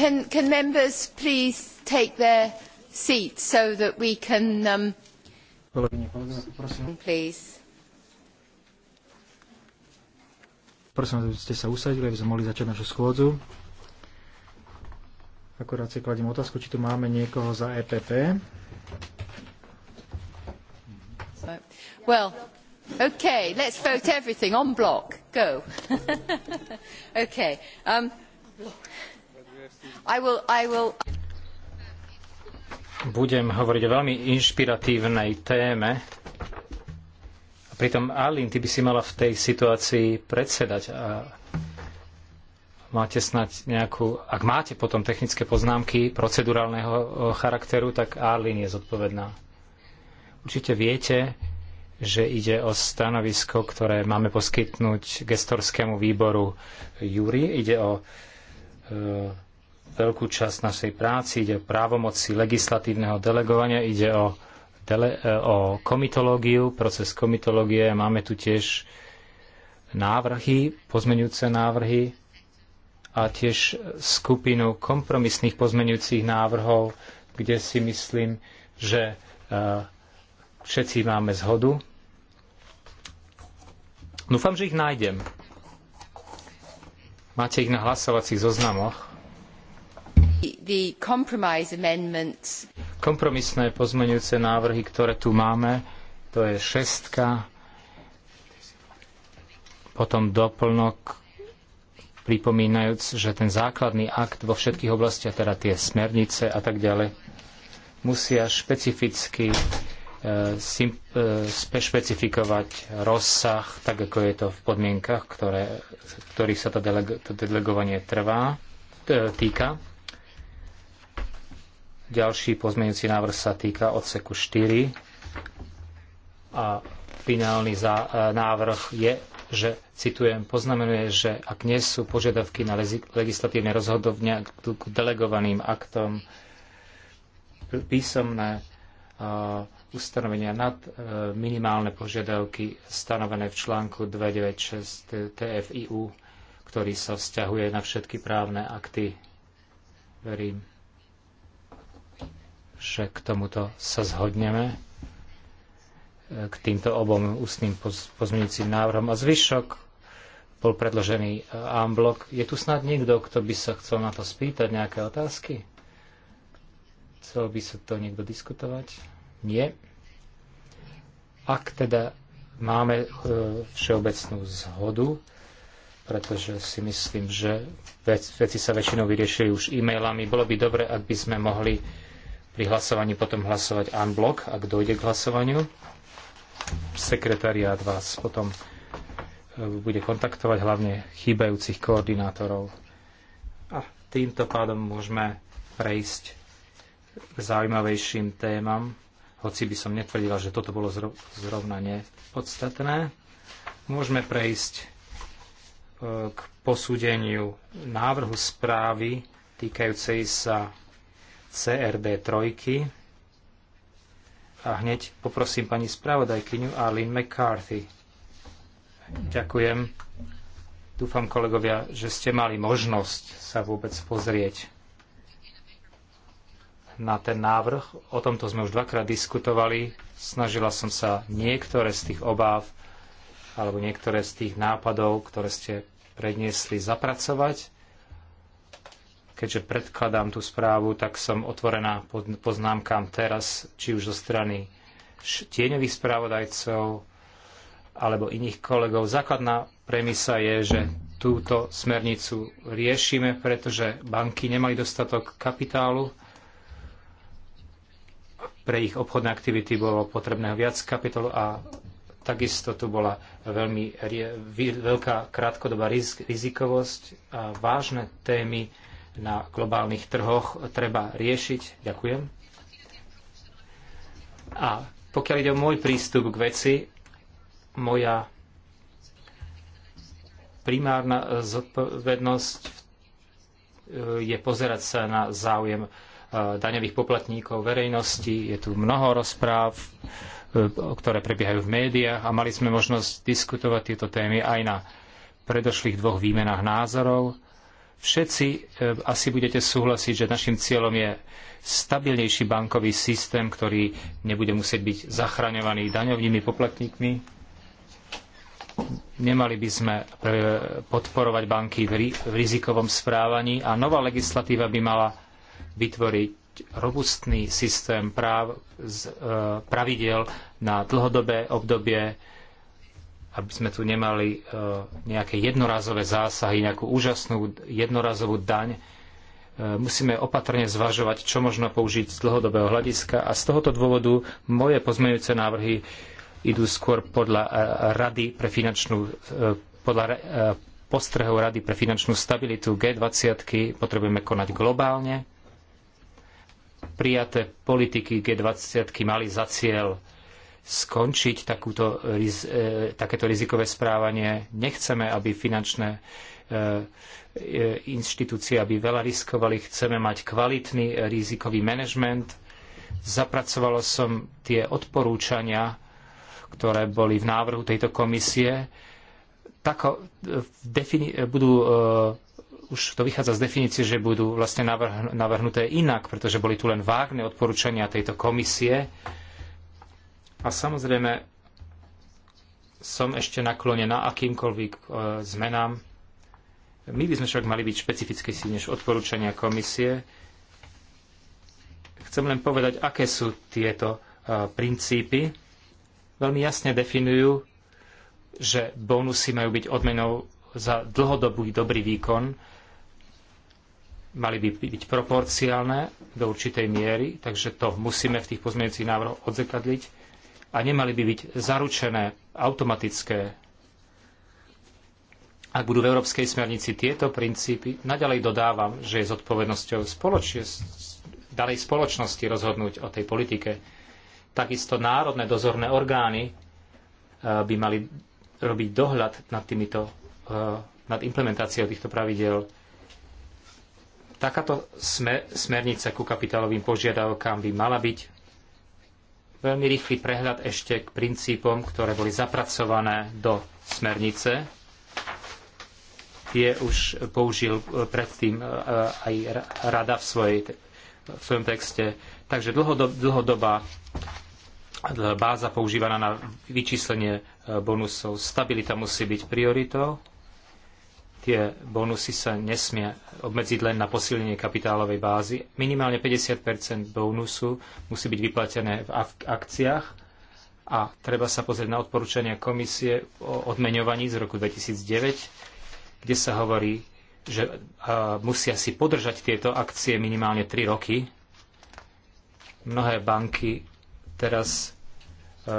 Can, can members please take their seats so that we can... Um, Please. Prosím, aby ste sa usadili, aby sme mohli začať našu schôdzu. Akorát si kladím otázku, či tu máme niekoho za EPP. Well, okay, let's vote everything on block. Go. okay. Um, budem hovoriť o veľmi inšpiratívnej téme. A pritom, Alin, ty by si mala v tej situácii predsedať. A máte snať nejakú... Ak máte potom technické poznámky procedurálneho charakteru, tak Arlín je zodpovedná. Určite viete, že ide o stanovisko, ktoré máme poskytnúť gestorskému výboru Júri. Ide o e veľkú časť našej práci, ide o právomoci legislatívneho delegovania, ide o, dele, e, o komitológiu, proces komitológie. Máme tu tiež návrhy, pozmenujúce návrhy a tiež skupinu kompromisných pozmenujúcich návrhov, kde si myslím, že e, všetci máme zhodu. Dúfam, že ich nájdem. Máte ich na hlasovacích zoznamoch. Kompromisné pozmeňujúce návrhy, ktoré tu máme, to je šestka, potom doplnok, pripomínajúc, že ten základný akt vo všetkých oblastiach, teda tie smernice a tak ďalej, musia špecificky e, e, špecifikovať rozsah, tak ako je to v podmienkach, ktoré, ktorých sa to, delego, to delegovanie trvá, týka. Ďalší pozmeňujúci návrh sa týka odseku 4 a finálny e, návrh je, že, citujem, poznamenuje, že ak nie sú požiadavky na legislatívne rozhodovňa k delegovaným aktom písomné e, ustanovenia nad e, minimálne požiadavky stanovené v článku 296 TFIU, ktorý sa vzťahuje na všetky právne akty. Verím, že k tomuto sa zhodneme e, k týmto obom ústnym pozmeňujúcim návrhom. A zvyšok bol predložený amblok. E, Je tu snad niekto, kto by sa chcel na to spýtať, nejaké otázky? Chcel by sa to niekto diskutovať? Nie. Ak teda máme e, všeobecnú zhodu, pretože si myslím, že veci sa väčšinou vyriešili už e-mailami, bolo by dobre, ak by sme mohli pri hlasovaní potom hlasovať blok. ak dojde k hlasovaniu. Sekretariát vás potom e, bude kontaktovať, hlavne chýbajúcich koordinátorov. A týmto pádom môžeme prejsť k zaujímavejším témam, hoci by som netvrdila, že toto bolo zrovna nepodstatné. Môžeme prejsť e, k posúdeniu návrhu správy týkajúcej sa CRD 3 a hneď poprosím pani spravodajkyňu Arlene McCarthy. Ďakujem. Dúfam, kolegovia, že ste mali možnosť sa vôbec pozrieť na ten návrh. O tomto sme už dvakrát diskutovali. Snažila som sa niektoré z tých obáv alebo niektoré z tých nápadov, ktoré ste predniesli, zapracovať Keďže predkladám tú správu, tak som otvorená poznámkam teraz, či už zo strany tieňových spravodajcov alebo iných kolegov. Základná premisa je, že túto smernicu riešime, pretože banky nemali dostatok kapitálu. Pre ich obchodné aktivity bolo potrebného viac kapitálu a takisto tu bola veľmi veľká krátkodobá rizikovosť a vážne témy na globálnych trhoch treba riešiť. Ďakujem. A pokiaľ ide o môj prístup k veci, moja primárna zodpovednosť e, je pozerať sa na záujem e, daňových poplatníkov, verejnosti. Je tu mnoho rozpráv, e, ktoré prebiehajú v médiách a mali sme možnosť diskutovať tieto témy aj na predošlých dvoch výmenách názorov. Všetci e, asi budete súhlasiť, že našim cieľom je stabilnejší bankový systém, ktorý nebude musieť byť zachraňovaný daňovými poplatníkmi. Nemali by sme e, podporovať banky v rizikovom správaní a nová legislatíva by mala vytvoriť robustný systém práv, e, pravidiel na dlhodobé obdobie aby sme tu nemali e, nejaké jednorazové zásahy, nejakú úžasnú jednorazovú daň. E, musíme opatrne zvažovať, čo možno použiť z dlhodobého hľadiska a z tohoto dôvodu moje pozmeňujúce návrhy idú skôr podľa e, rady pre finančnú podľa postrehov Rady pre finančnú stabilitu G20 potrebujeme konať globálne. Prijaté politiky G20 mali za cieľ skončiť takúto, e, takéto rizikové správanie. Nechceme, aby finančné e, e, inštitúcie, aby veľa riskovali. Chceme mať kvalitný rizikový manažment. Zapracoval som tie odporúčania, ktoré boli v návrhu tejto komisie. Tako, budú, uh, už to vychádza z definície, že budú vlastne navrhnuté inak, pretože boli tu len vágne odporúčania tejto komisie. Uh, a samozrejme, som ešte naklonená akýmkoľvek e, zmenám. My by sme však mali byť si než odporúčania komisie. Chcem len povedať, aké sú tieto e, princípy. Veľmi jasne definujú, že bonusy majú byť odmenou za dlhodobý dobrý výkon, mali by byť proporciálne do určitej miery, takže to musíme v tých pozmeňujúcich návrhoch odzekadliť a nemali by byť zaručené automatické. Ak budú v európskej smernici tieto princípy, naďalej dodávam, že je zodpovednosťou spoloč- dalej spoločnosti rozhodnúť o tej politike. Takisto národné dozorné orgány e, by mali robiť dohľad nad týmito, e, nad implementáciou týchto pravidel. Takáto smernica ku kapitálovým požiadavkám by mala byť Veľmi rýchly prehľad ešte k princípom, ktoré boli zapracované do smernice. Tie už použil e, predtým e, aj rada v, svojej, v svojom texte. Takže dlhodobá báza používaná na vyčíslenie e, bonusov. Stabilita musí byť prioritou tie bonusy sa nesmie obmedziť len na posilnenie kapitálovej bázy. Minimálne 50 bonusu musí byť vyplatené v akciách a treba sa pozrieť na odporúčania komisie o odmeňovaní z roku 2009, kde sa hovorí, že musia si podržať tieto akcie minimálne 3 roky. Mnohé banky teraz e, e,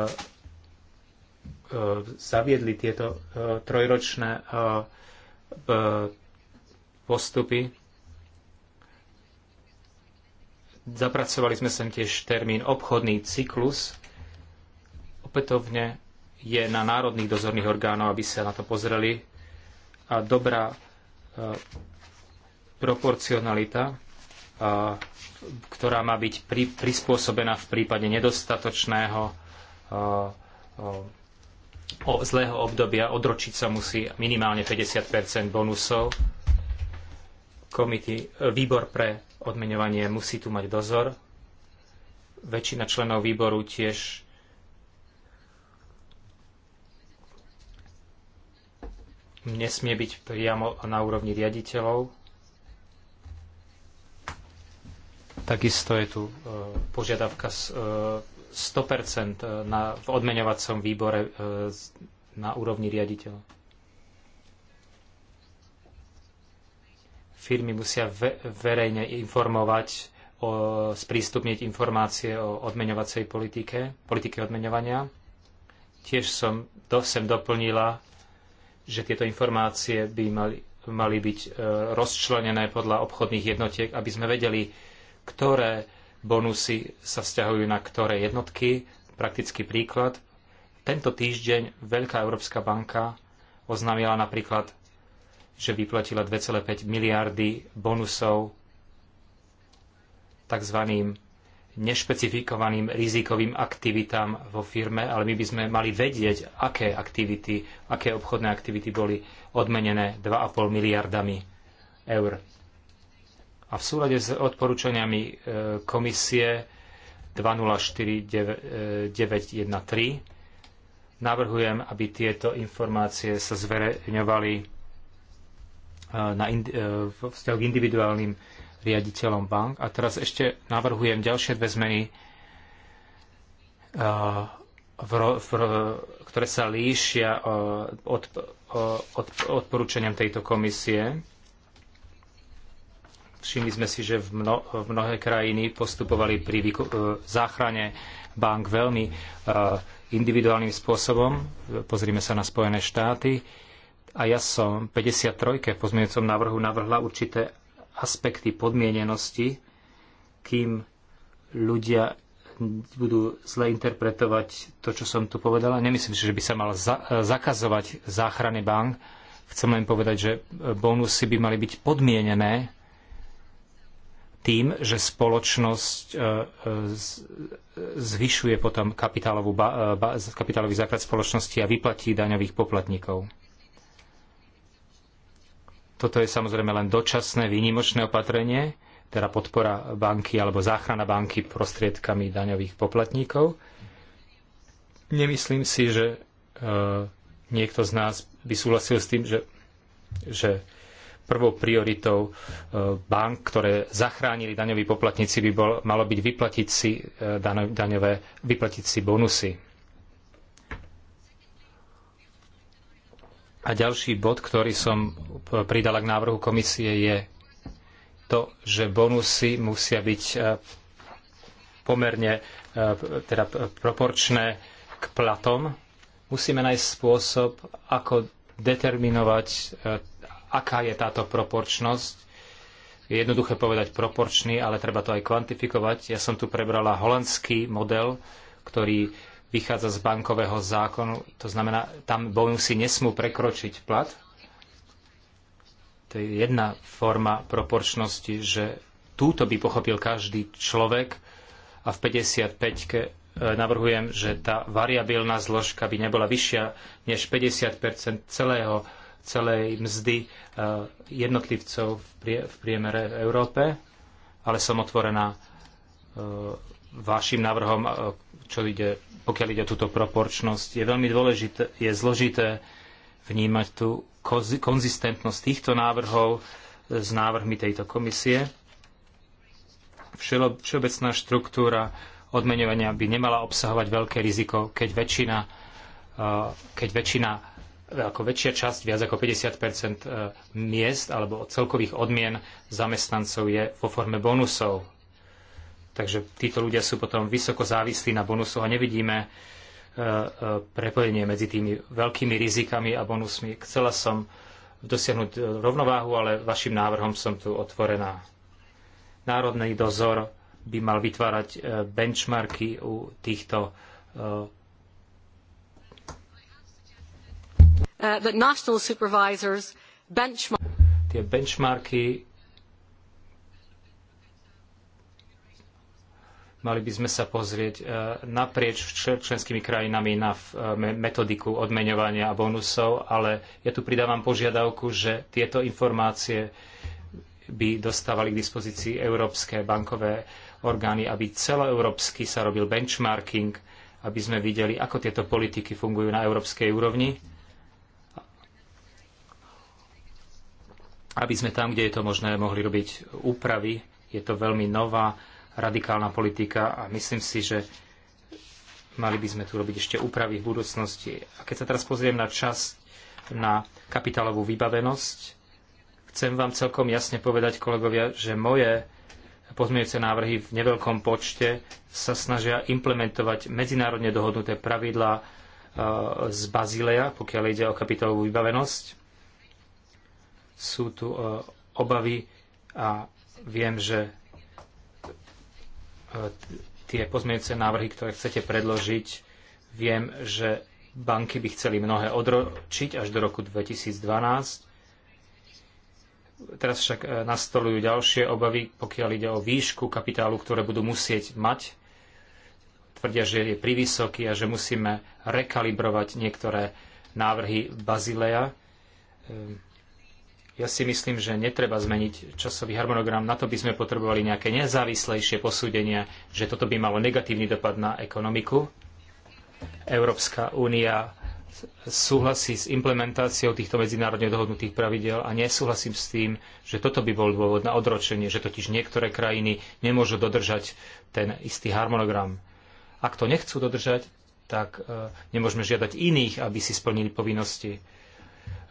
zaviedli tieto e, trojročné E, postupy. Zapracovali sme sem tiež termín obchodný cyklus. Opätovne je na národných dozorných orgánov, aby sa na to pozreli. A dobrá e, proporcionalita, e, ktorá má byť prispôsobená v prípade nedostatočného o zlého obdobia odročiť sa musí minimálne 50 bonusov. Komity, výbor pre odmeňovanie musí tu mať dozor. Väčšina členov výboru tiež nesmie byť priamo na úrovni riaditeľov. Takisto je tu e, požiadavka e, 100% eh, na, v odmeňovacom výbore eh, na úrovni riaditeľa. Firmy musia verejne informovať, o, sprístupniť informácie o odmeňovacej politike, politike odmeňovania. Tiež som do, sem doplnila, že tieto informácie by mali, mali byť eh, rozčlenené podľa obchodných jednotiek, aby sme vedeli, ktoré bonusy sa vzťahujú na ktoré jednotky. Praktický príklad. Tento týždeň Veľká Európska banka oznámila napríklad, že vyplatila 2,5 miliardy bonusov tzv. nešpecifikovaným rizikovým aktivitám vo firme, ale my by sme mali vedieť, aké aktivity, aké obchodné aktivity boli odmenené 2,5 miliardami eur a v súlade s odporúčaniami e, komisie 204913 e, navrhujem, aby tieto informácie sa zverejňovali e, na vzťahu k individuálnym riaditeľom bank. A teraz ešte navrhujem ďalšie dve zmeny, ktoré sa líšia od odporúčaniam tejto komisie Všimli sme si, že v mno, mnohé krajiny postupovali pri e, záchrane bank veľmi e, individuálnym spôsobom. Pozrime sa na Spojené štáty. A ja som 53. v pozmienujúcom návrhu navrhla určité aspekty podmienenosti, kým ľudia budú zle interpretovať to, čo som tu povedala. Nemyslím si, že by sa mal za- e, zakazovať záchrany bank. Chcem len povedať, že bonusy by mali byť podmienené tým, že spoločnosť e, e, zvyšuje potom kapitálovú, e, kapitálový základ spoločnosti a vyplatí daňových poplatníkov. Toto je samozrejme len dočasné výnimočné opatrenie, teda podpora banky alebo záchrana banky prostriedkami daňových poplatníkov. Nemyslím si, že niekto z nás by súhlasil s tým, že, že prvou prioritou e, bank, ktoré zachránili daňoví poplatníci, by bol, malo byť vyplatiť si e, daňové, vyplatiť si bonusy. A ďalší bod, ktorý som pridala k návrhu komisie, je to, že bonusy musia byť e, pomerne teda proporčné k platom. Musíme nájsť spôsob, ako determinovať aká je táto proporčnosť. Je jednoduché povedať proporčný, ale treba to aj kvantifikovať. Ja som tu prebrala holandský model, ktorý vychádza z bankového zákonu. To znamená, tam bonusy nesmú prekročiť plat. To je jedna forma proporčnosti, že túto by pochopil každý človek a v 55-ke e, navrhujem, že tá variabilná zložka by nebola vyššia než 50 celého celej mzdy eh, jednotlivcov v priemere v Európe, ale som otvorená eh, vašim návrhom, eh, čo ide, pokiaľ ide o túto proporčnosť. Je veľmi dôležité, je zložité vnímať tú konzistentnosť týchto návrhov s návrhmi tejto komisie. Všeobecná štruktúra odmeňovania by nemala obsahovať veľké riziko, keď väčšina, keď väčšina ako väčšia časť, viac ako 50 e, miest alebo celkových odmien zamestnancov je vo forme bonusov. Takže títo ľudia sú potom vysoko závislí na bonusoch a nevidíme e, e, prepojenie medzi tými veľkými rizikami a bonusmi. Chcela som dosiahnuť rovnováhu, ale vašim návrhom som tu otvorená. Národný dozor by mal vytvárať benchmarky u týchto that uh, national supervisors benchmark. Tie benchmarky mali by sme sa pozrieť uh, naprieč členskými krajinami na uh, metodiku odmeňovania a bonusov, ale ja tu pridávam požiadavku, že tieto informácie by dostávali k dispozícii európske bankové orgány, aby celoeurópsky sa robil benchmarking, aby sme videli, ako tieto politiky fungujú na európskej úrovni aby sme tam, kde je to možné, mohli robiť úpravy. Je to veľmi nová, radikálna politika a myslím si, že mali by sme tu robiť ešte úpravy v budúcnosti. A keď sa teraz pozriem na čas na kapitálovú vybavenosť, chcem vám celkom jasne povedať, kolegovia, že moje pozmeňujúce návrhy v neveľkom počte sa snažia implementovať medzinárodne dohodnuté pravidlá e, z Bazileja, pokiaľ ide o kapitálovú vybavenosť sú tu e, obavy a viem, že e, tie pozmeňujúce návrhy, ktoré chcete predložiť, viem, že banky by chceli mnohé odročiť až do roku 2012. Teraz však e, nastolujú ďalšie obavy, pokiaľ ide o výšku kapitálu, ktoré budú musieť mať. Tvrdia, že je privysoký a že musíme rekalibrovať niektoré návrhy Bazileja. Ehm, ja si myslím, že netreba zmeniť časový harmonogram. Na to by sme potrebovali nejaké nezávislejšie posúdenia, že toto by malo negatívny dopad na ekonomiku. Európska únia súhlasí s implementáciou týchto medzinárodne dohodnutých pravidel a nesúhlasím s tým, že toto by bol dôvod na odročenie, že totiž niektoré krajiny nemôžu dodržať ten istý harmonogram. Ak to nechcú dodržať, tak e, nemôžeme žiadať iných, aby si splnili povinnosti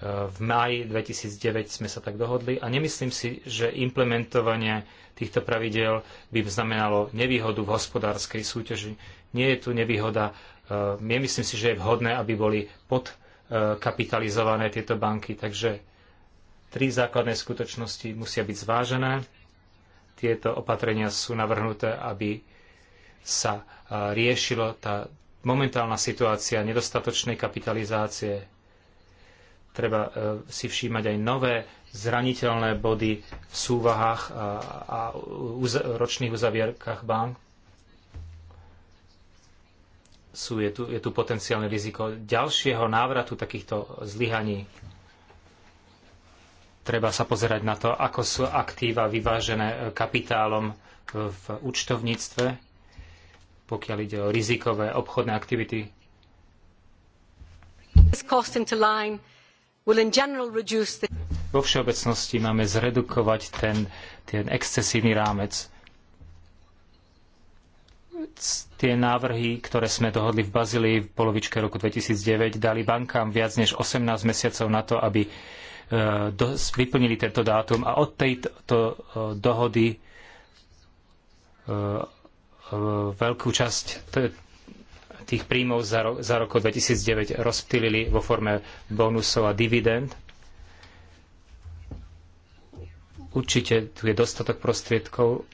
v máji 2009 sme sa tak dohodli a nemyslím si, že implementovanie týchto pravidel by znamenalo nevýhodu v hospodárskej súťaži. Nie je tu nevýhoda. E, nemyslím si, že je vhodné, aby boli podkapitalizované e, tieto banky. Takže tri základné skutočnosti musia byť zvážené. Tieto opatrenia sú navrhnuté, aby sa e, riešilo tá momentálna situácia nedostatočnej kapitalizácie Treba e, si všímať aj nové zraniteľné body v súvahách a, a uz, ročných uzavierkách bank. Sú, je, tu, je tu potenciálne riziko ďalšieho návratu takýchto zlyhaní. Treba sa pozerať na to, ako sú aktíva vyvážené e, kapitálom v účtovníctve, pokiaľ ide o rizikové obchodné aktivity. Vo všeobecnosti máme zredukovať ten, ten excesívny rámec. Tie návrhy, ktoré sme dohodli v Bazílii v polovičke roku 2009, dali bankám viac než 18 mesiacov na to, aby e, vyplnili tento dátum a od tejto e, dohody e, veľkú časť tých príjmov za, ro- za roku 2009 rozptýlili vo forme bonusov a dividend. Určite tu je dostatok prostriedkov.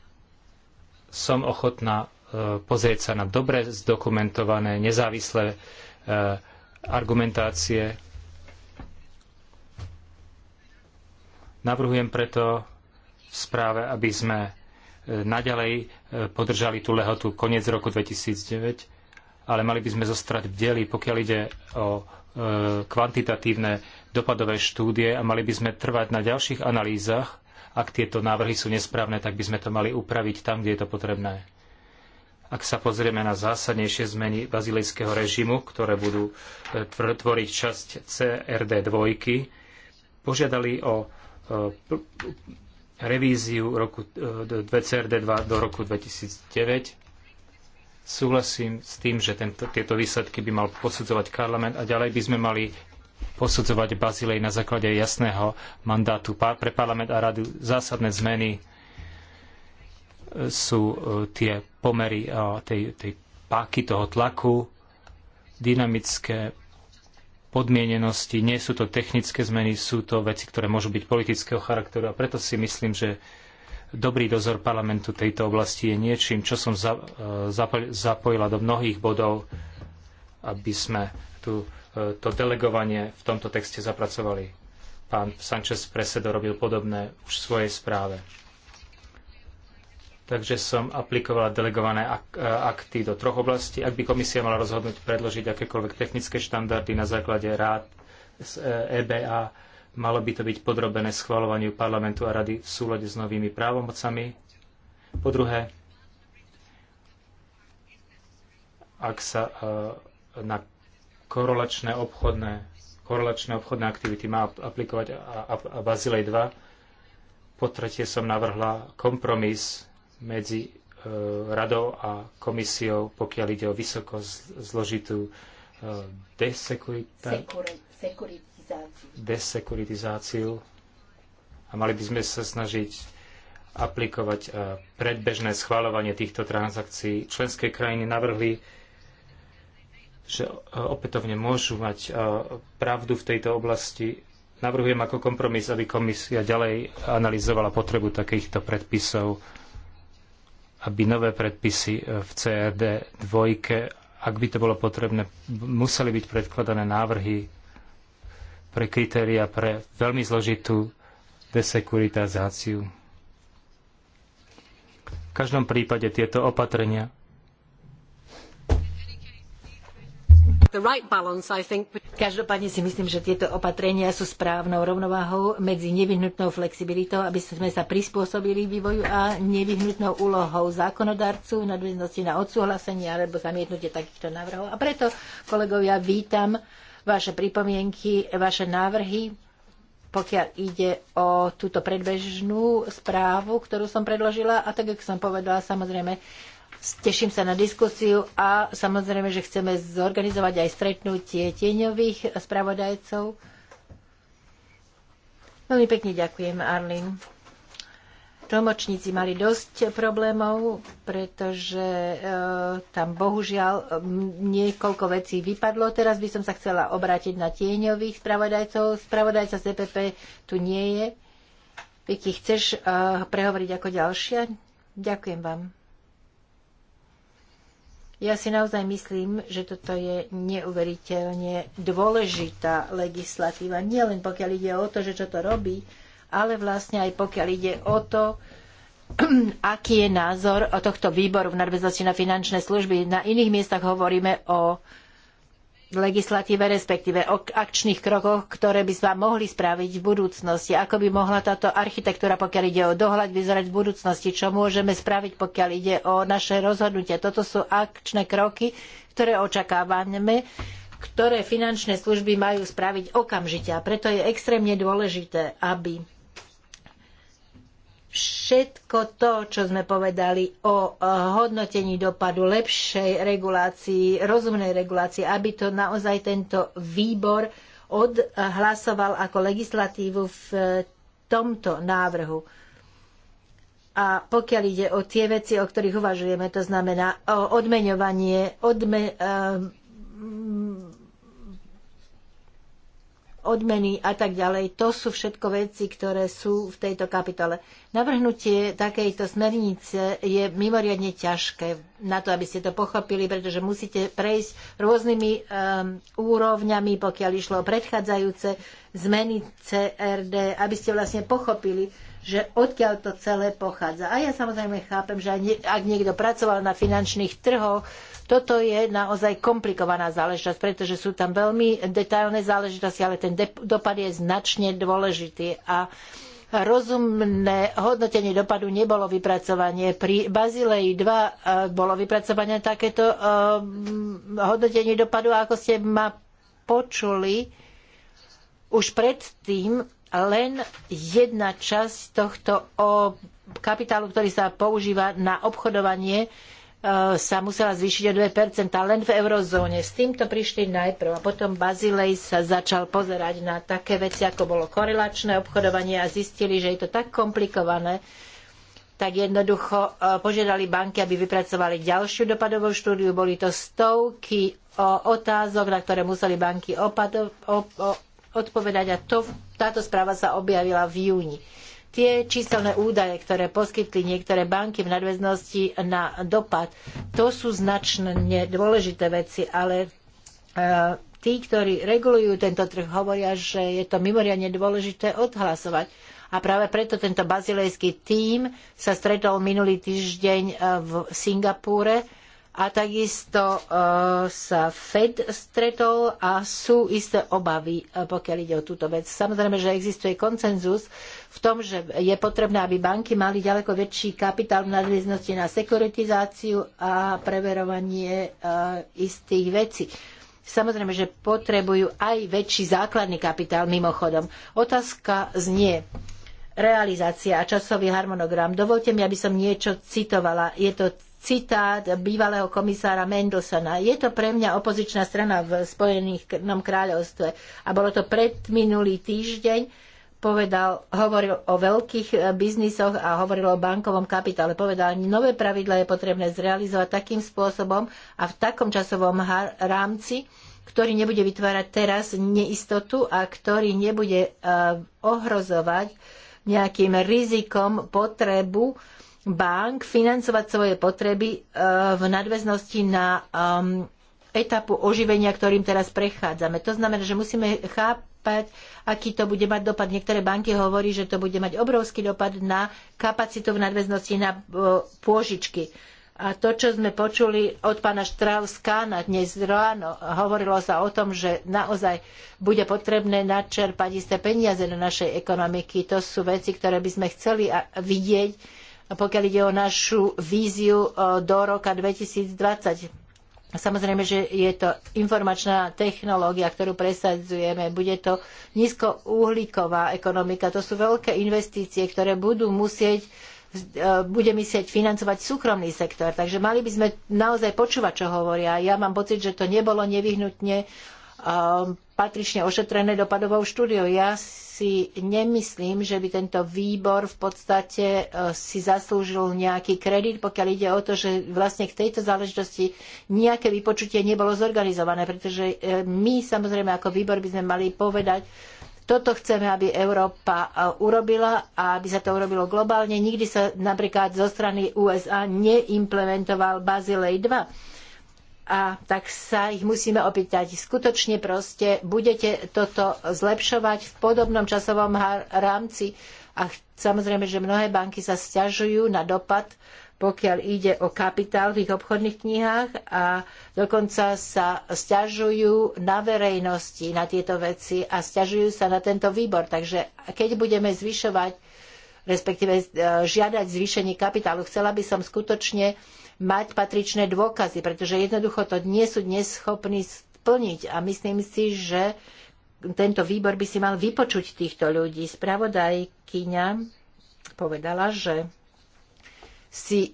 Som ochotná e, pozrieť sa na dobre zdokumentované, nezávislé e, argumentácie. Navrhujem preto v správe, aby sme e, naďalej e, podržali tú lehotu koniec roku 2009 ale mali by sme zostať deli, pokiaľ ide o e, kvantitatívne dopadové štúdie a mali by sme trvať na ďalších analýzach. Ak tieto návrhy sú nesprávne, tak by sme to mali upraviť tam, kde je to potrebné. Ak sa pozrieme na zásadnejšie zmeny bazilejského režimu, ktoré budú e, tvoriť časť CRD2, požiadali o e, revíziu roku 2CRD2 do roku 2009 Súhlasím s tým, že tento, tieto výsledky by mal posudzovať parlament a ďalej by sme mali posudzovať Bazilej na základe jasného mandátu pre parlament a radu. Zásadné zmeny e, sú e, tie pomery e, tej, tej páky toho tlaku, dynamické podmienenosti, nie sú to technické zmeny, sú to veci, ktoré môžu byť politického charakteru a preto si myslím, že dobrý dozor parlamentu tejto oblasti je niečím, čo som e, zapojila do mnohých bodov, aby sme tu, e, to delegovanie v tomto texte zapracovali. Pán Sanchez Presedo robil podobné už v svojej správe. Takže som aplikovala delegované ak e, akty do troch oblastí. Ak by komisia mala rozhodnúť predložiť akékoľvek technické štandardy na základe rád z EBA, Malo by to byť podrobené schvaľovaniu parlamentu a rady v súlade s novými právomocami. Po druhé, ak sa e, na korelačné obchodné, korelačné obchodné aktivity má aplikovať a, Bazilej 2, po tretie som navrhla kompromis medzi e, radou a komisiou, pokiaľ ide o vysoko zložitú e, desekuritizáciu a mali by sme sa snažiť aplikovať e, predbežné schvaľovanie týchto transakcií. Členské krajiny navrhli, že e, opätovne môžu mať e, pravdu v tejto oblasti. Navrhujem ako kompromis, aby komisia ďalej analyzovala potrebu takýchto predpisov, aby nové predpisy v CRD dvojke, ak by to bolo potrebné, museli byť predkladané návrhy pre kritéria pre veľmi zložitú desekuritizáciu. V každom prípade tieto opatrenia Každopádne si myslím, že tieto opatrenia sú správnou rovnováhou medzi nevyhnutnou flexibilitou, aby sme sa prispôsobili vývoju a nevyhnutnou úlohou zákonodarcu nadväznosti na odsúhlasenie alebo zamietnutie takýchto návrhov. A preto, kolegovia, vítam vaše pripomienky, vaše návrhy, pokiaľ ide o túto predbežnú správu, ktorú som predložila. A tak, ako som povedala, samozrejme, teším sa na diskusiu a samozrejme, že chceme zorganizovať aj stretnutie tieňových spravodajcov. Veľmi pekne ďakujem, Arlene. Tlmočníci mali dosť problémov, pretože e, tam bohužiaľ niekoľko vecí vypadlo. Teraz by som sa chcela obrátiť na tieňových spravodajcov. Spravodajca CPP e tu nie je. Vicky, chceš e, prehovoriť ako ďalšia? Ďakujem vám. Ja si naozaj myslím, že toto je neuveriteľne dôležitá legislatíva. Nielen pokiaľ ide o to, že čo to robí, ale vlastne aj pokiaľ ide o to, aký je názor o tohto výboru v nadväznosti na finančné služby. Na iných miestach hovoríme o legislatíve, respektíve o akčných krokoch, ktoré by sa mohli spraviť v budúcnosti. Ako by mohla táto architektúra, pokiaľ ide o dohľad, vyzerať v budúcnosti? Čo môžeme spraviť, pokiaľ ide o naše rozhodnutia? Toto sú akčné kroky, ktoré očakávame, ktoré finančné služby majú spraviť okamžite. A preto je extrémne dôležité, aby všetko to, čo sme povedali o eh, hodnotení dopadu lepšej regulácii, rozumnej regulácii, aby to naozaj tento výbor odhlasoval ako legislatívu v eh, tomto návrhu. A pokiaľ ide o tie veci, o ktorých uvažujeme, to znamená o odmeňovanie, odme, eh, odmeny a tak ďalej. To sú všetko veci, ktoré sú v tejto kapitole. Navrhnutie takejto smernice je mimoriadne ťažké na to, aby ste to pochopili, pretože musíte prejsť rôznymi um, úrovňami, pokiaľ išlo o predchádzajúce zmeny CRD, aby ste vlastne pochopili, že odkiaľ to celé pochádza. A ja samozrejme chápem, že ak niekto pracoval na finančných trhoch, toto je naozaj komplikovaná záležitosť, pretože sú tam veľmi detailné záležitosti, ale ten dopad je značne dôležitý. A rozumné hodnotenie dopadu nebolo vypracovanie. Pri Bazilei 2 e, bolo vypracovanie takéto e, hodnotenie dopadu ako ste ma počuli, už predtým len jedna časť tohto kapitálu, ktorý sa používa na obchodovanie, e, sa musela zvýšiť o 2% len v eurozóne. S týmto prišli najprv a potom Bazilej sa začal pozerať na také veci, ako bolo korelačné obchodovanie a zistili, že je to tak komplikované, tak jednoducho e, požiadali banky, aby vypracovali ďalšiu dopadovú štúdiu. Boli to stovky otázok, na ktoré museli banky opado, op, odpovedať a to, táto správa sa objavila v júni. Tie číselné údaje, ktoré poskytli niektoré banky v nadväznosti na dopad, to sú značne dôležité veci, ale e, tí, ktorí regulujú tento trh, hovoria, že je to mimoriadne dôležité odhlasovať. A práve preto tento bazilejský tím sa stretol minulý týždeň e, v Singapúre a takisto e, sa Fed stretol a sú isté obavy, e, pokiaľ ide o túto vec. Samozrejme, že existuje koncenzus v tom, že je potrebné, aby banky mali ďaleko väčší kapitál v nadväznosti na sekuritizáciu a preverovanie e, istých vecí. Samozrejme, že potrebujú aj väčší základný kapitál mimochodom. Otázka znie, realizácia a časový harmonogram. Dovolte mi, aby som niečo citovala. Je to citát bývalého komisára Mendelsona. Je to pre mňa opozičná strana v Spojenom kráľovstve a bolo to pred minulý týždeň. Povedal, hovoril o veľkých biznisoch a hovoril o bankovom kapitále. Povedal, nové pravidla je potrebné zrealizovať takým spôsobom a v takom časovom rámci, ktorý nebude vytvárať teraz neistotu a ktorý nebude eh, ohrozovať nejakým rizikom potrebu bank financovať svoje potreby e, v nadväznosti na um, etapu oživenia, ktorým teraz prechádzame. To znamená, že musíme chápať, aký to bude mať dopad. Niektoré banky hovorí, že to bude mať obrovský dopad na kapacitu v nadväznosti na e, pôžičky. A to, čo sme počuli od pána na dnes ráno, hovorilo sa o tom, že naozaj bude potrebné načerpať isté peniaze do našej ekonomiky. To sú veci, ktoré by sme chceli vidieť pokiaľ ide o našu víziu e, do roka 2020. Samozrejme, že je to informačná technológia, ktorú presadzujeme. Bude to nízkouhlíková ekonomika. To sú veľké investície, ktoré budú musieť e, bude musieť financovať súkromný sektor. Takže mali by sme naozaj počúvať, čo hovoria. Ja mám pocit, že to nebolo nevyhnutne e, patrične ošetrené dopadovou štúdiou. Ja si nemyslím, že by tento výbor v podstate e, si zaslúžil nejaký kredit, pokiaľ ide o to, že vlastne k tejto záležitosti nejaké vypočutie nebolo zorganizované, pretože e, my samozrejme ako výbor by sme mali povedať, toto chceme, aby Európa e, urobila a aby sa to urobilo globálne. Nikdy sa napríklad zo strany USA neimplementoval Bazilej 2 a tak sa ich musíme opýtať. Skutočne proste budete toto zlepšovať v podobnom časovom rámci a samozrejme, že mnohé banky sa stiažujú na dopad, pokiaľ ide o kapitál v ich obchodných knihách a dokonca sa stiažujú na verejnosti na tieto veci a stiažujú sa na tento výbor. Takže keď budeme zvyšovať respektíve e, žiadať zvýšenie kapitálu. Chcela by som skutočne mať patričné dôkazy, pretože jednoducho to nie sú dnes schopní splniť. A myslím si, že tento výbor by si mal vypočuť týchto ľudí. Spravodajkyňa povedala, že si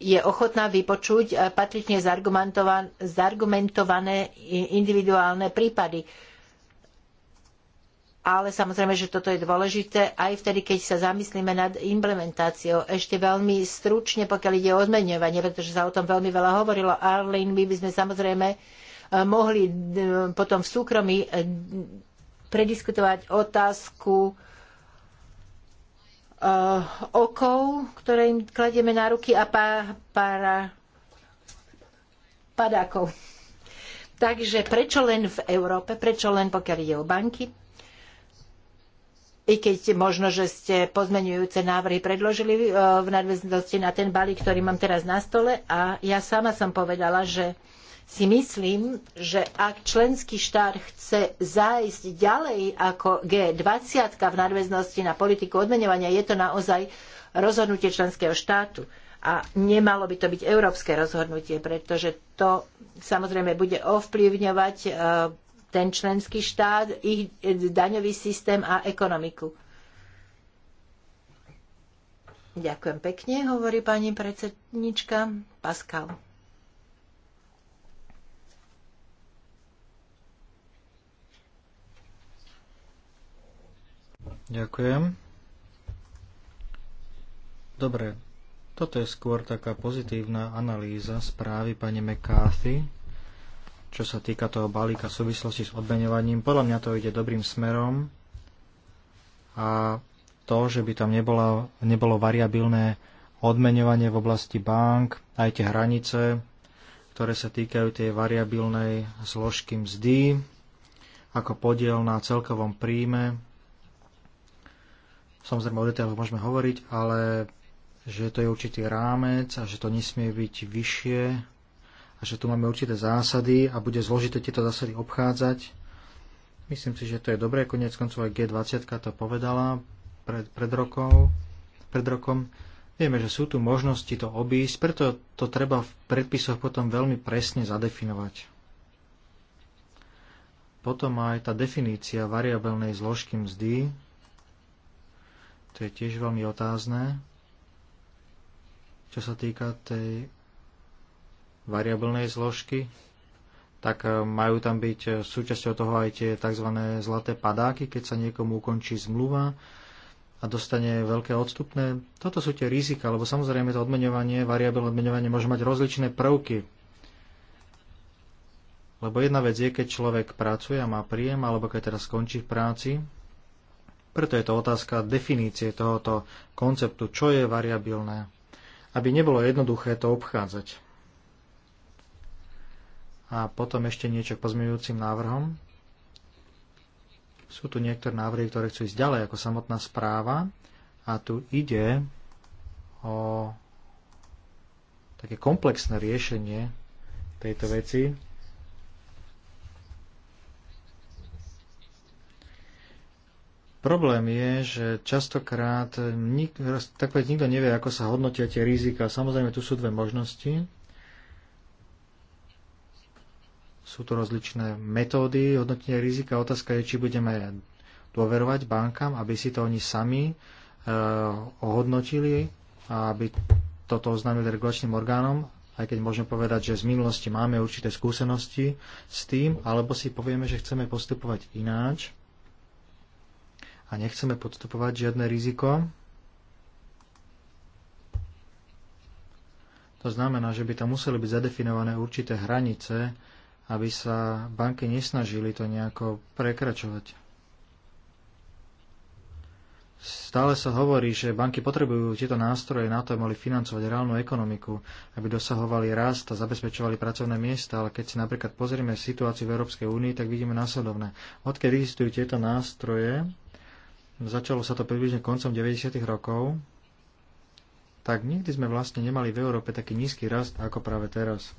je ochotná vypočuť eh, patrične zargumentované individuálne prípady ale samozrejme, že toto je dôležité aj vtedy, keď sa zamyslíme nad implementáciou. Ešte veľmi stručne, pokiaľ ide o odmeňovanie, pretože sa o tom veľmi veľa hovorilo. Arlene, my by sme samozrejme e, mohli e, potom v súkromí e, prediskutovať otázku okov, ktoré im kladieme na ruky a pá, para, padákov. Takže prečo len v Európe, prečo len pokiaľ ide o banky? i keď možno, že ste pozmenujúce návrhy predložili e, v nadväznosti na ten balík, ktorý mám teraz na stole. A ja sama som povedala, že si myslím, že ak členský štát chce zájsť ďalej ako G20 v nadväznosti na politiku odmenovania, je to naozaj rozhodnutie členského štátu. A nemalo by to byť európske rozhodnutie, pretože to samozrejme bude ovplyvňovať e, ten členský štát, ich eh, daňový systém a ekonomiku. Ďakujem pekne, hovorí pani predsednička Pascal. Ďakujem. Dobre, toto je skôr taká pozitívna analýza správy pani McCarthy, čo sa týka toho balíka v súvislosti s odmeňovaním. Podľa mňa to ide dobrým smerom a to, že by tam nebola, nebolo variabilné odmeňovanie v oblasti bank, aj tie hranice, ktoré sa týkajú tej variabilnej zložky mzdy, ako podiel na celkovom príjme. Samozrejme o detailoch môžeme hovoriť, ale že to je určitý rámec a že to nesmie byť vyššie a že tu máme určité zásady a bude zložité tieto zásady obchádzať. Myslím si, že to je dobré. Konec koncov aj G20 to povedala pred, pred, rokov, pred rokom. Vieme, že sú tu možnosti to obísť, preto to treba v predpisoch potom veľmi presne zadefinovať. Potom aj tá definícia variabilnej zložky mzdy, to je tiež veľmi otázne, čo sa týka tej variabilnej zložky, tak e, majú tam byť e, súčasťou toho aj tie tzv. zlaté padáky, keď sa niekomu ukončí zmluva a dostane veľké odstupné. Toto sú tie rizika, lebo samozrejme to odmeňovanie, variabilné odmeňovanie môže mať rozličné prvky. Lebo jedna vec je, keď človek pracuje a má príjem, alebo keď teraz skončí v práci. Preto je to otázka definície tohoto konceptu, čo je variabilné, aby nebolo jednoduché to obchádzať. A potom ešte niečo k pozmeňujúcim návrhom. Sú tu niektoré návrhy, ktoré chcú ísť ďalej ako samotná správa. A tu ide o také komplexné riešenie tejto veci. Problém je, že častokrát nik, takvek nikto nevie, ako sa hodnotia tie rizika. Samozrejme, tu sú dve možnosti sú to rozličné metódy hodnotenia rizika. Otázka je, či budeme dôverovať bankám, aby si to oni sami e, ohodnotili a aby toto oznámili regulačným orgánom, aj keď môžeme povedať, že z minulosti máme určité skúsenosti s tým, alebo si povieme, že chceme postupovať ináč a nechceme podstupovať žiadne riziko. To znamená, že by tam museli byť zadefinované určité hranice, aby sa banky nesnažili to nejako prekračovať. Stále sa hovorí, že banky potrebujú tieto nástroje na to, aby mohli financovať reálnu ekonomiku, aby dosahovali rast a zabezpečovali pracovné miesta, ale keď si napríklad pozrieme situáciu v Európskej únii, tak vidíme následovné. Odkedy existujú tieto nástroje, začalo sa to približne koncom 90. rokov, tak nikdy sme vlastne nemali v Európe taký nízky rast ako práve teraz.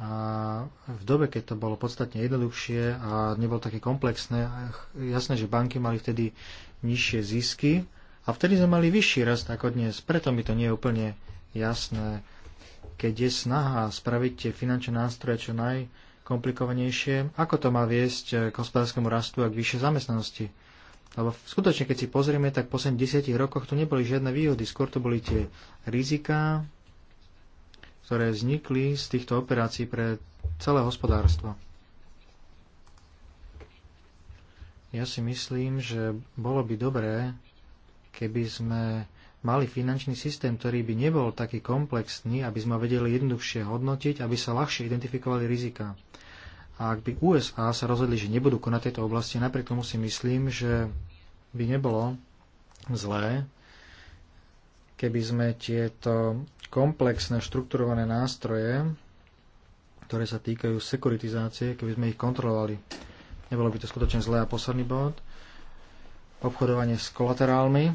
A v dobe, keď to bolo podstatne jednoduchšie a nebolo také komplexné, jasné, že banky mali vtedy nižšie zisky a vtedy sme mali vyšší rast ako dnes. Preto mi to nie je úplne jasné, keď je snaha spraviť tie finančné nástroje čo najkomplikovanejšie, ako to má viesť k hospodárskému rastu a k vyššej zamestnanosti. Lebo skutočne, keď si pozrieme, tak v posledných desiatich rokoch tu neboli žiadne výhody, skôr to boli tie riziká, ktoré vznikli z týchto operácií pre celé hospodárstvo. Ja si myslím, že bolo by dobré, keby sme mali finančný systém, ktorý by nebol taký komplexný, aby sme vedeli jednoduchšie hodnotiť, aby sa ľahšie identifikovali rizika. A ak by USA sa rozhodli, že nebudú konať tejto oblasti, napriek tomu si myslím, že by nebolo zlé, keby sme tieto komplexné štrukturované nástroje, ktoré sa týkajú sekuritizácie, keby sme ich kontrolovali. Nebolo by to skutočne zlé. A posledný bod, obchodovanie s kolaterálmi.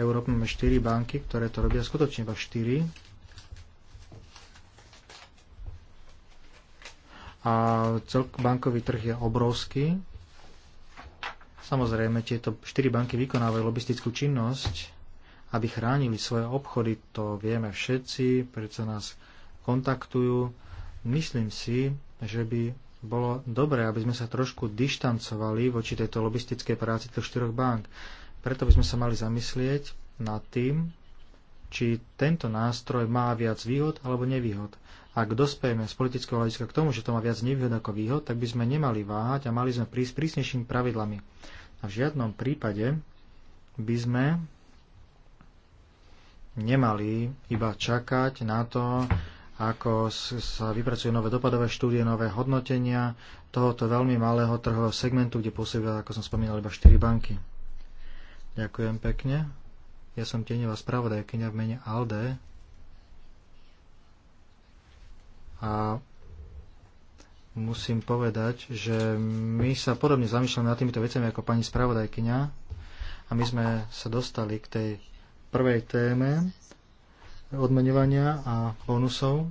Európe máme 4 banky, ktoré to robia skutočne iba 4. A celk bankový trh je obrovský, Samozrejme, tieto štyri banky vykonávajú lobistickú činnosť, aby chránili svoje obchody, to vieme všetci, prečo nás kontaktujú. Myslím si, že by bolo dobré, aby sme sa trošku dištancovali voči tejto lobistickej práci tých štyroch bank. Preto by sme sa mali zamyslieť nad tým, či tento nástroj má viac výhod alebo nevýhod. Ak dospejeme z politického hľadiska k tomu, že to má viac nevýhod ako výhod, tak by sme nemali váhať a mali sme prísť prísnejšími pravidlami. A v žiadnom prípade by sme nemali iba čakať na to, ako sa vypracujú nové dopadové štúdie, nové hodnotenia tohoto veľmi malého trhového segmentu, kde pôsobia, ako som spomínal, iba 4 banky. Ďakujem pekne. Ja som tieňová spravodajkynia v mene ALDE. A musím povedať, že my sa podobne zamýšľame nad týmito vecami ako pani spravodajkyňa a my sme sa dostali k tej prvej téme odmenovania a bonusov.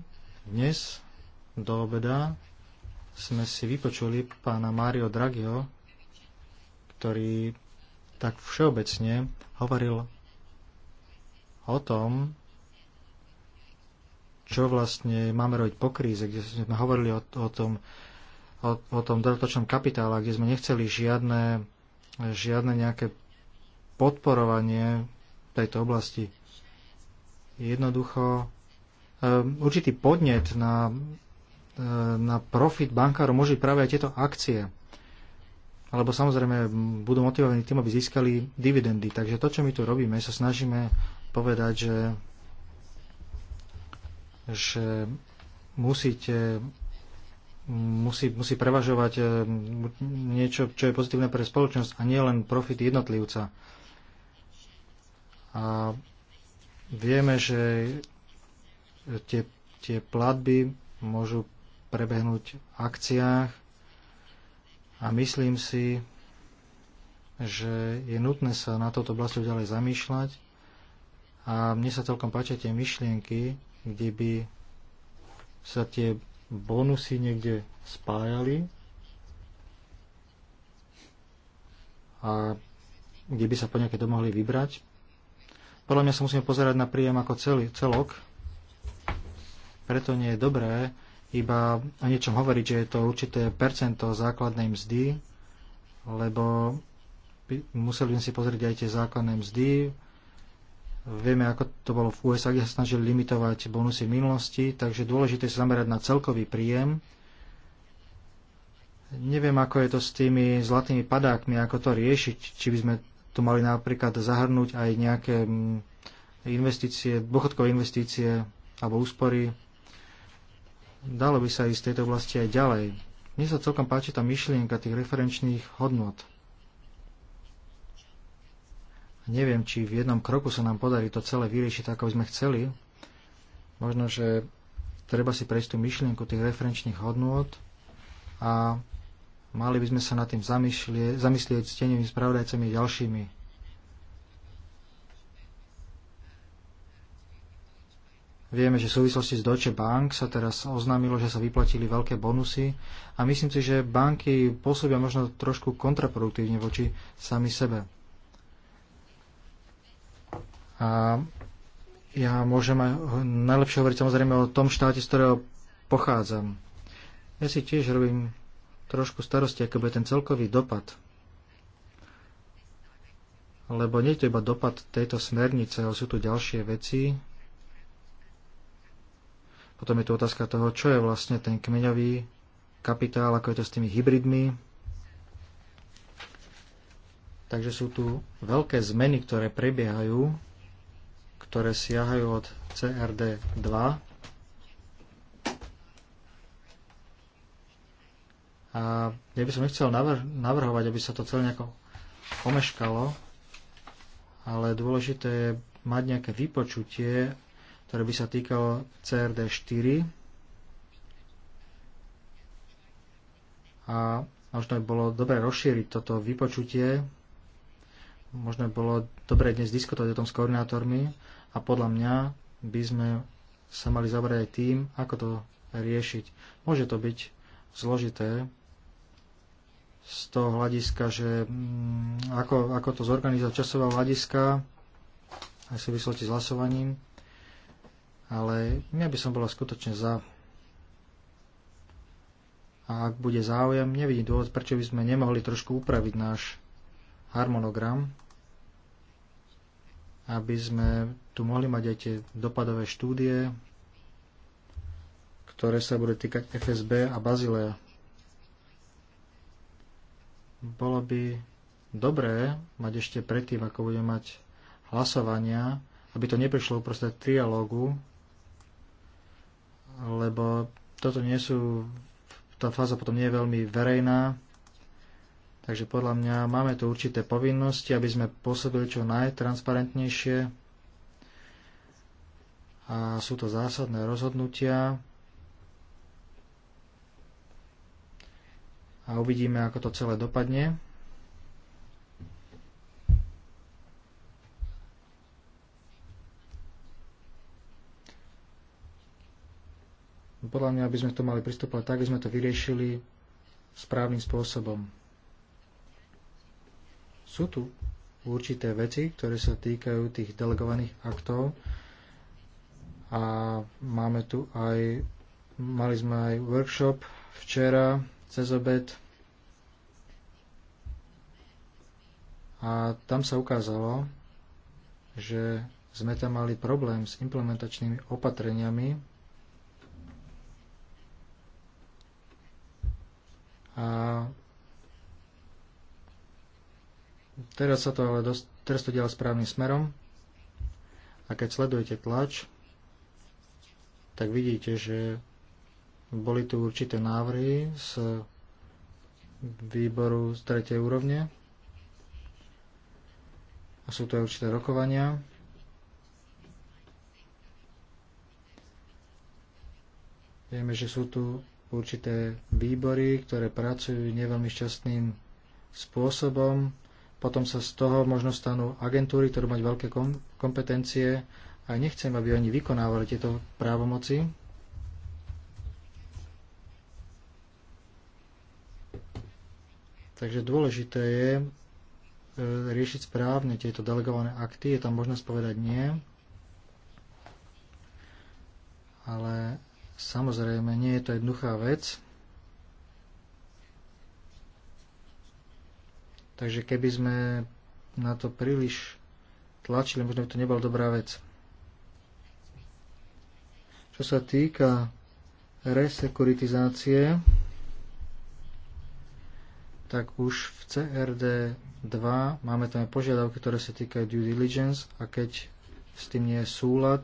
Dnes do obeda sme si vypočuli pána Mário Dragio, ktorý tak všeobecne hovoril o tom, čo vlastne máme robiť po kríze, kde sme hovorili o, o tom o, o tom dodatočnom kapitále, kde sme nechceli žiadne, žiadne nejaké podporovanie tejto oblasti. Jednoducho um, určitý podnet na, ehm, na profit bankárov môže práve aj tieto akcie. Alebo samozrejme budú motivovaní tým, aby získali dividendy. Takže to, čo my tu robíme, sa snažíme povedať, že, že musíte musí, musí prevažovať eh, niečo, čo je pozitívne pre spoločnosť a nie len profit jednotlivca. A vieme, že tie, tie platby môžu prebehnúť v akciách a myslím si, že je nutné sa na toto oblasťou ďalej zamýšľať a mne sa celkom páčia tie myšlienky, kde by sa tie bonusy niekde spájali a kde by sa po nejaké domohli vybrať. Podľa mňa sa musíme pozerať na príjem ako celý, celok, preto nie je dobré iba o niečom hovoriť, že je to určité percento základnej mzdy, lebo museli sme si pozrieť aj tie základné mzdy, Vieme, ako to bolo v USA, kde sa snažili limitovať bonusy v minulosti, takže dôležité je sa zamerať na celkový príjem. Neviem, ako je to s tými zlatými padákmi, ako to riešiť, či by sme tu mali napríklad zahrnúť aj nejaké mm, investície, dôchodkové investície alebo úspory. Dalo by sa ísť z tejto oblasti aj ďalej. Mne sa celkom páči tá myšlienka tých referenčných hodnot. Neviem, či v jednom kroku sa nám podarí to celé vyriešiť tak, ako sme chceli. Možno, že treba si prejsť tú myšlienku tých referenčných hodnôt a mali by sme sa nad tým zamyslieť, zamyslieť s tenými spravodajcami ďalšími. Vieme, že v súvislosti s Deutsche Bank sa teraz oznámilo, že sa vyplatili veľké bonusy a myslím si, že banky pôsobia možno trošku kontraproduktívne voči sami sebe. A ja môžem aj najlepšie hovoriť samozrejme o tom štáte, z ktorého pochádzam. Ja si tiež robím trošku starosti, aký bude ten celkový dopad. Lebo nie je to iba dopad tejto smernice, ale sú tu ďalšie veci. Potom je tu otázka toho, čo je vlastne ten kmeňový kapitál, ako je to s tými hybridmi. Takže sú tu veľké zmeny, ktoré prebiehajú ktoré siahajú od CRD 2. A ja by som nechcel navr- navrhovať, aby sa to celé nejako omeškalo, ale dôležité je mať nejaké vypočutie, ktoré by sa týkalo CRD 4 a možno by bolo dobre rozšíriť toto vypočutie, možno by bolo dobre dnes diskutovať o tom s koordinátormi, a podľa mňa by sme sa mali zabrať aj tým, ako to riešiť. Môže to byť zložité z toho hľadiska, že mm, ako, ako to zorganizovať časová hľadiska, aj si vysloti s hlasovaním, ale ja by som bola skutočne za. A ak bude záujem, nevidím dôvod, prečo by sme nemohli trošku upraviť náš harmonogram, aby sme tu mohli mať aj tie dopadové štúdie, ktoré sa bude týkať FSB a Bazileja. Bolo by dobré mať ešte predtým, ako budeme mať hlasovania, aby to neprišlo uprostred trialógu, lebo toto nie sú, tá fáza potom nie je veľmi verejná, Takže podľa mňa máme tu určité povinnosti, aby sme pôsobili čo najtransparentnejšie. A sú to zásadné rozhodnutia. A uvidíme, ako to celé dopadne. Podľa mňa, aby sme to mali pristúpať tak, aby sme to vyriešili správnym spôsobom. Sú tu určité veci, ktoré sa týkajú tých delegovaných aktov a máme tu aj, mali sme aj workshop včera cez obed a tam sa ukázalo, že sme tam mali problém s implementačnými opatreniami a Teraz sa to ale dosť, teraz to diela správnym smerom a keď sledujete tlač, tak vidíte, že boli tu určité návrhy z výboru z tretej úrovne a sú tu aj určité rokovania. Vieme, že sú tu určité výbory, ktoré pracujú neveľmi šťastným spôsobom. Potom sa z toho možno stanú agentúry, ktoré majú veľké kom- kompetencie a nechcem, aby oni vykonávali tieto právomoci. Takže dôležité je e, riešiť správne tieto delegované akty. Je tam možnosť povedať nie, ale samozrejme nie je to jednoduchá vec. Takže keby sme na to príliš tlačili, možno by to nebola dobrá vec. Čo sa týka resekuritizácie, tak už v CRD 2 máme tam aj požiadavky, ktoré sa týkajú due diligence a keď s tým nie je súlad,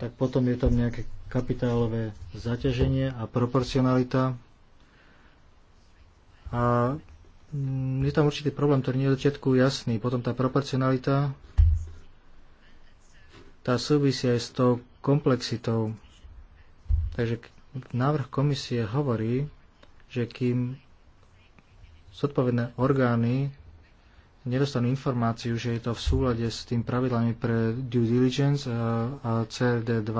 tak potom je tam nejaké kapitálové zaťaženie a proporcionalita. A mm, je tam určitý problém, ktorý nie je v začiatku jasný. Potom tá proporcionalita, tá súvisia aj s tou komplexitou. Takže návrh komisie hovorí, že kým zodpovedné orgány nedostanú informáciu, že je to v súlade s tým pravidlami pre due diligence a CRD2,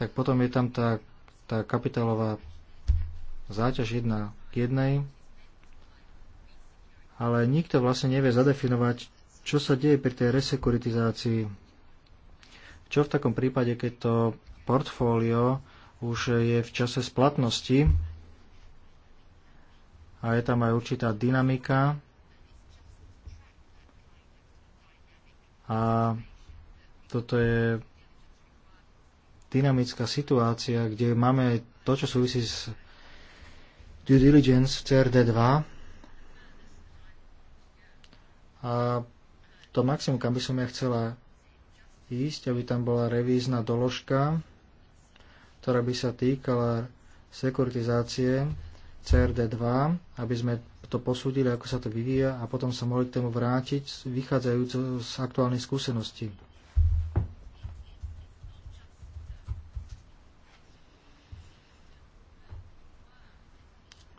tak potom je tam tá, tá kapitálová záťaž jedna k jednej, ale nikto vlastne nevie zadefinovať, čo sa deje pri tej resekuritizácii. Čo v takom prípade, keď to portfólio už je v čase splatnosti a je tam aj určitá dynamika a toto je dynamická situácia, kde máme to, čo súvisí s due diligence CRD2 a to maximum, kam by som ja chcela ísť, aby tam bola revízna doložka, ktorá by sa týkala sekuritizácie CRD2, aby sme to posúdili, ako sa to vyvíja a potom sa mohli k tomu vrátiť, vychádzajúc z aktuálnych skúseností.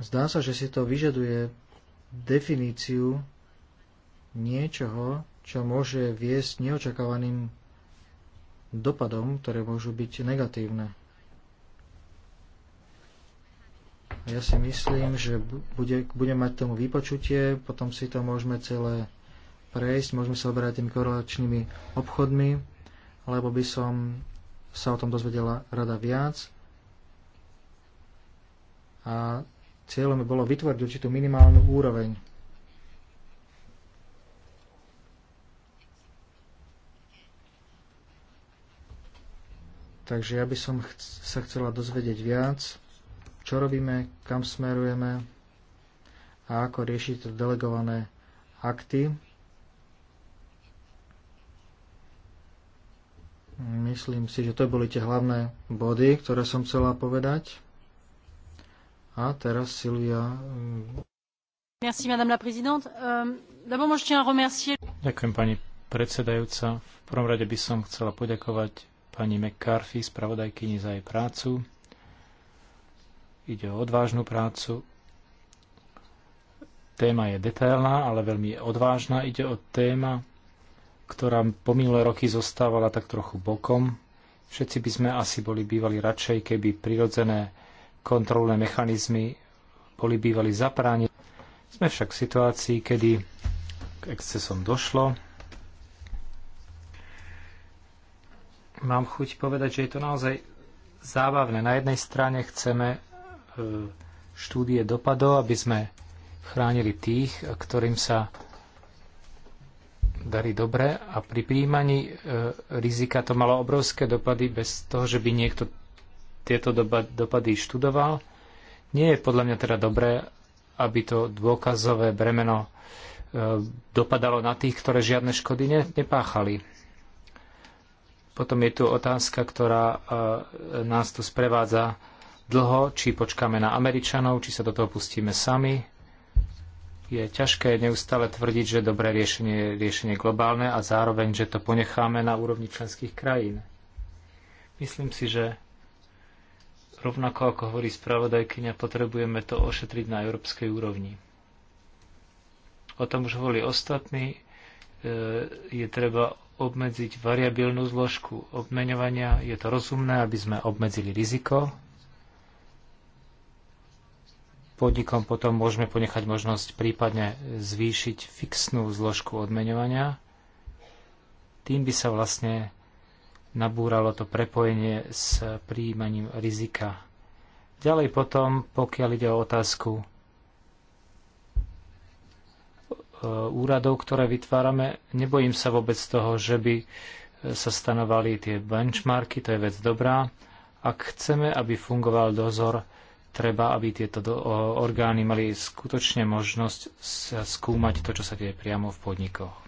Zdá sa, že si to vyžaduje definíciu niečoho, čo môže viesť neočakávaným dopadom, ktoré môžu byť negatívne. Ja si myslím, že bude, budem mať tomu vypočutie, potom si to môžeme celé prejsť, môžeme sa oberať tými korelačnými obchodmi, lebo by som sa o tom dozvedela rada viac. A Cieľom bolo vytvoriť určitú minimálnu úroveň. Takže ja by som sa chcela dozvedieť viac, čo robíme, kam smerujeme a ako riešiť delegované akty. Myslím si, že to boli tie hlavné body, ktoré som chcela povedať. A teraz Silvia. Mm. Merci, madame la présidente. Euh, d'abord, moi, je tiens à remercier... Ďakujem, pani predsedajúca. V prvom rade by som chcela poďakovať pani McCarthy, spravodajkyni, za jej prácu. Ide o odvážnu prácu. Téma je detailná, ale veľmi odvážna. Ide o téma, ktorá po minulé roky zostávala tak trochu bokom. Všetci by sme asi boli bývali radšej, keby prirodzené kontrolné mechanizmy boli bývali zapráne. Sme však v situácii, kedy k excesom došlo. Mám chuť povedať, že je to naozaj zábavné. Na jednej strane chceme e, štúdie dopadov, aby sme chránili tých, ktorým sa darí dobre a pri príjmaní e, rizika to malo obrovské dopady bez toho, že by niekto tieto dopady študoval. Nie je podľa mňa teda dobré, aby to dôkazové bremeno e, dopadalo na tých, ktoré žiadne škody nepáchali. Potom je tu otázka, ktorá e, nás tu sprevádza dlho, či počkáme na Američanov, či sa do toho pustíme sami. Je ťažké neustále tvrdiť, že dobré riešenie je riešenie globálne a zároveň, že to ponecháme na úrovni členských krajín. Myslím si, že Rovnako ako hovorí spravodajkyňa, potrebujeme to ošetriť na európskej úrovni. O tom už hovorili ostatní, e, je treba obmedziť variabilnú zložku obmeňovania. Je to rozumné, aby sme obmedzili riziko. Podnikom potom môžeme ponechať možnosť prípadne zvýšiť fixnú zložku odmeňovania. Tým by sa vlastne nabúralo to prepojenie s príjmaním rizika. Ďalej potom, pokiaľ ide o otázku e, úradov, ktoré vytvárame, nebojím sa vôbec toho, že by e, sa stanovali tie benchmarky, to je vec dobrá. Ak chceme, aby fungoval dozor, treba, aby tieto orgány mali skutočne možnosť skúmať to, čo sa deje priamo v podnikoch.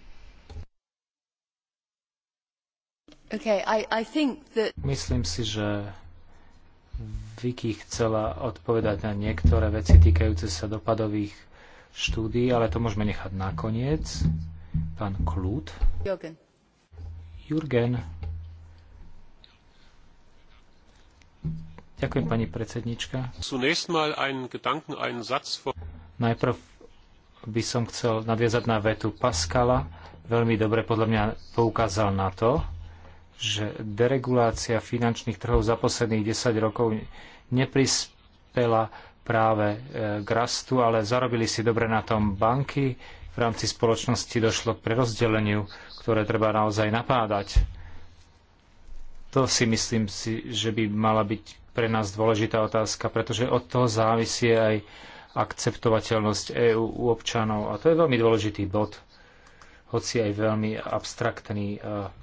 Okay, I, I that... Myslím si, že Vicky chcela odpovedať na niektoré veci týkajúce sa dopadových štúdií, ale to môžeme nechať nakoniec. Pán Klút. Jürgen. Ďakujem, pani predsednička. Najprv by som chcel nadviazať na vetu Paskala. Veľmi dobre podľa mňa poukázal na to, že deregulácia finančných trhov za posledných 10 rokov neprispela práve e, k rastu, ale zarobili si dobre na tom banky. V rámci spoločnosti došlo k prerozdeleniu, ktoré treba naozaj napádať. To si myslím si, že by mala byť pre nás dôležitá otázka, pretože od toho závisí aj akceptovateľnosť EÚ u občanov. A to je veľmi dôležitý bod, hoci aj veľmi abstraktný. E,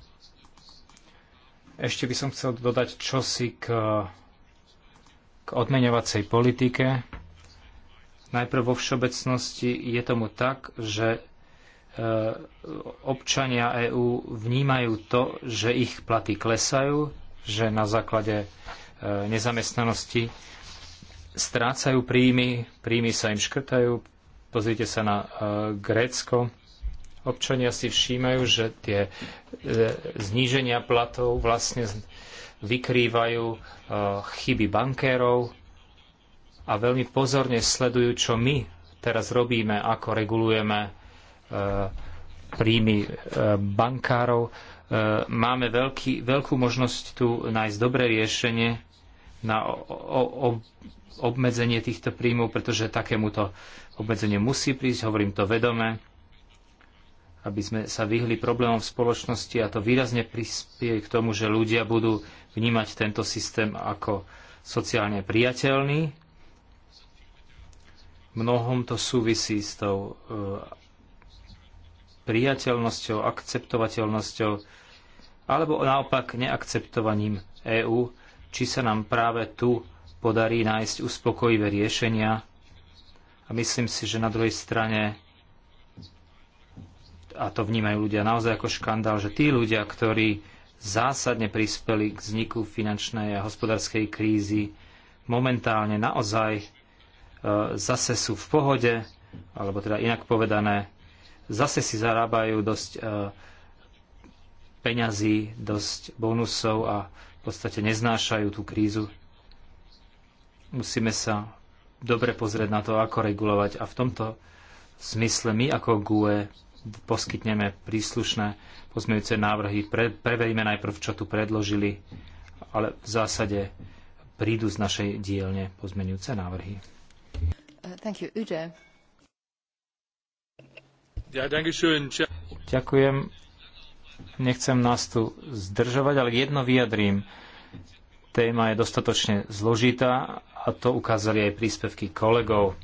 ešte by som chcel dodať čosi k, k odmeňovacej politike. Najprv vo všeobecnosti je tomu tak, že e, občania EÚ vnímajú to, že ich platy klesajú, že na základe e, nezamestnanosti strácajú príjmy, príjmy sa im škrtajú. Pozrite sa na e, Grécko občania si všímajú, že tie e, zníženia platov vlastne vykrývajú e, chyby bankérov a veľmi pozorne sledujú, čo my teraz robíme, ako regulujeme e, príjmy bankárov. Máme veľký, veľkú možnosť tu nájsť dobré riešenie na obmedzenie týchto príjmov, pretože takémuto obmedzenie musí prísť, hovorím to vedome aby sme sa vyhli problémom v spoločnosti a to výrazne prispieje k tomu, že ľudia budú vnímať tento systém ako sociálne priateľný. Mnohom to súvisí s tou e, priateľnosťou, akceptovateľnosťou alebo naopak neakceptovaním EÚ, či sa nám práve tu podarí nájsť uspokojivé riešenia. A myslím si, že na druhej strane a to vnímajú ľudia naozaj ako škandál, že tí ľudia, ktorí zásadne prispeli k vzniku finančnej a hospodárskej krízy, momentálne naozaj e, zase sú v pohode, alebo teda inak povedané, zase si zarábajú dosť e, peňazí, dosť bonusov a v podstate neznášajú tú krízu. Musíme sa dobre pozrieť na to, ako regulovať. A v tomto smysle my ako GUE poskytneme príslušné pozmeňujúce návrhy, pre, preveríme najprv, čo tu predložili, ale v zásade prídu z našej dielne pozmeňujúce návrhy. Uh, ja, Ďakujem. Nechcem nás tu zdržovať, ale jedno vyjadrím. Téma je dostatočne zložitá a to ukázali aj príspevky kolegov.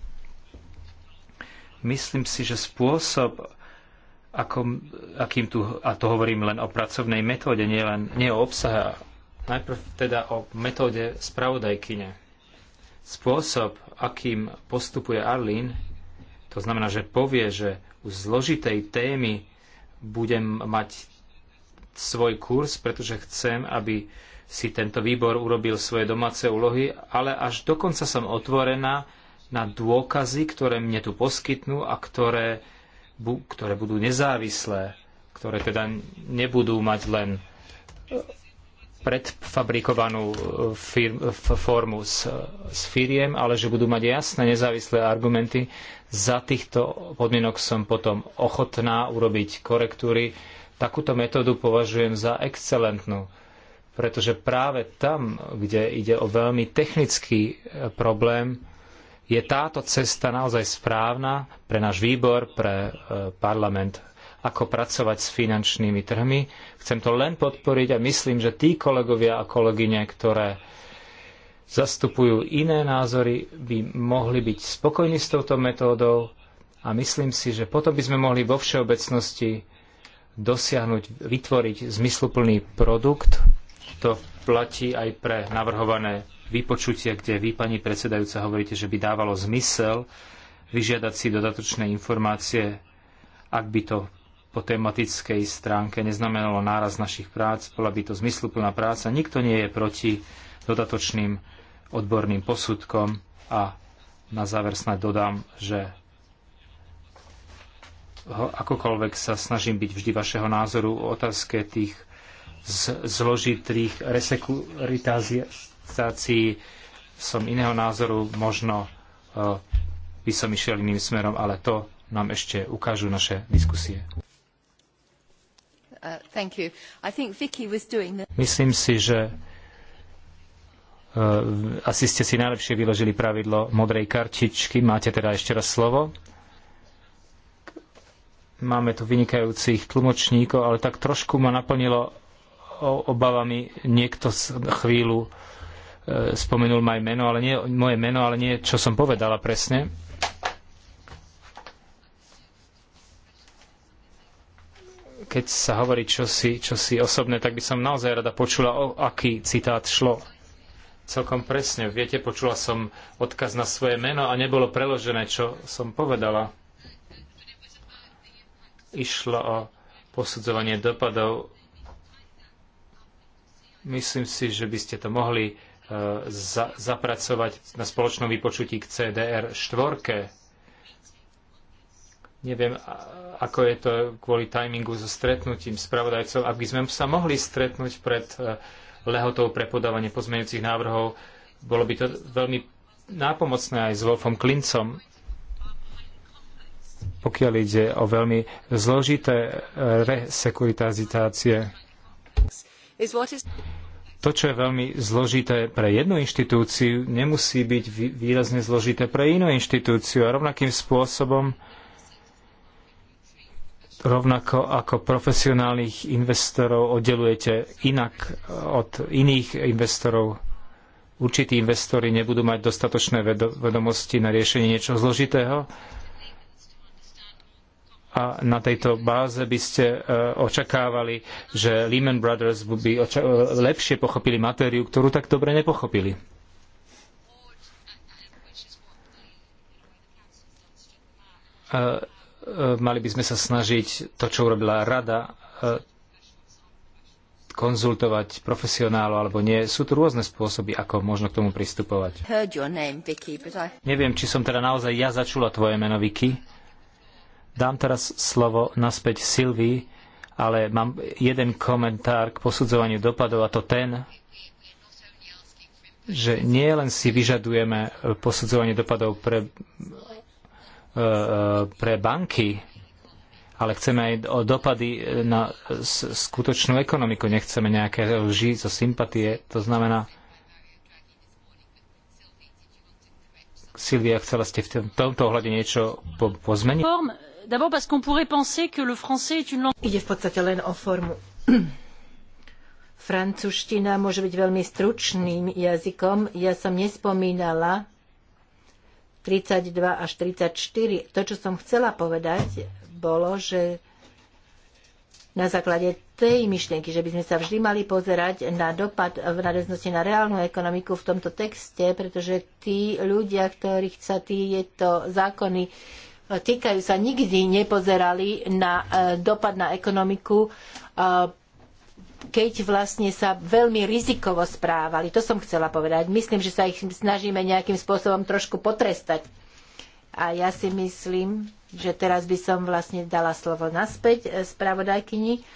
Myslím si, že spôsob, akým tu, a to hovorím len o pracovnej metóde, nie, len, nie o obsahe, najprv teda o metóde spravodajkyne. Spôsob, akým postupuje Arlín, to znamená, že povie, že u zložitej témy budem mať svoj kurz, pretože chcem, aby si tento výbor urobil svoje domáce úlohy, ale až dokonca som otvorená na dôkazy, ktoré mne tu poskytnú a ktoré ktoré budú nezávislé, ktoré teda nebudú mať len e, predfabrikovanú e, firm, formu s, s firiem, ale že budú mať jasné nezávislé argumenty. Za týchto podmienok som potom ochotná urobiť korektúry. Takúto metódu považujem za excelentnú, pretože práve tam, kde ide o veľmi technický e, problém, je táto cesta naozaj správna pre náš výbor, pre e, parlament, ako pracovať s finančnými trhmi? Chcem to len podporiť a myslím, že tí kolegovia a kolegyne, ktoré zastupujú iné názory, by mohli byť spokojní s touto metódou a myslím si, že potom by sme mohli vo všeobecnosti dosiahnuť, vytvoriť zmysluplný produkt. To platí aj pre navrhované vypočutie, kde vy, pani predsedajúca, hovoríte, že by dávalo zmysel vyžiadať si dodatočné informácie, ak by to po tematickej stránke neznamenalo náraz našich prác, bola by to zmysluplná práca. Nikto nie je proti dodatočným odborným posudkom a na záver snad dodám, že akokoľvek sa snažím byť vždy vašeho názoru o otázke tých zložitých privatizácii som iného názoru, možno e, by som išiel iným smerom, ale to nám ešte ukážu naše diskusie. Uh, the... Myslím si, že e, asi ste si najlepšie vyložili pravidlo modrej kartičky. Máte teda ešte raz slovo. Máme tu vynikajúcich tlmočníkov, ale tak trošku ma naplnilo obavami niekto chvíľu E, spomenul moje meno, ale nie, moje meno, ale nie čo som povedala presne. Keď sa hovorí čosi, čosi osobné, tak by som naozaj rada počula, o aký citát šlo. Celkom presne, viete, počula som odkaz na svoje meno a nebolo preložené, čo som povedala. Išlo o posudzovanie dopadov. Myslím si, že by ste to mohli za, zapracovať na spoločnom vypočutí k CDR štvorke. Neviem, ako je to kvôli timingu so stretnutím spravodajcov, aby sme sa mohli stretnúť pred e, lehotou pre podávanie pozmeňujúcich návrhov. Bolo by to veľmi nápomocné aj s Wolfom Klincom, pokiaľ ide o veľmi zložité resekuritazitácie to, čo je veľmi zložité pre jednu inštitúciu, nemusí byť výrazne zložité pre inú inštitúciu. A rovnakým spôsobom, rovnako ako profesionálnych investorov oddelujete inak eh, od iných investorov, určití investori nebudú mať dostatočné vedomosti na riešenie niečoho zložitého, a na tejto báze by ste e, očakávali, že Lehman Brothers by lepšie pochopili matériu, ktorú tak dobre nepochopili. E, e, mali by sme sa snažiť to, čo urobila rada, konzultovať profesionálov alebo nie. Sú tu rôzne spôsoby, ako možno k tomu pristupovať. Neviem, či som teda naozaj ja začula tvoje meno, Vicky Dám teraz slovo naspäť Silvii, ale mám jeden komentár k posudzovaniu dopadov a to ten, že nie len si vyžadujeme posudzovanie dopadov pre, e, e, pre banky, ale chceme aj o dopady na skutočnú ekonomiku. Nechceme nejaké lži zo sympatie. To znamená, Silvia, chcela ste v tomto ohľade niečo po- pozmeniť? D'abord parce qu'on pourrait penser que le français est une langue... Ide v podstate len o formu. Francúzština môže byť veľmi stručným jazykom. Ja som nespomínala 32 až 34. To, čo som chcela povedať, bolo, že na základe tej myšlienky, že by sme sa vždy mali pozerať na dopad v nadväznosti na reálnu ekonomiku v tomto texte, pretože tí ľudia, ktorých sa tieto zákony týkajú, sa nikdy nepozerali na e, dopad na ekonomiku, e, keď vlastne sa veľmi rizikovo správali. To som chcela povedať. Myslím, že sa ich snažíme nejakým spôsobom trošku potrestať. A ja si myslím, že teraz by som vlastne dala slovo naspäť e, spravodajkyni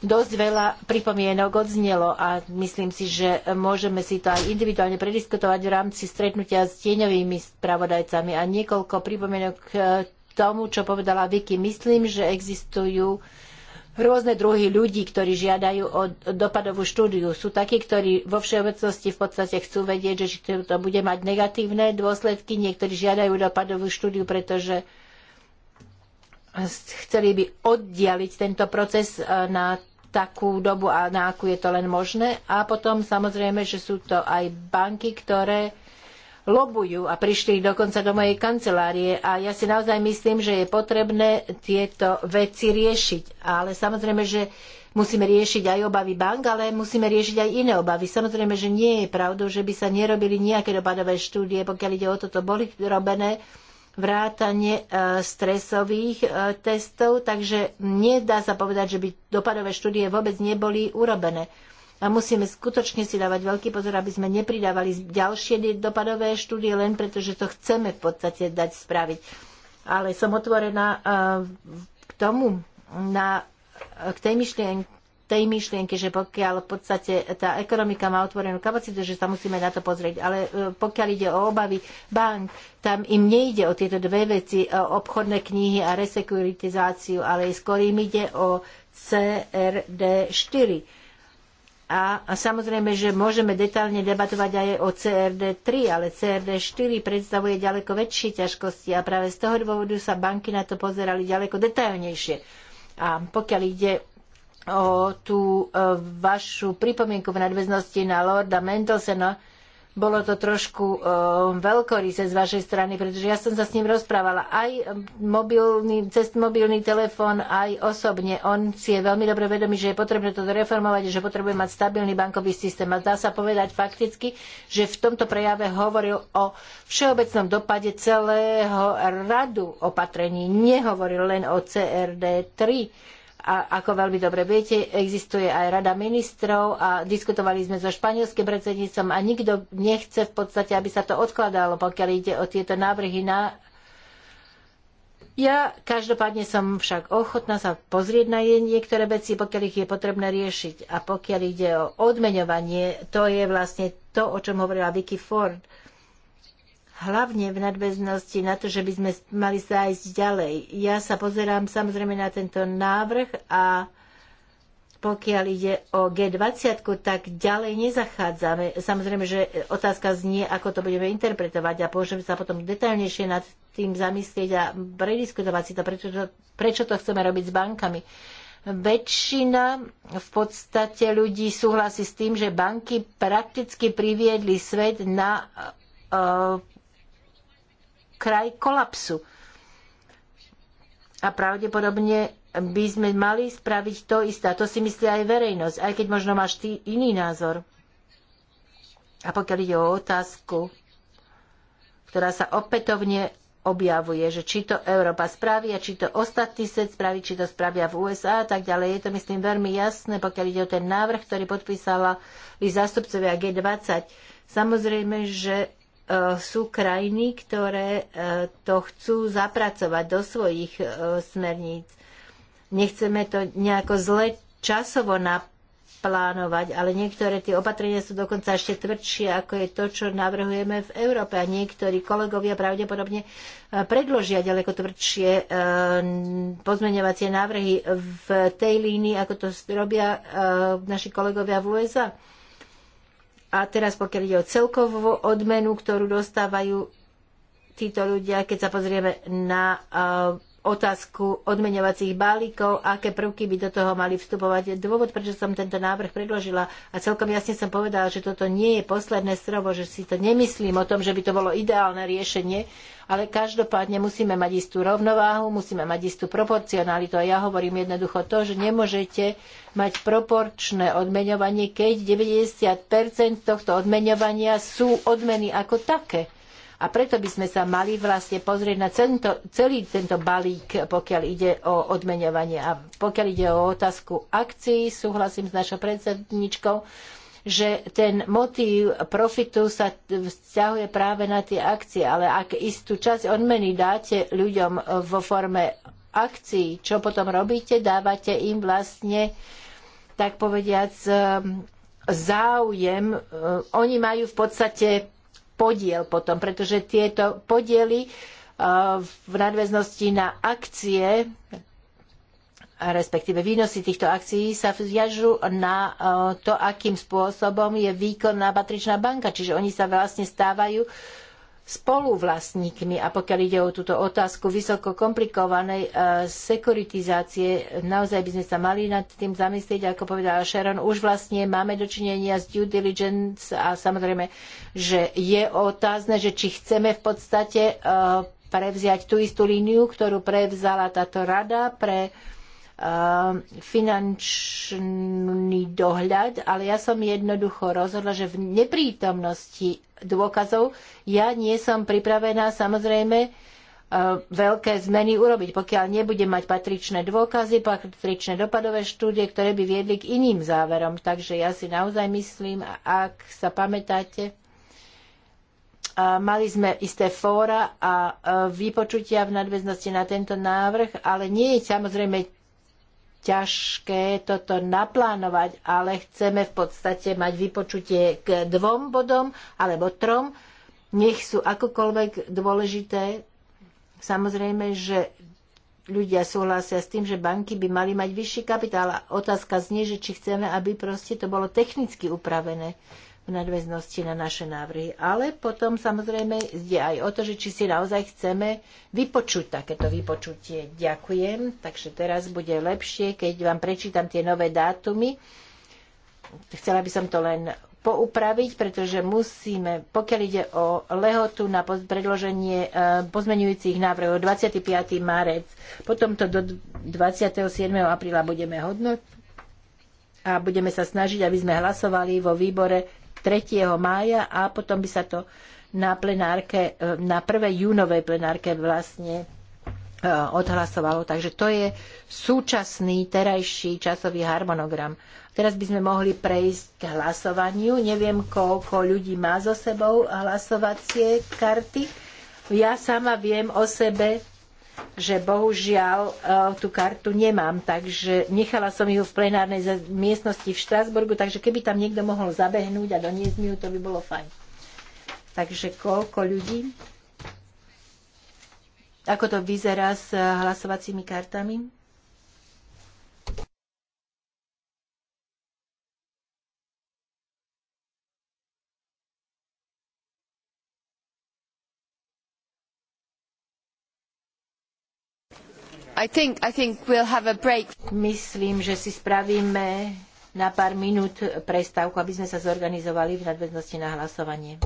dosť veľa pripomienok odznelo a myslím si, že môžeme si to aj individuálne prediskutovať v rámci stretnutia s tieňovými spravodajcami a niekoľko pripomienok k tomu, čo povedala Vicky. Myslím, že existujú rôzne druhy ľudí, ktorí žiadajú o dopadovú štúdiu. Sú takí, ktorí vo všeobecnosti v podstate chcú vedieť, že to bude mať negatívne dôsledky. Niektorí žiadajú dopadovú štúdiu, pretože chceli by oddialiť tento proces eh, na takú dobu a na akú je to len možné. A potom samozrejme, že sú to aj banky, ktoré lobujú a prišli dokonca do mojej kancelárie a ja si naozaj myslím, že je potrebné tieto veci riešiť. Ale samozrejme, že musíme riešiť aj obavy bank, ale musíme riešiť aj iné obavy. Samozrejme, že nie je pravdou, že by sa nerobili nejaké dopadové štúdie, pokiaľ ide o toto, boli robené vrátane e, stresových e, testov, takže nedá sa povedať, že by dopadové štúdie vôbec neboli urobené. A musíme skutočne si dávať veľký pozor, aby sme nepridávali ďalšie dopadové štúdie, len preto, že to chceme v podstate dať spraviť. Ale som otvorená e, k tomu, na, k tej myšlienke, tej myšlienky, že pokiaľ v podstate tá ekonomika má otvorenú kapacitu, že sa musíme na to pozrieť. Ale e, pokiaľ ide o obavy bank, tam im nejde o tieto dve veci, o e, obchodné knihy a resekuritizáciu, ale skôr im ide o CRD4. A, a samozrejme, že môžeme detálne debatovať aj o CRD3, ale CRD4 predstavuje ďaleko väčšie ťažkosti a práve z toho dôvodu sa banky na to pozerali ďaleko detailnejšie. A pokiaľ ide o tú e, vašu pripomienku v nadväznosti na Lorda Mendelsena. Bolo to trošku e, veľkoryse z vašej strany, pretože ja som sa s ním rozprávala aj mobilný, cez mobilný telefón, aj osobne. On si je veľmi dobre vedomý, že je potrebné toto reformovať, že potrebuje mať stabilný bankový systém. A dá sa povedať fakticky, že v tomto prejave hovoril o všeobecnom dopade celého radu opatrení. Nehovoril len o CRD 3 a ako veľmi dobre viete, existuje aj Rada ministrov a diskutovali sme so španielským predsedníctvom a nikto nechce v podstate, aby sa to odkladalo, pokiaľ ide o tieto návrhy na ja každopádne som však ochotná sa pozrieť na niektoré veci, pokiaľ ich je potrebné riešiť. A pokiaľ ide o odmeňovanie, to je vlastne to, o čom hovorila Vicky Ford. Uh, hlavne v nadväznosti na to, že by sme mali zájsť ďalej. Ja sa pozerám samozrejme na tento návrh a pokiaľ ide o G20, tak ďalej nezachádzame. Samozrejme, že otázka znie, ako to budeme interpretovať a môžeme sa potom detaľnejšie nad tým zamyslieť a prediskutovať si to, prečo to, prečo to chceme robiť s bankami. Väčšina v podstate ľudí súhlasí s tým, že banky prakticky priviedli svet na uh, kraj kolapsu. A pravdepodobne by sme mali spraviť to isté. A to si myslí aj verejnosť, aj keď možno máš ty iný názor. A pokiaľ ide o otázku, ktorá sa opätovne objavuje, že či to Európa spraví a či to ostatný svet spraví, či to spravia v USA a tak ďalej. Je to, myslím, veľmi jasné, pokiaľ ide o ten návrh, ktorý podpísala i zástupcovia G20. Samozrejme, že E, sú krajiny, ktoré e, to chcú zapracovať do svojich e, smerníc. Nechceme to nejako zle časovo naplánovať, ale niektoré tie opatrenia sú dokonca ešte tvrdšie, ako je to, čo navrhujeme v Európe. A niektorí kolegovia pravdepodobne predložia ďaleko tvrdšie pozmeňovacie návrhy v tej línii, ako to robia naši kolegovia v USA. A teraz pokiaľ ide o celkovú odmenu, ktorú dostávajú títo ľudia, keď sa pozrieme na uh, otázku odmeňovacích balíkov, aké prvky by do toho mali vstupovať. Dôvod, prečo som tento návrh predložila a celkom jasne som povedala, že toto nie je posledné strovo, že si to nemyslím o tom, že by to bolo ideálne riešenie, ale každopádne musíme mať istú rovnováhu, musíme mať istú proporcionalitu a ja hovorím jednoducho to, že nemôžete mať proporčné odmeňovanie, keď 90% tohto odmeňovania sú odmeny ako také. A preto by sme sa mali vlastne pozrieť na celý tento balík, pokiaľ ide o odmeňovanie. A pokiaľ ide o otázku akcií, súhlasím s našou predsedničkou, že ten motív profitu sa vzťahuje práve na tie akcie, ale ak istú časť odmeny dáte ľuďom vo forme akcií, čo potom robíte, dávate im vlastne, tak povediac, um, záujem. Um, oni majú v podstate podiel potom, pretože tieto podiely eh, v nadväznosti na akcie, respektíve výnosy týchto akcií sa viažu na eh, to, akým spôsobom je výkonná patričná banka. Čiže oni sa vlastne stávajú spoluvlastníkmi. A pokiaľ ide o túto otázku vysoko komplikovanej e, sekuritizácie, naozaj by sme sa mali nad tým zamyslieť, ako povedala Sharon, už vlastne máme dočinenia s due diligence a samozrejme, že je otázne, že či chceme v podstate e, prevziať tú istú líniu, ktorú prevzala táto rada pre Ehm, finančný dohľad, ale ja som jednoducho rozhodla, že v neprítomnosti dôkazov ja nie som pripravená samozrejme ehm, veľké zmeny urobiť, pokiaľ nebude mať patričné dôkazy, patričné dopadové štúdie, ktoré by viedli k iným záverom. Takže ja si naozaj myslím, ak sa pamätáte, mali sme isté fóra a e, vypočutia v nadväznosti na tento návrh, ale nie je samozrejme ťažké toto naplánovať, ale chceme v podstate mať vypočutie k dvom bodom alebo trom, nech sú akokoľvek dôležité. Samozrejme, že ľudia súhlasia s tým, že banky by mali mať vyšší kapitál. A otázka znie, že či chceme, aby proste to bolo technicky upravené v nadväznosti na naše návrhy. Ale potom samozrejme ide aj o to, že či si naozaj chceme vypočuť takéto vypočutie. Ďakujem. Takže teraz bude lepšie, keď vám prečítam tie nové dátumy. Chcela by som to len poupraviť, pretože musíme, pokiaľ ide o lehotu na predloženie e, pozmenujúcich návrhov 25. marec, potom to do 27. apríla budeme hodnotiť a budeme sa snažiť, aby sme hlasovali vo výbore 3. mája a potom by sa to na plenárke, e, na 1. júnovej plenárke vlastne e, odhlasovalo. Takže to je súčasný terajší časový harmonogram. Teraz by sme mohli prejsť k hlasovaniu. Neviem, koľko ľudí má so sebou hlasovacie karty. Ja sama viem o sebe, že bohužiaľ e, tú kartu nemám, takže nechala som ju v plenárnej miestnosti v Štrasburgu, takže keby tam niekto mohol zabehnúť a doniesť mi ju, to by bolo fajn. Takže koľko ľudí? Ako to vyzerá s e, hlasovacími kartami? I think, I think we'll Myslím, že si spravíme na pár minút prestávku, aby sme sa zorganizovali v nadväznosti na hlasovanie.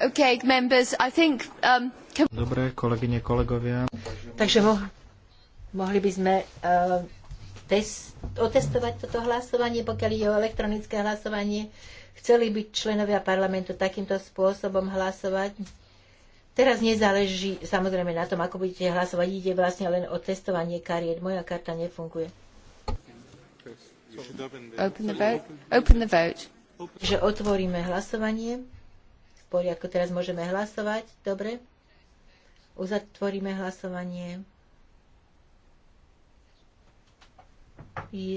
Okay, members, I think, um, can... Dobre, kolegyne, kolegovia. Takže mo- mohli by sme uh, otestovať toto hlasovanie, pokiaľ ide o elektronické hlasovanie. Chceli by členovia parlamentu takýmto spôsobom hlasovať? Teraz nezáleží samozrejme na tom, ako budete hlasovať. Ide vlastne len o testovanie kariet. Moja karta nefunguje. Open the vote. Open the vote. Že otvoríme hlasovanie poriadku, teraz môžeme hlasovať. Dobre. Uzatvoríme hlasovanie.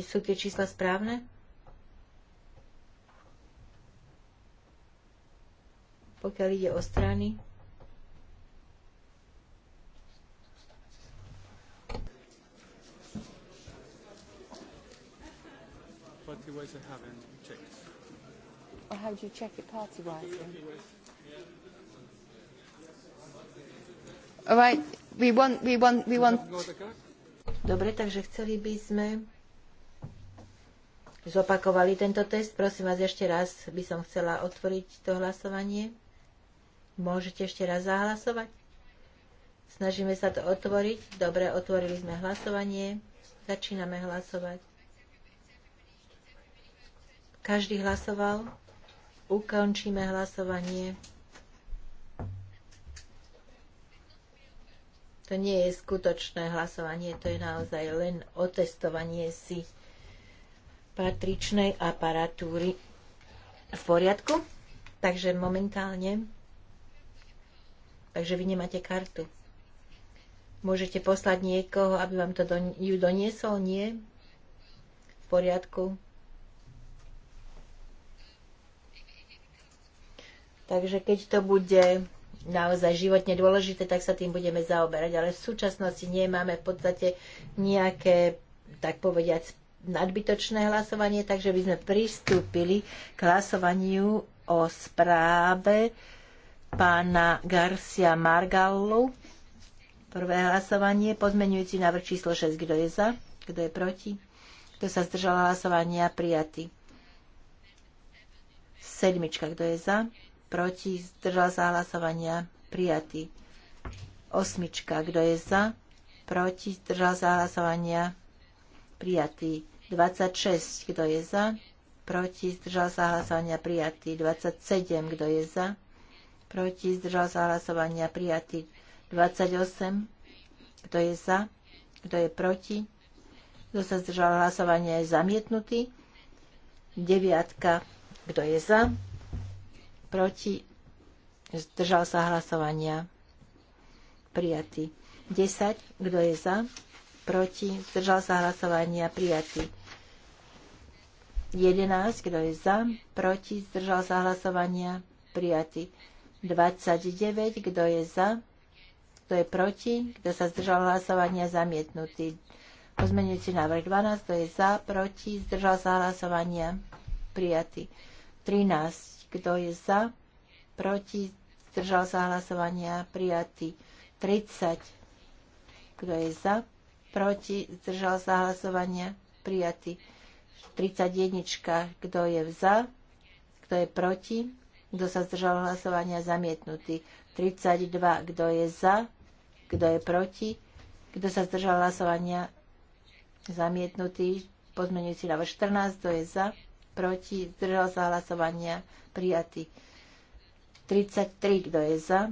Sú tie čísla správne? Pokiaľ ide o strany. Party-wise I haven't checked. Or how do you check it party-wise? Right. We want, we want, we want... Dobre, takže chceli by sme zopakovali tento test. Prosím vás, ešte raz by som chcela otvoriť to hlasovanie. Môžete ešte raz zahlasovať? Snažíme sa to otvoriť. Dobre, otvorili sme hlasovanie. Začíname hlasovať. Každý hlasoval. Ukončíme hlasovanie. To nie je skutočné hlasovanie, to je naozaj len otestovanie si patričnej aparatúry. V poriadku? Takže momentálne. Takže vy nemáte kartu. Môžete poslať niekoho, aby vám to don- ju doniesol? Nie? V poriadku. Takže keď to bude naozaj životne dôležité, tak sa tým budeme zaoberať. Ale v súčasnosti nemáme v podstate nejaké, tak povediať, nadbytočné hlasovanie, takže by sme pristúpili k hlasovaniu o správe pána Garcia Margallu. Prvé hlasovanie, pozmenujúci návrh číslo 6. Kto je za? Kto je proti? Kto sa zdržal hlasovania? Prijatý. Sedmička. Kto je za? proti, zdržal sa hlasovania, prijatý. Osmička, kto je za, proti, zdržal sa hlasovania, prijatý. 26, kto je za, proti, zdržal sa hlasovania, prijatý. 27, kto je za, proti, zdržal sa hlasovania, prijatý. 28, kto je za, kto je proti, kto sa zdržal hlasovania, je zamietnutý. Deviatka, kto je za, proti, zdržal sa hlasovania, prijatý. 10, kto je za, proti, zdržal sa hlasovania, prijatý. 11, kto je za, proti, zdržal sa hlasovania, prijatý. 29, kto je za, kto je proti, kto sa zdržal hlasovania, zamietnutý. Pozmenujúci návrh 12, kto je za, proti, zdržal sa hlasovania, prijatý. 13, kto je za? Proti? Zdržal sa hlasovania? Prijatý. 30. Kto je za? Proti? Zdržal sa hlasovania? Prijatý. 31. Kto je za? Kto je proti? Kto sa zdržal hlasovania? Zamietnutý. 32. Kto je za? Kto je proti? Kto sa zdržal hlasovania? Zamietnutý. Pozmenujúci návrh 14. Kto je za? proti, zdržal sa hlasovania, prijatý. 33, kto je za,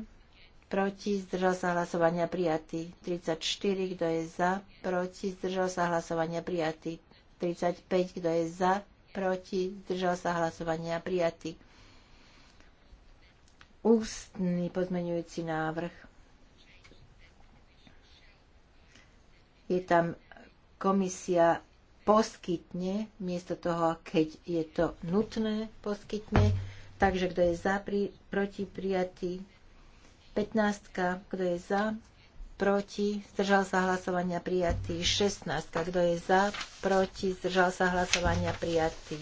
proti, zdržal sa hlasovania, prijatý. 34, kto je za, proti, zdržal sa hlasovania, prijatý. 35, kto je za, proti, zdržal sa hlasovania, prijatý. Ústny pozmeňujúci návrh. je tam komisia poskytne, miesto toho, keď je to nutné, poskytne. Takže kto je za, pri, proti, prijatý. 15. Kto je za, proti, zdržal sa hlasovania, prijatý. 16. Kto je za, proti, zdržal sa hlasovania, prijatý.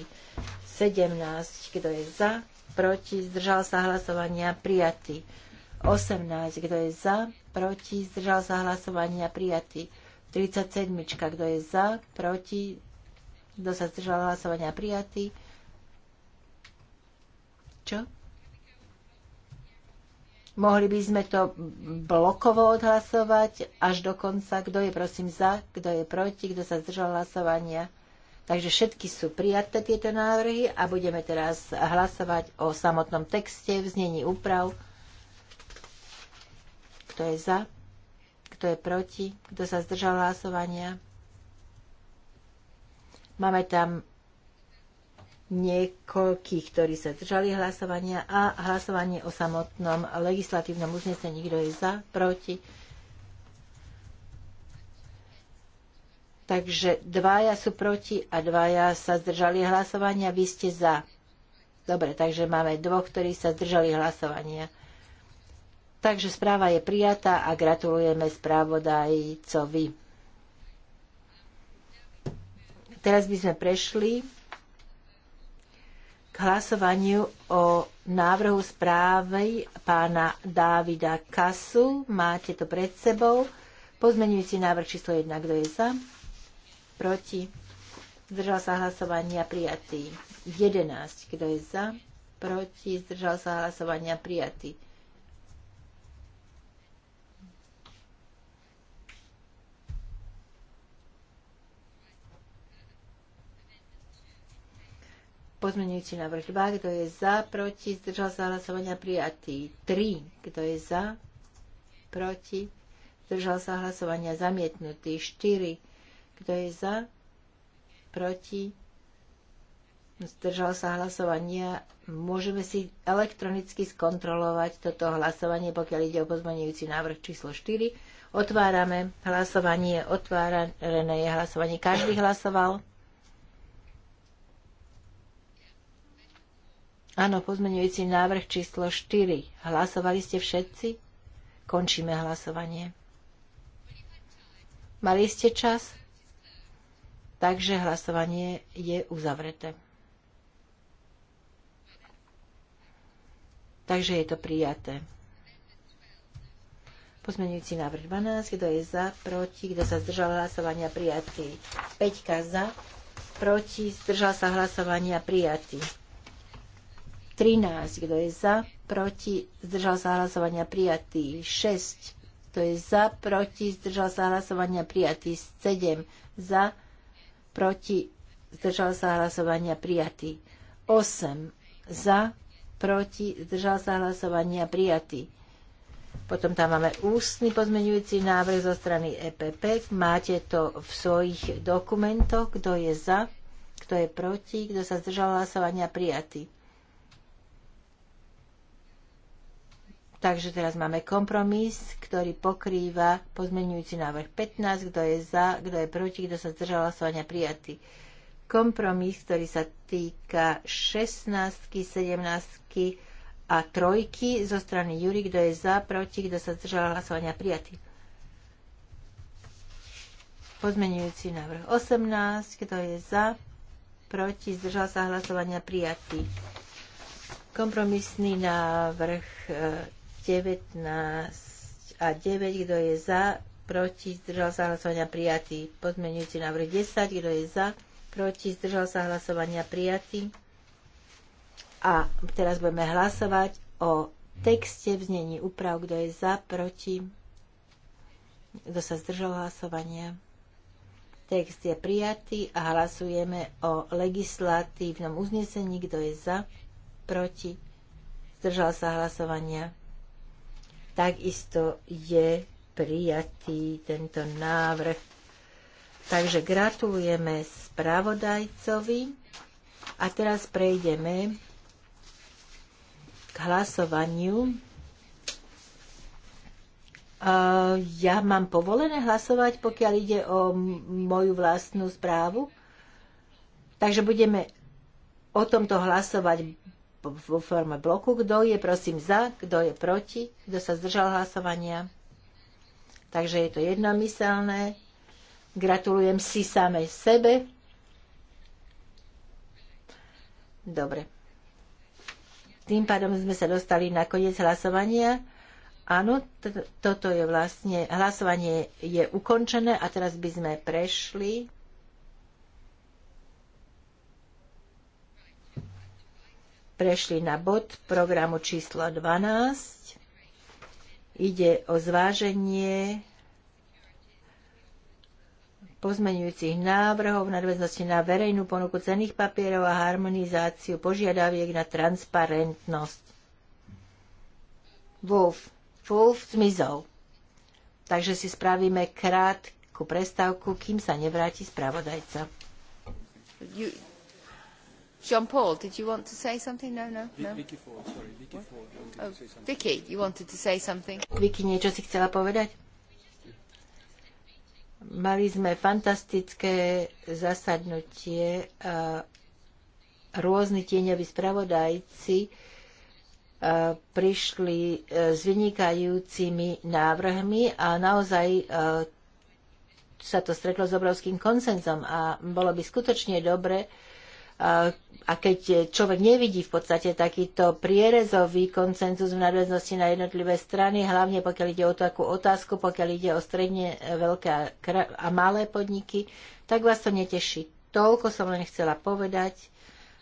17. Kto je za, proti, zdržal sa hlasovania, prijatý. 18. Kto je za, proti, zdržal sa hlasovania, prijatý. 37. Kto je za? Proti? Kto sa zdržal hlasovania? Prijatý. Čo? Mohli by sme to blokovo odhlasovať až do konca. Kto je prosím za, kto je proti, kto sa zdržal hlasovania. Takže všetky sú prijaté tieto návrhy a budeme teraz hlasovať o samotnom texte v znení úprav. Kto je za? Kto je proti? Kto sa zdržal hlasovania? Máme tam niekoľkých, ktorí sa držali hlasovania a hlasovanie o samotnom legislatívnom uznesení. Kto je za? Proti? Takže dvaja sú proti a dvaja sa zdržali hlasovania. Vy ste za. Dobre, takže máme dvoch, ktorí sa zdržali hlasovania. Takže správa je prijatá a gratulujeme správodajcovi. Teraz by sme prešli k hlasovaniu o návrhu správy pána Dávida Kasu. Máte to pred sebou. Pozmenujúci návrh číslo 1. Kto je za? Proti? Zdržal sa hlasovania prijatý. 11. Kto je za? Proti? Zdržal sa hlasovania prijatý. Pozmenujúci návrh 2, kto je za, proti, zdržal sa hlasovania prijatý. 3, kto je za, proti, zdržal sa hlasovania zamietnutý. 4, kto je za, proti, zdržal sa hlasovania. Môžeme si elektronicky skontrolovať toto hlasovanie, pokiaľ ide o pozmenujúci návrh číslo 4. Otvárame hlasovanie, otvárané je hlasovanie. Každý hlasoval. Áno, pozmenujúci návrh číslo 4. Hlasovali ste všetci? Končíme hlasovanie. Mali ste čas? Takže hlasovanie je uzavreté. Takže je to prijaté. Pozmenujúci návrh 12. Kto je za, proti, kto sa zdržal hlasovania, prijatý. 5 za, proti, zdržal sa hlasovania, prijatý. 13, kto je za, proti, zdržal sa hlasovania prijatý. 6, kto je za, proti, zdržal sa hlasovania prijatý. 7, za, proti, zdržal sa hlasovania prijatý. 8, za, proti, zdržal sa hlasovania prijatý. Potom tam máme ústny pozmeňujúci návrh zo strany EPP. Máte to v svojich dokumentoch, kto je za, kto je proti, kto sa zdržal hlasovania prijatý. Takže teraz máme kompromis, ktorý pokrýva pozmenujúci návrh 15, kto je za, kto je proti, kto sa zdržal hlasovania prijatý. Kompromis, ktorý sa týka 16, 17 a trojky zo strany Jury, kto je za, proti, kto sa zdržal hlasovania prijatý. Pozmenujúci návrh 18, kto je za, proti, zdržal sa hlasovania prijatý. Kompromisný návrh e, 19 a 9, kto je za, proti, zdržal sa hlasovania prijatý. Pozmenujúci návrh 10, kto je za, proti, zdržal sa hlasovania prijatý. A teraz budeme hlasovať o texte v znení úprav, kto je za, proti, kto sa zdržal hlasovania. Text je prijatý a hlasujeme o legislatívnom uznesení, kto je za, proti, zdržal sa hlasovania takisto je prijatý tento návrh. Takže gratulujeme spravodajcovi a teraz prejdeme k hlasovaniu. Ja mám povolené hlasovať, pokiaľ ide o moju vlastnú správu. Takže budeme o tomto hlasovať vo forme bloku. Kto je prosím za, kto je proti, kto sa zdržal hlasovania. Takže je to jednomyselné. Gratulujem si samej sebe. Dobre. Tým pádom sme sa dostali na koniec hlasovania. Áno, toto je vlastne, hlasovanie je ukončené a teraz by sme prešli prešli na bod programu číslo 12. Ide o zváženie pozmenujúcich návrhov v nadväznosti na verejnú ponuku cených papierov a harmonizáciu požiadaviek na transparentnosť. Wolf. Wolf zmizol. Takže si spravíme krátku prestávku, kým sa nevráti spravodajca. You, Jean Paul, did you want to say something? No, no, no. Vicky Ford, sorry, Vicky Ford. Oh, you wanted to say something? Vicky, niečo si chcela povedať? Mali sme fantastické zasadnutie a rôzni tieňoví spravodajci prišli e, s vynikajúcimi návrhmi a naozaj e, sa to stretlo s obrovským konsenzom a bolo by skutočne dobre, a keď človek nevidí v podstate takýto prierezový koncenzus v nadväznosti na jednotlivé strany, hlavne pokiaľ ide o takú otázku, pokiaľ ide o stredne veľké a malé podniky, tak vás to neteší. Toľko som len chcela povedať,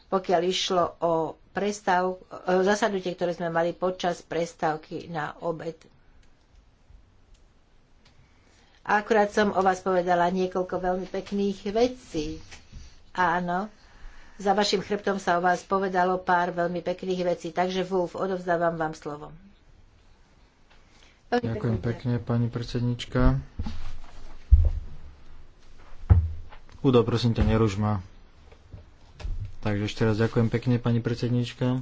pokiaľ išlo o prestav, zasadnutie, ktoré sme mali počas prestávky na obed. Akurát som o vás povedala niekoľko veľmi pekných vecí. Áno, za vašim chrbtom sa o vás povedalo pár veľmi pekných vecí. Takže vúf odovzdávam vám slovo. Ďakujem pekne, pani predsednička. Udo, prosím ťa, neruž ma. Takže ešte raz ďakujem pekne, pani predsednička.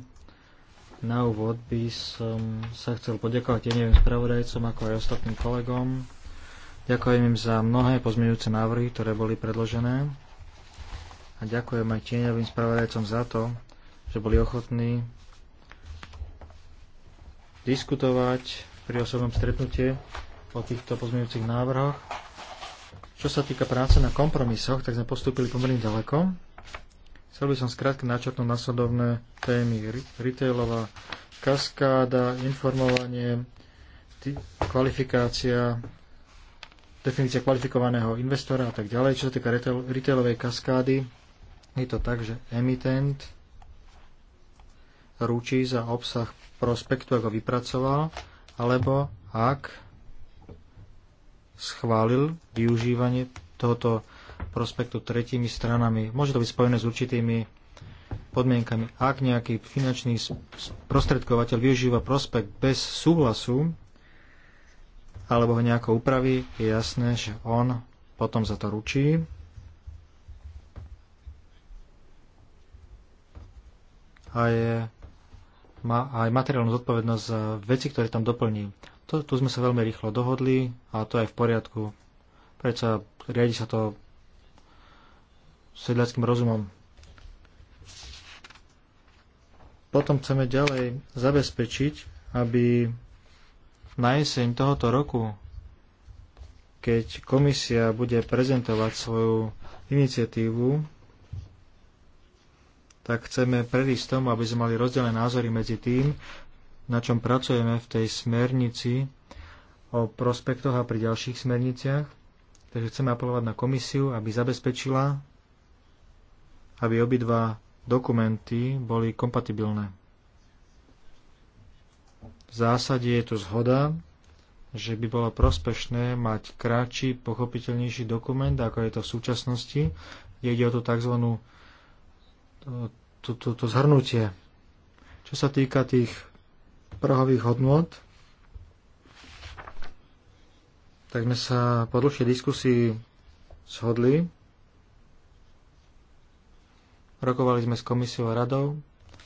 Na úvod by som sa chcel poďakovať jedným spravodajcom, ako aj ostatným kolegom. Ďakujem im za mnohé pozmeňujúce návrhy, ktoré boli predložené a ďakujem aj tieňovým spravodajcom za to, že boli ochotní diskutovať pri osobnom stretnutie o týchto pozmeňujúcich návrhoch. Čo sa týka práce na kompromisoch, tak sme postúpili pomerne ďaleko. Chcel by som skrátke načrtnúť nasledovné témy retailová kaskáda, informovanie, kvalifikácia, definícia kvalifikovaného investora a tak ďalej. Čo sa týka retailovej kaskády, je to tak, že emitent ručí za obsah prospektu, ako vypracoval, alebo ak schválil využívanie tohoto prospektu tretími stranami. Môže to byť spojené s určitými podmienkami. Ak nejaký finančný prostredkovateľ využíva prospekt bez súhlasu alebo ho nejako upraví, je jasné, že on potom za to ručí. aj, ma, aj materiálnu zodpovednosť za veci, ktoré tam doplní. To, tu sme sa veľmi rýchlo dohodli a to je v poriadku. Prečo riadi sa to sedľackým rozumom. Potom chceme ďalej zabezpečiť, aby na jeseň tohoto roku, keď komisia bude prezentovať svoju iniciatívu tak chceme predísť tomu, aby sme mali rozdelené názory medzi tým, na čom pracujeme v tej smernici o prospektoch a pri ďalších smerniciach. Takže chceme apelovať na komisiu, aby zabezpečila, aby obidva dokumenty boli kompatibilné. V zásade je tu zhoda, že by bolo prospešné mať kratší, pochopiteľnejší dokument, ako je to v súčasnosti, kde ide o tú tzv to, to, to zhrnutie. Čo sa týka tých prahových hodnot, tak sme sa po dlhšej diskusii shodli. Rokovali sme s komisiou a radou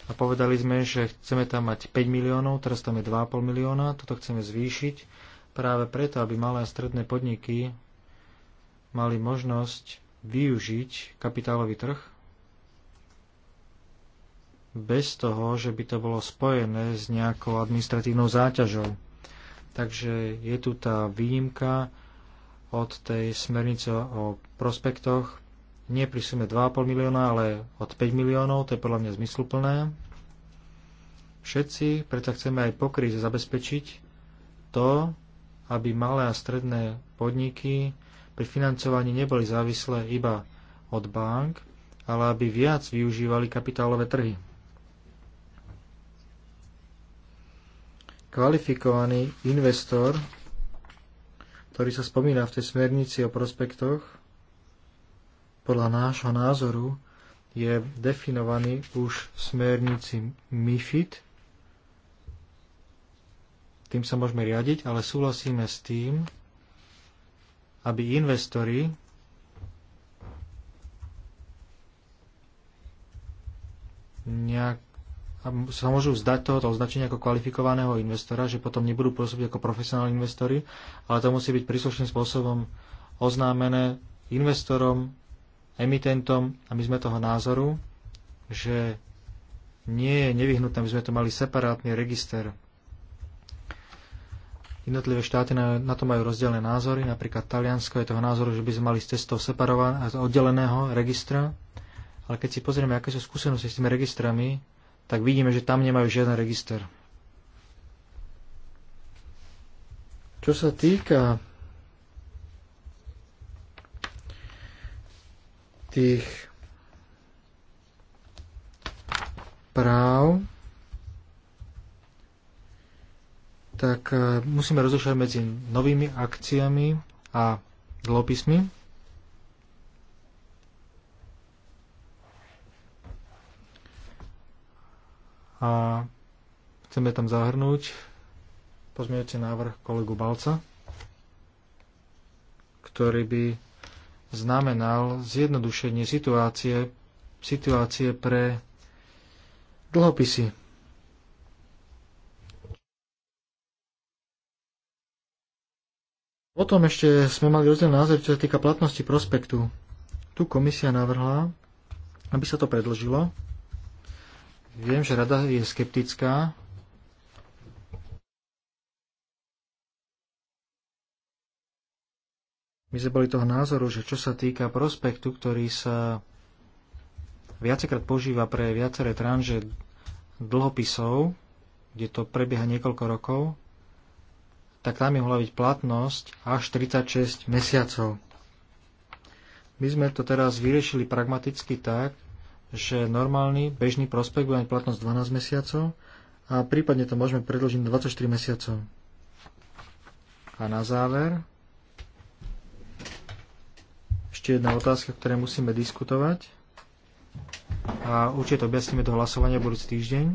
a povedali sme, že chceme tam mať 5 miliónov, teraz tam je 2,5 milióna, toto chceme zvýšiť práve preto, aby malé a stredné podniky mali možnosť využiť kapitálový trh bez toho, že by to bolo spojené s nejakou administratívnou záťažou. Takže je tu tá výnimka od tej smernice o prospektoch, nie pri sume 2,5 milióna, ale od 5 miliónov, to je podľa mňa zmysluplné. Všetci preto chceme aj pokryť a zabezpečiť to, aby malé a stredné podniky pri financovaní neboli závislé iba od bank, ale aby viac využívali kapitálové trhy. kvalifikovaný investor, ktorý sa spomína v tej smernici o prospektoch, podľa nášho názoru je definovaný už v smernici MIFID. Tým sa môžeme riadiť, ale súhlasíme s tým, aby investori nejak sa môžu vzdať tohoto označenia ako kvalifikovaného investora, že potom nebudú pôsobiť ako profesionálni investori, ale to musí byť príslušným spôsobom oznámené investorom, emitentom a my sme toho názoru, že nie je nevyhnutné, aby sme to mali separátny register. Jednotlivé štáty na, na to majú rozdielne názory, napríklad Taliansko je toho názoru, že by sme mali z testov separovaného, oddeleného registra, ale keď si pozrieme, aké sú skúsenosti s tými registrami, tak vidíme, že tam nemajú žiaden register. Čo sa týka tých práv, tak eh, musíme rozlišovať medzi novými akciami a dlhopismi. a chceme tam zahrnúť pozmeňujúci návrh kolegu Balca, ktorý by znamenal zjednodušenie situácie, situácie pre dlhopisy. Potom ešte sme mali rozdiel názor, čo sa týka platnosti prospektu. Tu komisia navrhla, aby sa to predlžilo Viem, že rada je skeptická. My sme boli toho názoru, že čo sa týka prospektu, ktorý sa viacekrát používa pre viaceré tranže dlhopisov, kde to prebieha niekoľko rokov, tak tam je mohla byť platnosť až 36 mesiacov. My sme to teraz vyriešili pragmaticky tak, že normálny bežný prospekt bude mať platnosť 12 mesiacov a prípadne to môžeme predložiť na 24 mesiacov. A na záver ešte jedna otázka, ktoré musíme diskutovať a určite to objasníme do hlasovania budúci týždeň.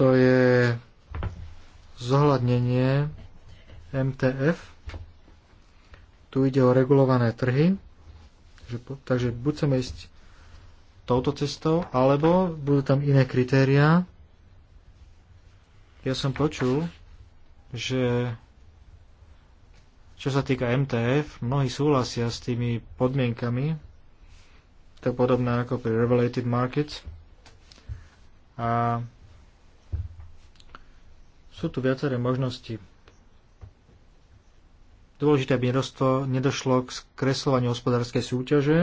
To je zohľadnenie MTF tu ide o regulované trhy, takže buď chceme ísť touto cestou, alebo budú tam iné kritériá. Ja som počul, že čo sa týka MTF, mnohí súhlasia s tými podmienkami, to je podobné ako pri Revelated Markets. A sú tu viaceré možnosti Dôležité, aby nedostlo, nedošlo k skresľovaniu hospodárskej súťaže.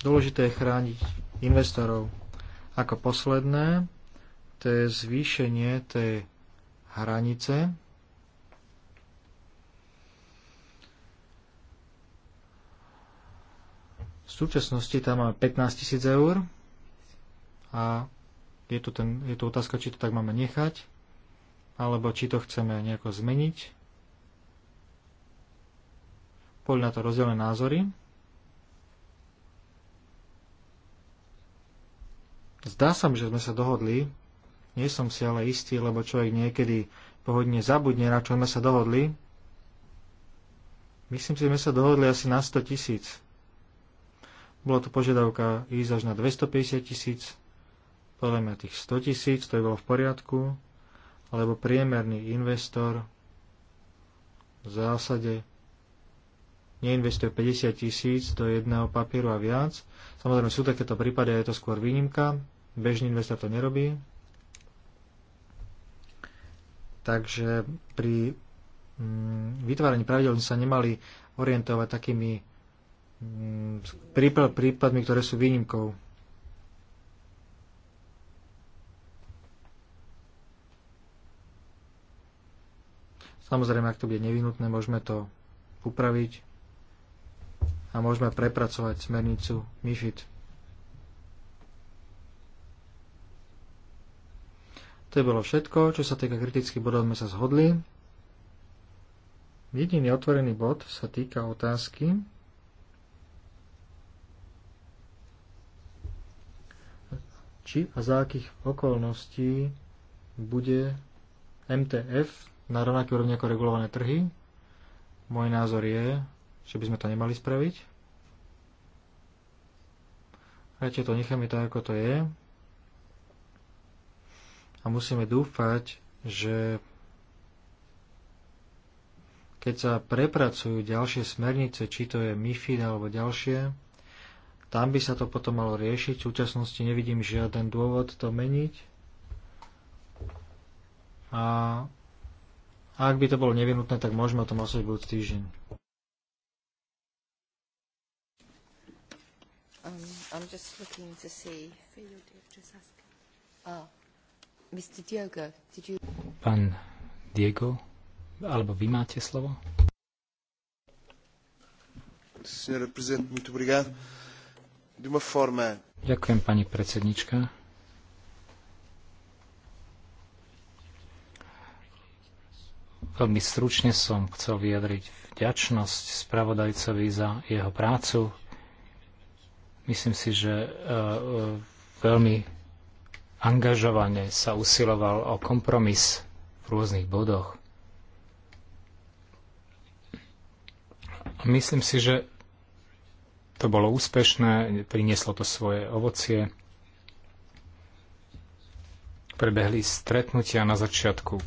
Dôležité je chrániť investorov. Ako posledné, to je zvýšenie tej hranice. V súčasnosti tam máme 15 000 eur a je tu, ten, je tu otázka, či to tak máme nechať alebo či to chceme nejako zmeniť. Boli na to rozdielne názory. Zdá sa mi, že sme sa dohodli, nie som si ale istý, lebo človek niekedy pohodne zabudne, na čo sme sa dohodli. Myslím si, že sme sa dohodli asi na 100 tisíc. Bola to požiadavka ísť až na 250 tisíc, podľa mňa tých 100 tisíc, to je bolo v poriadku alebo priemerný investor v zásade neinvestuje 50 tisíc do jedného papieru a viac. Samozrejme sú takéto prípady a je to skôr výnimka. Bežný investor to nerobí. Takže pri mm, vytváraní pravidel sa nemali orientovať takými mm, prípadmi, ktoré sú výnimkou. Samozrejme, ak to bude nevyhnutné, môžeme to upraviť a môžeme prepracovať smernicu MIFID. To je bolo všetko. Čo sa týka kritických bodov, sme sa zhodli. Jediný otvorený bod sa týka otázky, či a za akých okolností bude MTF na rovnaké úrovni ako regulované trhy. Môj názor je, že by sme to nemali spraviť. Viete, to necháme tak, ako to je. A musíme dúfať, že keď sa prepracujú ďalšie smernice, či to je MIFID alebo ďalšie, tam by sa to potom malo riešiť. V súčasnosti nevidím žiaden dôvod to meniť. A a ak by to bolo nevinutné, tak môžeme o tom hlasovať budúci týždeň. Um, I'm just looking to see. Oh, ah, Mr. Diogo, did you... Pán Diego, alebo vy máte slovo? Senhora Presidente, muito obrigado. De uma forma... Ďakujem, pani predsednička Veľmi stručne som chcel vyjadriť vďačnosť spravodajcovi za jeho prácu. Myslím si, že e, e, veľmi angažovane sa usiloval o kompromis v rôznych bodoch. Myslím si, že to bolo úspešné, prinieslo to svoje ovocie. Prebehli stretnutia na začiatku e,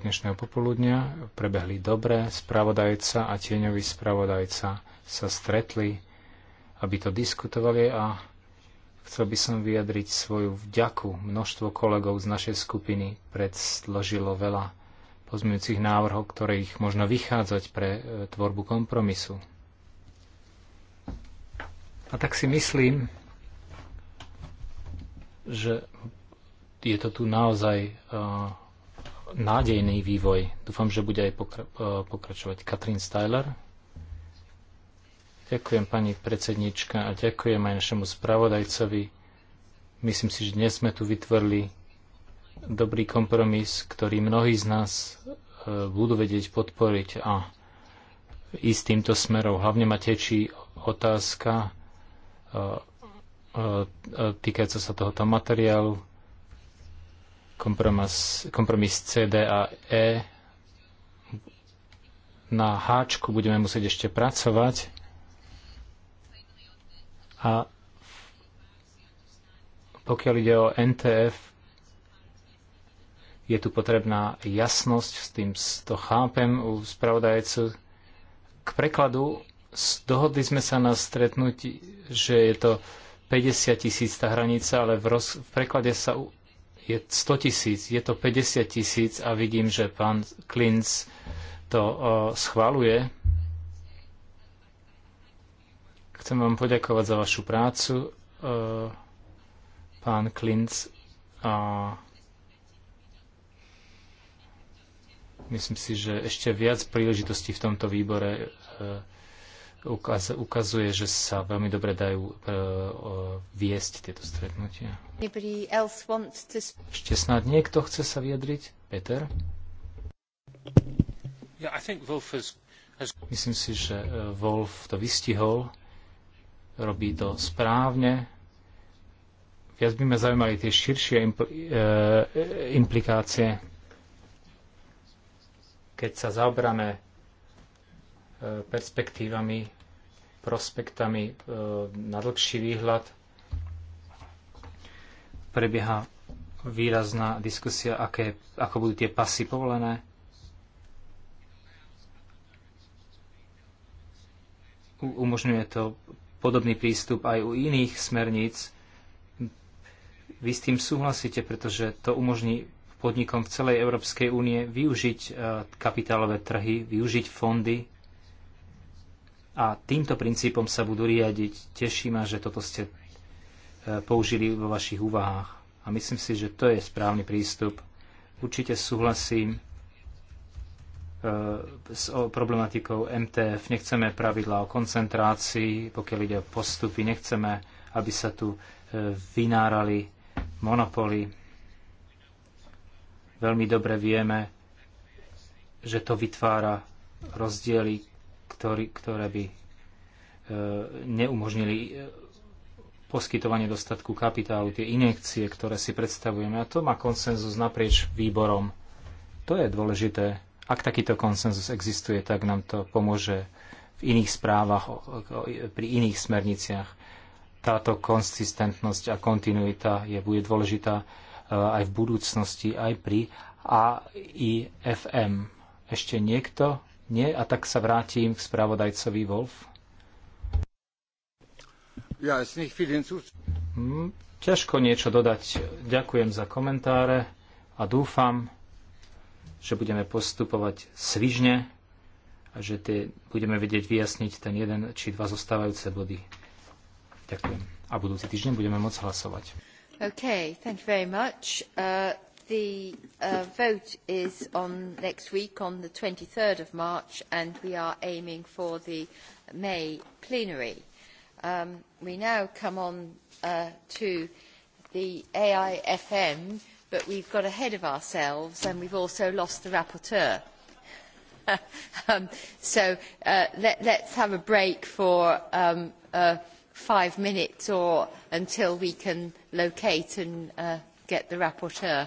dnešného popoludnia, prebehli dobre, spravodajca a tieňový spravodajca sa stretli, aby to diskutovali a chcel by som vyjadriť svoju vďaku. Množstvo kolegov z našej skupiny predložilo veľa pozmeňujúcich návrhov, ktorých možno vychádzať pre e, tvorbu kompromisu. A tak si myslím, že je to tu naozaj e, nádejný vývoj. Dúfam, že bude aj pokra- e, pokračovať Katrin Styler. Ďakujem pani predsednička a ďakujem aj našemu spravodajcovi. Myslím si, že dnes sme tu vytvorili dobrý kompromis, ktorý mnohí z nás e, budú vedieť podporiť a ísť týmto smerom. Hlavne ma tečí otázka týkajúca sa tohoto materiálu, Kompromis, kompromis CD a E. Na háčku budeme musieť ešte pracovať. A pokiaľ ide o NTF, je tu potrebná jasnosť, s tým to chápem u spravodajcu. K prekladu dohodli sme sa na stretnutí, že je to 50 tisíc tá hranica, ale v, roz, v preklade sa je 100 tisíc, je to 50 tisíc a vidím, že pán Klinc to uh, schváluje. Chcem vám poďakovať za vašu prácu, uh, pán Klinc. A myslím si, že ešte viac príležitostí v tomto výbore uh, ukaz, ukazuje, že sa veľmi dobre dajú e, viesť tieto stretnutia. Ešte snad niekto chce sa vyjadriť? Peter? Yeah, has... Myslím si, že e, Wolf to vystihol, robí to správne. Viac by ma zaujímali tie širšie impl uh, implikácie, keď sa zaoberáme perspektívami, prospektami e, na dlhší výhľad. Prebieha výrazná diskusia, aké, ako budú tie pasy povolené. Umožňuje to podobný prístup aj u iných smerníc. Vy s tým súhlasíte, pretože to umožní podnikom v celej Európskej únie využiť e, kapitálové trhy, využiť fondy a týmto princípom sa budú riadiť. Teší ma, že toto ste e, použili vo vašich úvahách. A myslím si, že to je správny prístup. Určite súhlasím e, s problematikou MTF. Nechceme pravidla o koncentrácii, pokiaľ ide o postupy. Nechceme, aby sa tu e, vynárali monopoly. Veľmi dobre vieme, že to vytvára rozdiely, ktorý, ktoré by e, neumožnili e, poskytovanie dostatku kapitálu, tie injekcie, ktoré si predstavujeme. A to má konsenzus naprieč výborom. To je dôležité. Ak takýto konsenzus existuje, tak nám to pomôže v iných správach, pri iných smerniciach. Táto konsistentnosť a kontinuita je, bude dôležitá e, aj v budúcnosti, aj pri AIFM. Ešte niekto? Nie? A tak sa vrátim k správodajcovi Wolf. Ja, hm, ťažko niečo dodať. Ďakujem za komentáre a dúfam, že budeme postupovať svižne a že tie budeme vedieť vyjasniť ten jeden či dva zostávajúce body. Ďakujem. A budúci týždeň budeme môcť hlasovať. Okay, thank you very much. Uh the uh, vote is on next week on the 23rd of March and we are aiming for the May plenary. Um, we now come on uh, to the AIFM, but we've got ahead of ourselves and we've also lost the rapporteur. um, so uh, let, let's have a break for um, uh, five minutes or until we can locate and uh, get the rapporteur.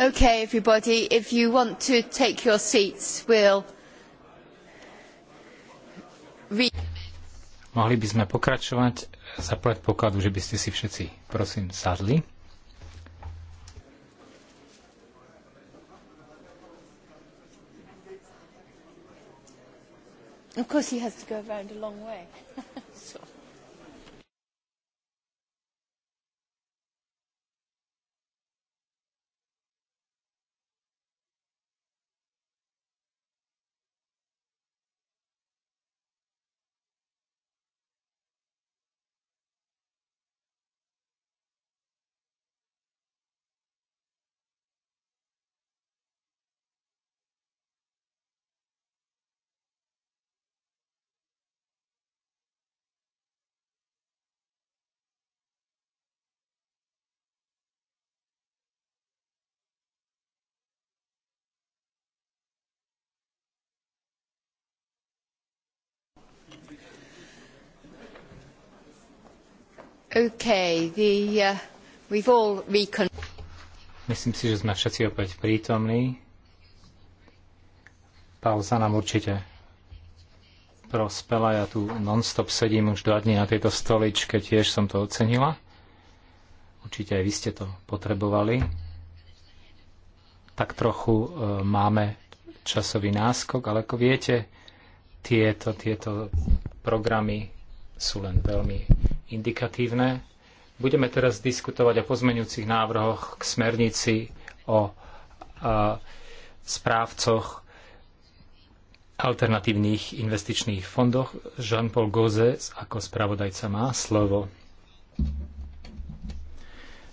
Okay, everybody, if you want to take your seats, we'll... Mohli by sme pokračovať za predpokladu, že by ste si všetci, prosím, sadli. Of course he has to go around a long way. so. Uh, Myslím si, že sme všetci opäť prítomní. Pauza nám určite prospela. Ja tu non-stop sedím už dva dní na tejto stoličke, tiež som to ocenila. Určite aj vy ste to potrebovali. Tak trochu e, máme časový náskok, ale ako viete, tieto, tieto programy sú len veľmi indikatívne. Budeme teraz diskutovať o pozmeňujúcich návrhoch k smernici o správcoch alternatívnych investičných fondoch. Jean-Paul Gozes ako spravodajca má slovo.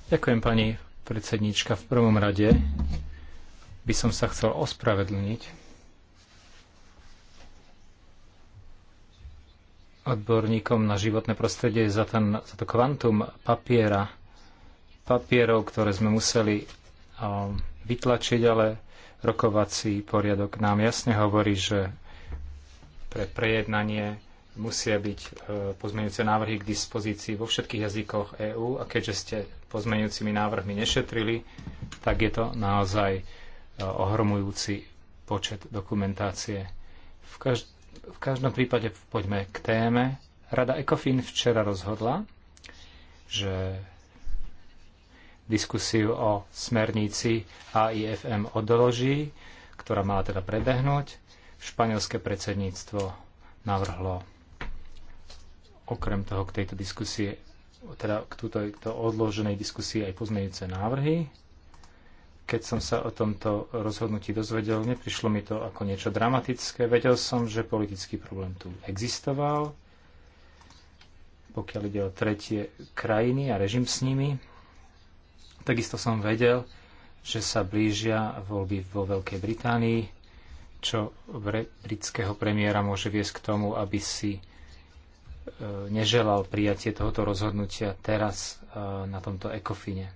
Ďakujem pani predsednička V prvom rade by som sa chcel ospravedlniť odborníkom na životné prostredie za, ten, za to kvantum papiera, papierov, ktoré sme museli um, vytlačiť, ale rokovací poriadok nám jasne hovorí, že pre prejednanie musia byť uh, pozmeňujúce návrhy k dispozícii vo všetkých jazykoch EÚ a keďže ste pozmeňujúcimi návrhmi nešetrili, tak je to naozaj uh, ohromujúci počet dokumentácie. V, každ- v každom prípade poďme k téme. Rada ECOFIN včera rozhodla, že diskusiu o smernici AIFM odloží, ktorá mala teda prebehnúť. Španielské predsedníctvo navrhlo okrem toho k tejto diskusie, teda k túto, k to odloženej diskusii aj pozmeňujúce návrhy. Keď som sa o tomto rozhodnutí dozvedel, neprišlo mi to ako niečo dramatické. Vedel som, že politický problém tu existoval, pokiaľ ide o tretie krajiny a režim s nimi. Takisto som vedel, že sa blížia voľby vo Veľkej Británii, čo britského premiéra môže viesť k tomu, aby si e, neželal prijatie tohoto rozhodnutia teraz e, na tomto ekofine.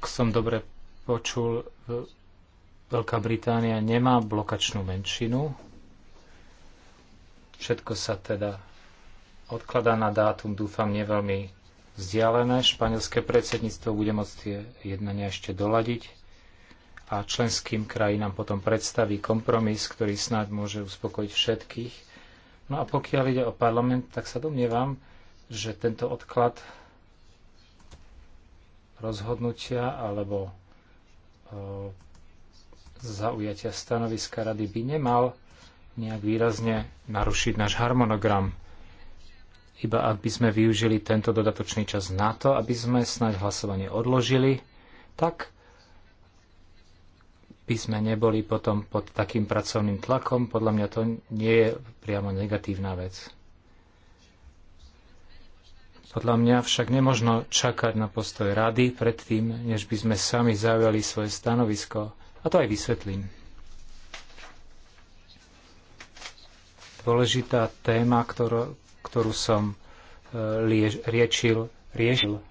Ak som dobre počul, Veľká Británia nemá blokačnú menšinu. Všetko sa teda odkladá na dátum, dúfam, neveľmi veľmi vzdialené. Španielské predsedníctvo bude môcť tie jednania ešte doladiť a členským krajinám potom predstaví kompromis, ktorý snáď môže uspokojiť všetkých. No a pokiaľ ide o parlament, tak sa domnievam, že tento odklad rozhodnutia alebo e, zaujatia stanoviska rady by nemal nejak výrazne narušiť náš harmonogram. Iba ak by sme využili tento dodatočný čas na to, aby sme snáď hlasovanie odložili, tak by sme neboli potom pod takým pracovným tlakom. Podľa mňa to nie je priamo negatívna vec. Podľa mňa však nemožno čakať na postoj rady predtým, než by sme sami zaujali svoje stanovisko. A to aj vysvetlím. Dôležitá téma, ktorú, ktorú som e, liež, riečil, riešil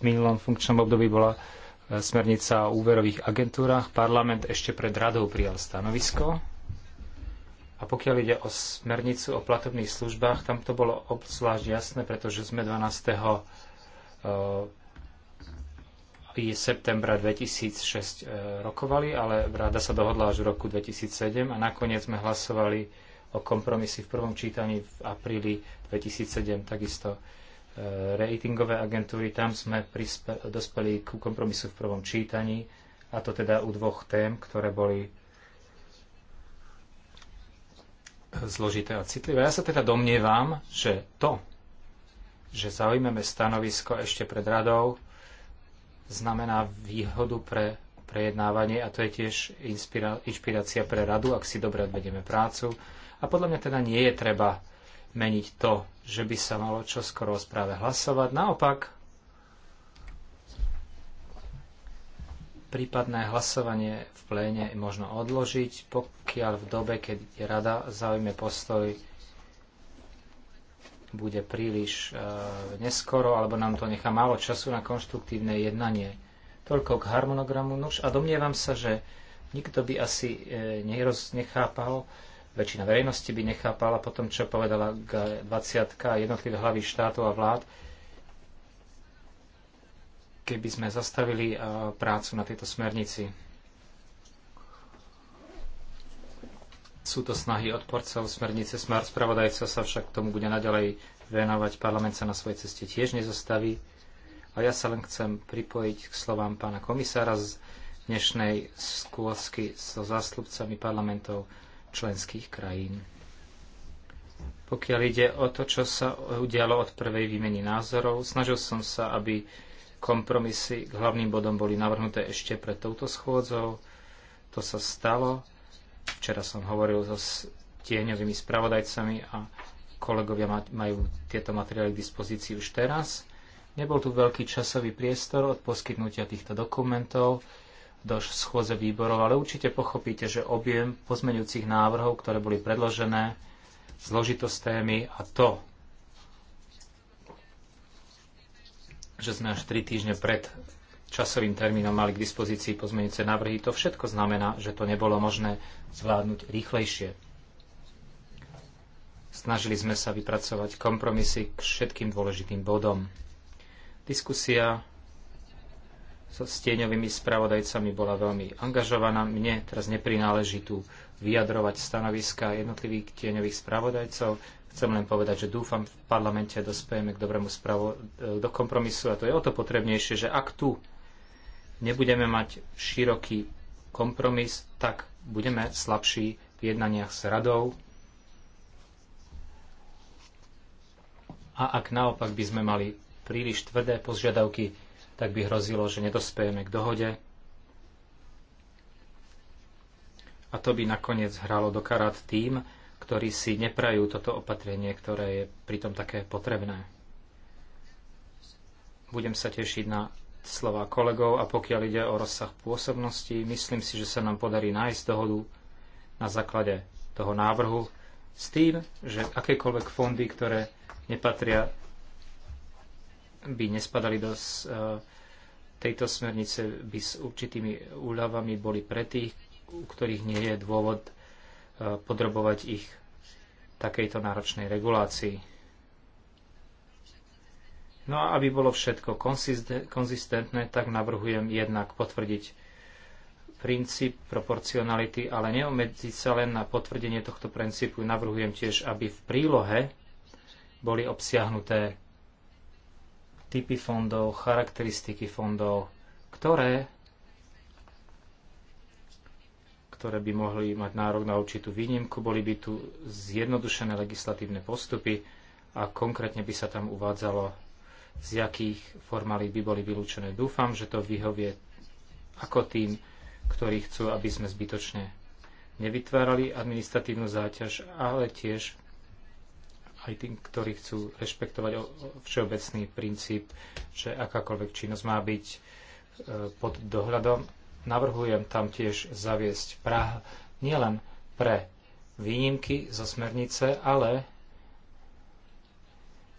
v minulom funkčnom období, bola e, smernica o úverových agentúrach. Parlament ešte pred radou prijal stanovisko a pokiaľ ide o smernicu o platobných službách, tam to bolo obzvlášť jasné, pretože sme 12. Eh, je septembra 2006 eh, rokovali, ale rada sa dohodla až v roku 2007 a nakoniec sme hlasovali o kompromisy v prvom čítaní v apríli 2007 takisto eh, ratingové agentúry. Tam sme dospeli ku kompromisu v prvom čítaní a to teda u dvoch tém, ktoré boli zložité a citlivé. Ja sa teda domnievam, že to, že zaujmeme stanovisko ešte pred radou, znamená výhodu pre prejednávanie a to je tiež inspira- inšpirácia pre radu, ak si dobre odvedieme prácu. A podľa mňa teda nie je treba meniť to, že by sa malo čoskoro o správe hlasovať. Naopak, Prípadné hlasovanie v pléne možno odložiť, pokiaľ v dobe, keď rada zaujme postoj, bude príliš e, neskoro, alebo nám to nechá málo času na konštruktívne jednanie. Toľko k harmonogramu. Nuž a domnievam sa, že nikto by asi e, neroz, nechápal, väčšina verejnosti by nechápala potom, čo povedala G20 jednotlivé hlavy štátov a vlád, keby sme zastavili e, prácu na tejto smernici. Sú to snahy odporcov smernice Smart. Spravodajca sa však tomu bude naďalej venovať. Parlament sa na svojej ceste tiež nezastaví. A ja sa len chcem pripojiť k slovám pána komisára z dnešnej skôsky so zástupcami parlamentov členských krajín. Pokiaľ ide o to, čo sa udialo od prvej výmeny názorov, snažil som sa, aby kompromisy k hlavným bodom boli navrhnuté ešte pred touto schôdzou. To sa stalo. Včera som hovoril so tieňovými spravodajcami a kolegovia majú tieto materiály k dispozícii už teraz. Nebol tu veľký časový priestor od poskytnutia týchto dokumentov do schôze výborov, ale určite pochopíte, že objem pozmeňujúcich návrhov, ktoré boli predložené, zložitosť témy a to, že sme až 3 týždne pred časovým termínom mali k dispozícii pozmeňujúce návrhy. To všetko znamená, že to nebolo možné zvládnuť rýchlejšie. Snažili sme sa vypracovať kompromisy k všetkým dôležitým bodom. Diskusia so stieňovými spravodajcami bola veľmi angažovaná. Mne teraz neprináleží tu vyjadrovať stanoviska jednotlivých tieňových spravodajcov. Chcem len povedať, že dúfam v parlamente dospejeme k dobrému spravo, e, do kompromisu a to je o to potrebnejšie, že ak tu nebudeme mať široký kompromis, tak budeme slabší v jednaniach s radou. A ak naopak by sme mali príliš tvrdé požiadavky, tak by hrozilo, že nedospejeme k dohode. A to by nakoniec hralo do karát tým, ktorí si neprajú toto opatrenie, ktoré je pritom také potrebné. Budem sa tešiť na slova kolegov a pokiaľ ide o rozsah pôsobnosti, myslím si, že sa nám podarí nájsť dohodu na základe toho návrhu s tým, že akékoľvek fondy, ktoré nepatria, by nespadali do e, tejto smernice, by s určitými úľavami boli pre tých, u ktorých nie je dôvod e, podrobovať ich takejto náročnej regulácii. No a aby bolo všetko konzistentné, tak navrhujem jednak potvrdiť princíp proporcionality, ale neomedziť sa len na potvrdenie tohto princípu. Navrhujem tiež, aby v prílohe boli obsiahnuté typy fondov, charakteristiky fondov, ktoré ktoré by mohli mať nárok na určitú výnimku. Boli by tu zjednodušené legislatívne postupy a konkrétne by sa tam uvádzalo, z jakých formálí by boli vylúčené. Dúfam, že to vyhovie ako tým, ktorí chcú, aby sme zbytočne nevytvárali administratívnu záťaž, ale tiež aj tým, ktorí chcú rešpektovať všeobecný princíp, že akákoľvek činnosť má byť e, pod dohľadom Navrhujem tam tiež zaviesť prah nielen pre výnimky zo smernice, ale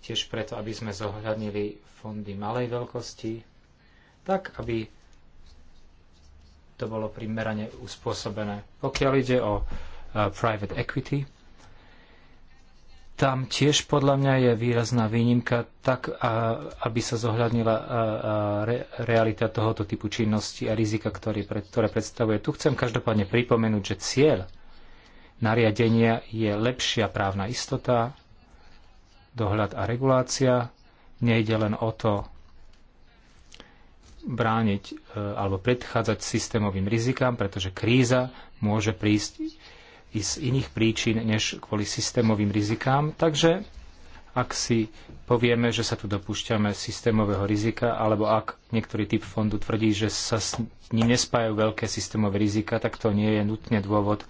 tiež preto, aby sme zohľadnili fondy malej veľkosti, tak aby to bolo primerane uspôsobené. Pokiaľ ide o e, private equity, tam tiež podľa mňa je výrazná výnimka, tak aby sa zohľadnila realita tohoto typu činnosti a rizika, ktoré, predstavuje. Tu chcem každopádne pripomenúť, že cieľ nariadenia je lepšia právna istota, dohľad a regulácia. Nejde len o to brániť e, alebo predchádzať systémovým rizikám, pretože kríza môže prísť i z iných príčin, než kvôli systémovým rizikám. Takže ak si povieme, že sa tu dopúšťame systémového rizika, alebo ak niektorý typ fondu tvrdí, že sa s ním nespájajú veľké systémové rizika, tak to nie je nutne dôvod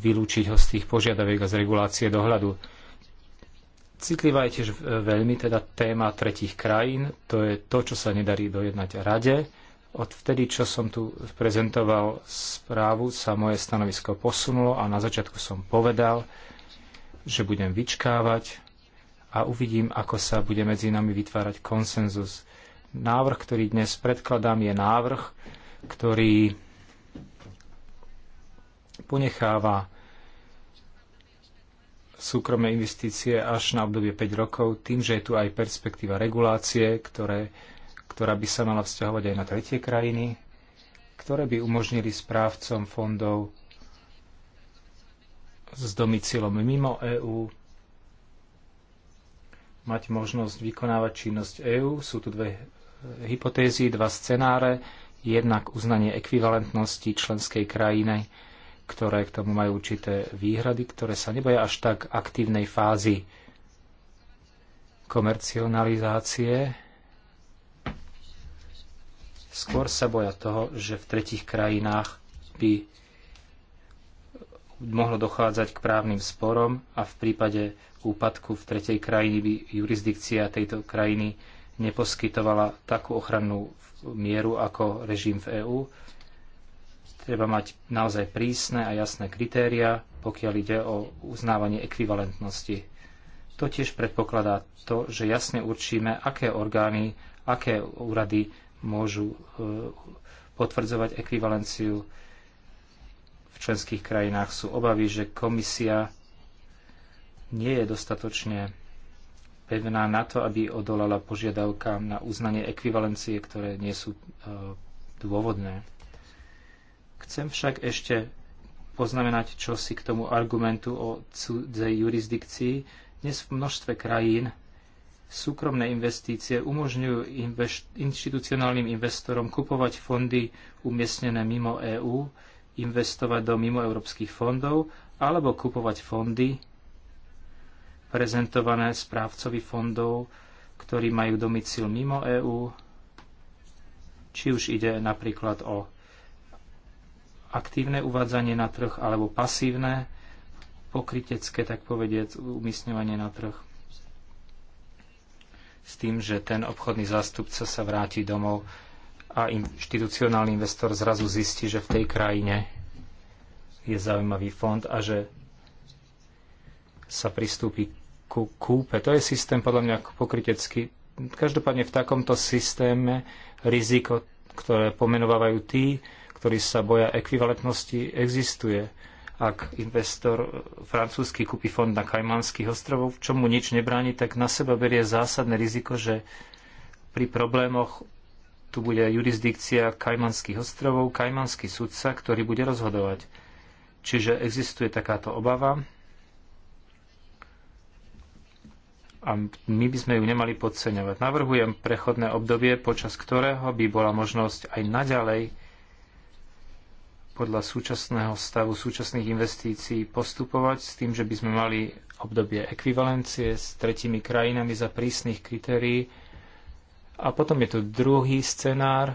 vylúčiť ho z tých požiadaviek a z regulácie dohľadu. Citlivá je tiež veľmi teda téma tretich krajín, to je to, čo sa nedarí dojednať rade. Od vtedy, čo som tu prezentoval správu, sa moje stanovisko posunulo a na začiatku som povedal, že budem vyčkávať a uvidím, ako sa bude medzi nami vytvárať konsenzus. Návrh, ktorý dnes predkladám, je návrh, ktorý ponecháva súkromné investície až na obdobie 5 rokov, tým, že je tu aj perspektíva regulácie, ktoré ktorá by sa mala vzťahovať aj na tretie krajiny, ktoré by umožnili správcom fondov s domicilom mimo EÚ mať možnosť vykonávať činnosť EÚ. Sú tu dve e, hypotézy, dva scenáre. Jednak uznanie ekvivalentnosti členskej krajiny, ktoré k tomu majú určité výhrady, ktoré sa neboja až tak aktívnej fázy komercionalizácie Skôr sa boja toho, že v tretich krajinách by mohlo dochádzať k právnym sporom a v prípade úpadku v tretej krajiny by jurisdikcia tejto krajiny neposkytovala takú ochrannú mieru ako režim v EÚ. Treba mať naozaj prísne a jasné kritéria, pokiaľ ide o uznávanie ekvivalentnosti. To tiež predpokladá to, že jasne určíme, aké orgány, aké úrady môžu e, potvrdzovať ekvivalenciu. V členských krajinách sú obavy, že komisia nie je dostatočne pevná na to, aby odolala požiadavkám na uznanie ekvivalencie, ktoré nie sú e, dôvodné. Chcem však ešte poznamenať čosi k tomu argumentu o cudzej jurisdikcii. Dnes v množstve krajín súkromné investície umožňujú inštitucionálnym investorom kupovať fondy umiestnené mimo EÚ, investovať do mimoeurópskych fondov alebo kupovať fondy prezentované správcovi fondov, ktorí majú domicil mimo EÚ, či už ide napríklad o aktívne uvádzanie na trh alebo pasívne pokrytecké, tak povediať, umiestňovanie na trh s tým, že ten obchodný zástupca sa vráti domov a inštitucionálny investor zrazu zistí, že v tej krajine je zaujímavý fond a že sa pristúpi ku kúpe. To je systém podľa mňa pokrytecký. Každopádne v takomto systéme riziko, ktoré pomenovávajú tí, ktorí sa boja ekvivalentnosti, existuje ak investor francúzsky kúpi fond na Kajmanských ostrovoch, čo mu nič nebráni, tak na seba berie zásadné riziko, že pri problémoch tu bude jurisdikcia Kajmanských ostrovov, Kajmanský sudca, ktorý bude rozhodovať. Čiže existuje takáto obava a my by sme ju nemali podceňovať. Navrhujem prechodné obdobie, počas ktorého by bola možnosť aj naďalej podľa súčasného stavu súčasných investícií postupovať s tým, že by sme mali obdobie ekvivalencie s tretimi krajinami za prísnych kritérií. A potom je tu druhý scenár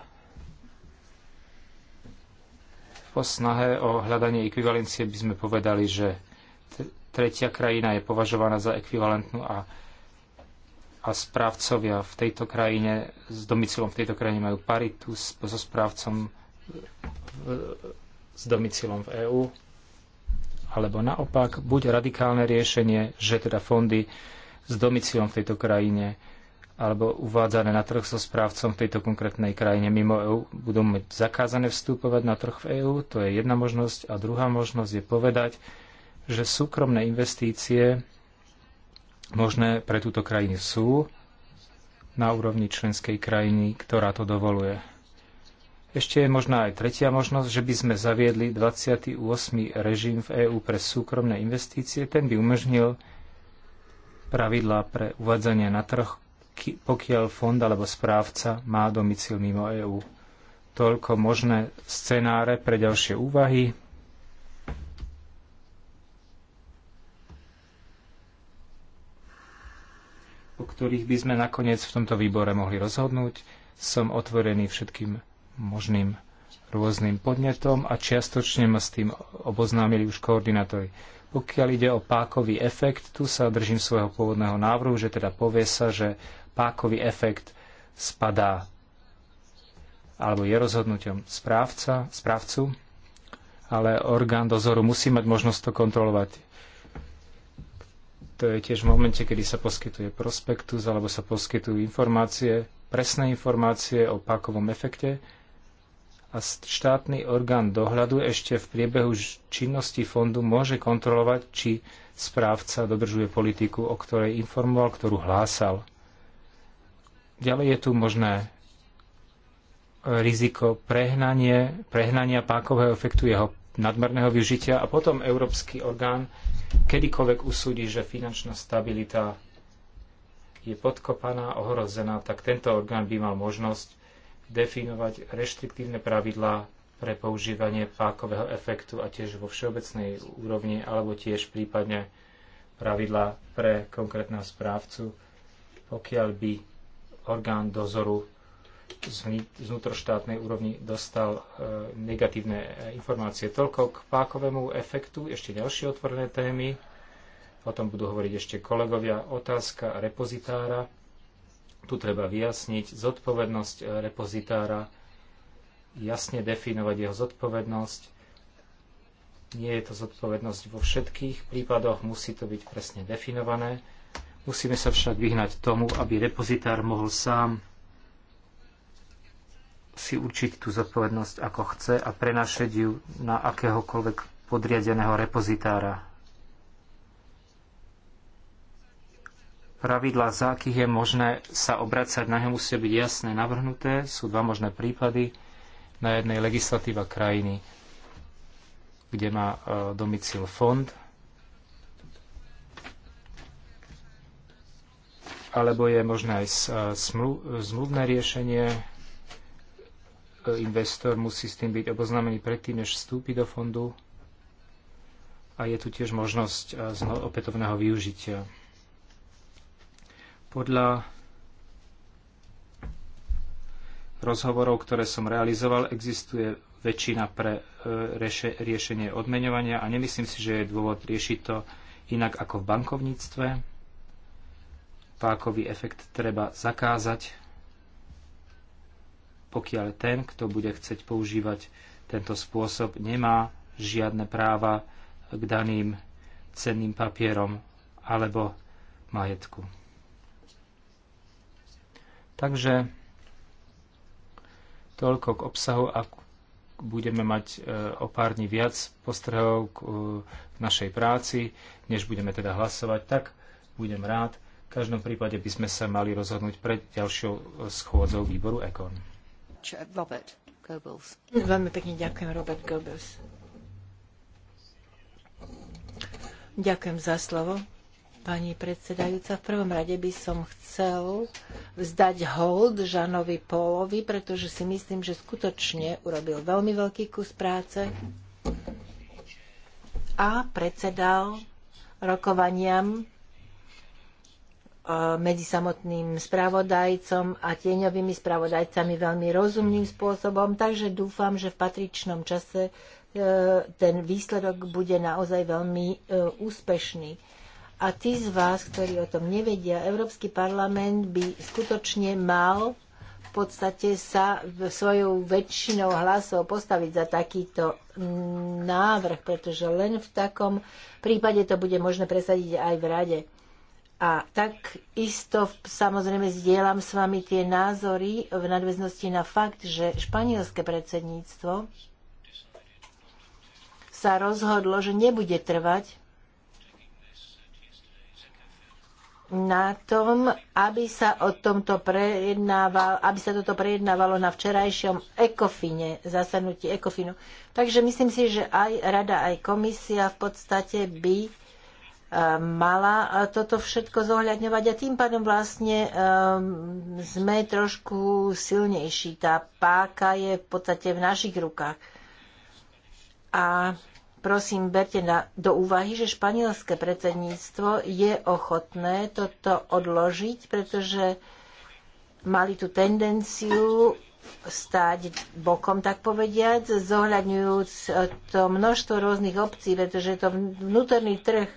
po snahe o hľadanie ekvivalencie by sme povedali, že tretia krajina je považovaná za ekvivalentnú a, a správcovia v tejto krajine s domicilom v tejto krajine majú paritu so správcom s domicilom v EÚ, alebo naopak buď radikálne riešenie, že teda fondy s domicilom v tejto krajine alebo uvádzané na trh so správcom v tejto konkrétnej krajine mimo EÚ budú mať zakázané vstupovať na trh v EÚ, to je jedna možnosť. A druhá možnosť je povedať, že súkromné investície možné pre túto krajinu sú na úrovni členskej krajiny, ktorá to dovoluje. Ešte je možná aj tretia možnosť, že by sme zaviedli 28. režim v EÚ pre súkromné investície. Ten by umožnil pravidlá pre uvádzanie na trh, pokiaľ fond alebo správca má domicil mimo EÚ. Toľko možné scenáre pre ďalšie úvahy. o ktorých by sme nakoniec v tomto výbore mohli rozhodnúť. Som otvorený všetkým možným rôznym podnetom a čiastočne ma s tým oboznámili už koordinátori. Pokiaľ ide o pákový efekt, tu sa držím svojho pôvodného návrhu, že teda povie sa, že pákový efekt spadá alebo je rozhodnutím správca, správcu, ale orgán dozoru musí mať možnosť to kontrolovať. To je tiež v momente, kedy sa poskytuje prospektus alebo sa poskytujú informácie, presné informácie o pákovom efekte, a štátny orgán dohľadu ešte v priebehu činnosti fondu môže kontrolovať, či správca dodržuje politiku, o ktorej informoval, ktorú hlásal. Ďalej je tu možné riziko prehnanie, prehnania pákového efektu jeho nadmerného využitia a potom európsky orgán kedykoľvek usúdi, že finančná stabilita je podkopaná, ohrozená, tak tento orgán by mal možnosť definovať reštriktívne pravidlá pre používanie pákového efektu a tiež vo všeobecnej úrovni, alebo tiež prípadne pravidlá pre konkrétneho správcu, pokiaľ by orgán dozoru z vnútroštátnej úrovni dostal e, negatívne e, informácie. Toľko k pákovému efektu, ešte ďalšie otvorené témy, o tom budú hovoriť ešte kolegovia, otázka repozitára tu treba vyjasniť zodpovednosť eh, repozitára, jasne definovať jeho zodpovednosť. Nie je to zodpovednosť vo všetkých prípadoch, musí to byť presne definované. Musíme sa však vyhnať tomu, aby repozitár mohol sám si určiť tú zodpovednosť ako chce a prenašať ju na akéhokoľvek podriadeného repozitára. pravidlá, za akých je možné sa obracať na ňo, musia byť jasne navrhnuté. Sú dva možné prípady. Na jednej legislatíva krajiny, kde má e, domicil fond, alebo je možné aj e, zmluvné riešenie. E, investor musí s tým byť oboznámený predtým, než vstúpi do fondu. A je tu tiež možnosť opätovného využitia. Podľa rozhovorov, ktoré som realizoval, existuje väčšina pre e, riešenie odmeňovania a nemyslím si, že je dôvod riešiť to inak ako v bankovníctve. Pákový efekt treba zakázať, pokiaľ ten, kto bude chceť používať tento spôsob, nemá žiadne práva k daným cenným papierom alebo majetku. Takže toľko k obsahu a budeme mať e, o pár dní viac postrehov e, k našej práci, než budeme teda hlasovať, tak budem rád. V každom prípade by sme sa mali rozhodnúť pred ďalšou e, schôdzou výboru EKON. Robert Goebbels. Veľmi pekne ďakujem, Robert Goebbels. Ďakujem za slovo. Pani predsedajúca, v prvom rade by som chcel vzdať hold Žanovi Pólovi, pretože si myslím, že skutočne urobil veľmi veľký kus práce a predsedal rokovaniam e, medzi samotným spravodajcom a tieňovými spravodajcami veľmi rozumným spôsobom, takže dúfam, že v patričnom čase e, ten výsledok bude naozaj veľmi e, úspešný. A tí z vás, ktorí o tom nevedia, Európsky parlament by skutočne mal v podstate sa svojou väčšinou hlasov postaviť za takýto návrh, pretože len v takom prípade to bude možné presadiť aj v rade. A tak isto samozrejme zdieľam s vami tie názory v nadväznosti na fakt, že španielské predsedníctvo sa rozhodlo, že nebude trvať na tom, aby sa, o tomto prejednával, aby sa toto prejednávalo na včerajšom ekofine, zasadnutí ekofinu. Takže myslím si, že aj rada, aj komisia v podstate by e, mala e, toto všetko zohľadňovať a tým pádom vlastne um, sme trošku silnejší. Tá páka je v podstate v našich rukách. A prosím, berte na, do úvahy, že španielské predsedníctvo je ochotné toto odložiť, pretože mali tú tendenciu stáť bokom, tak povediať, zohľadňujúc to množstvo rôznych obcí, pretože je to vnútorný trh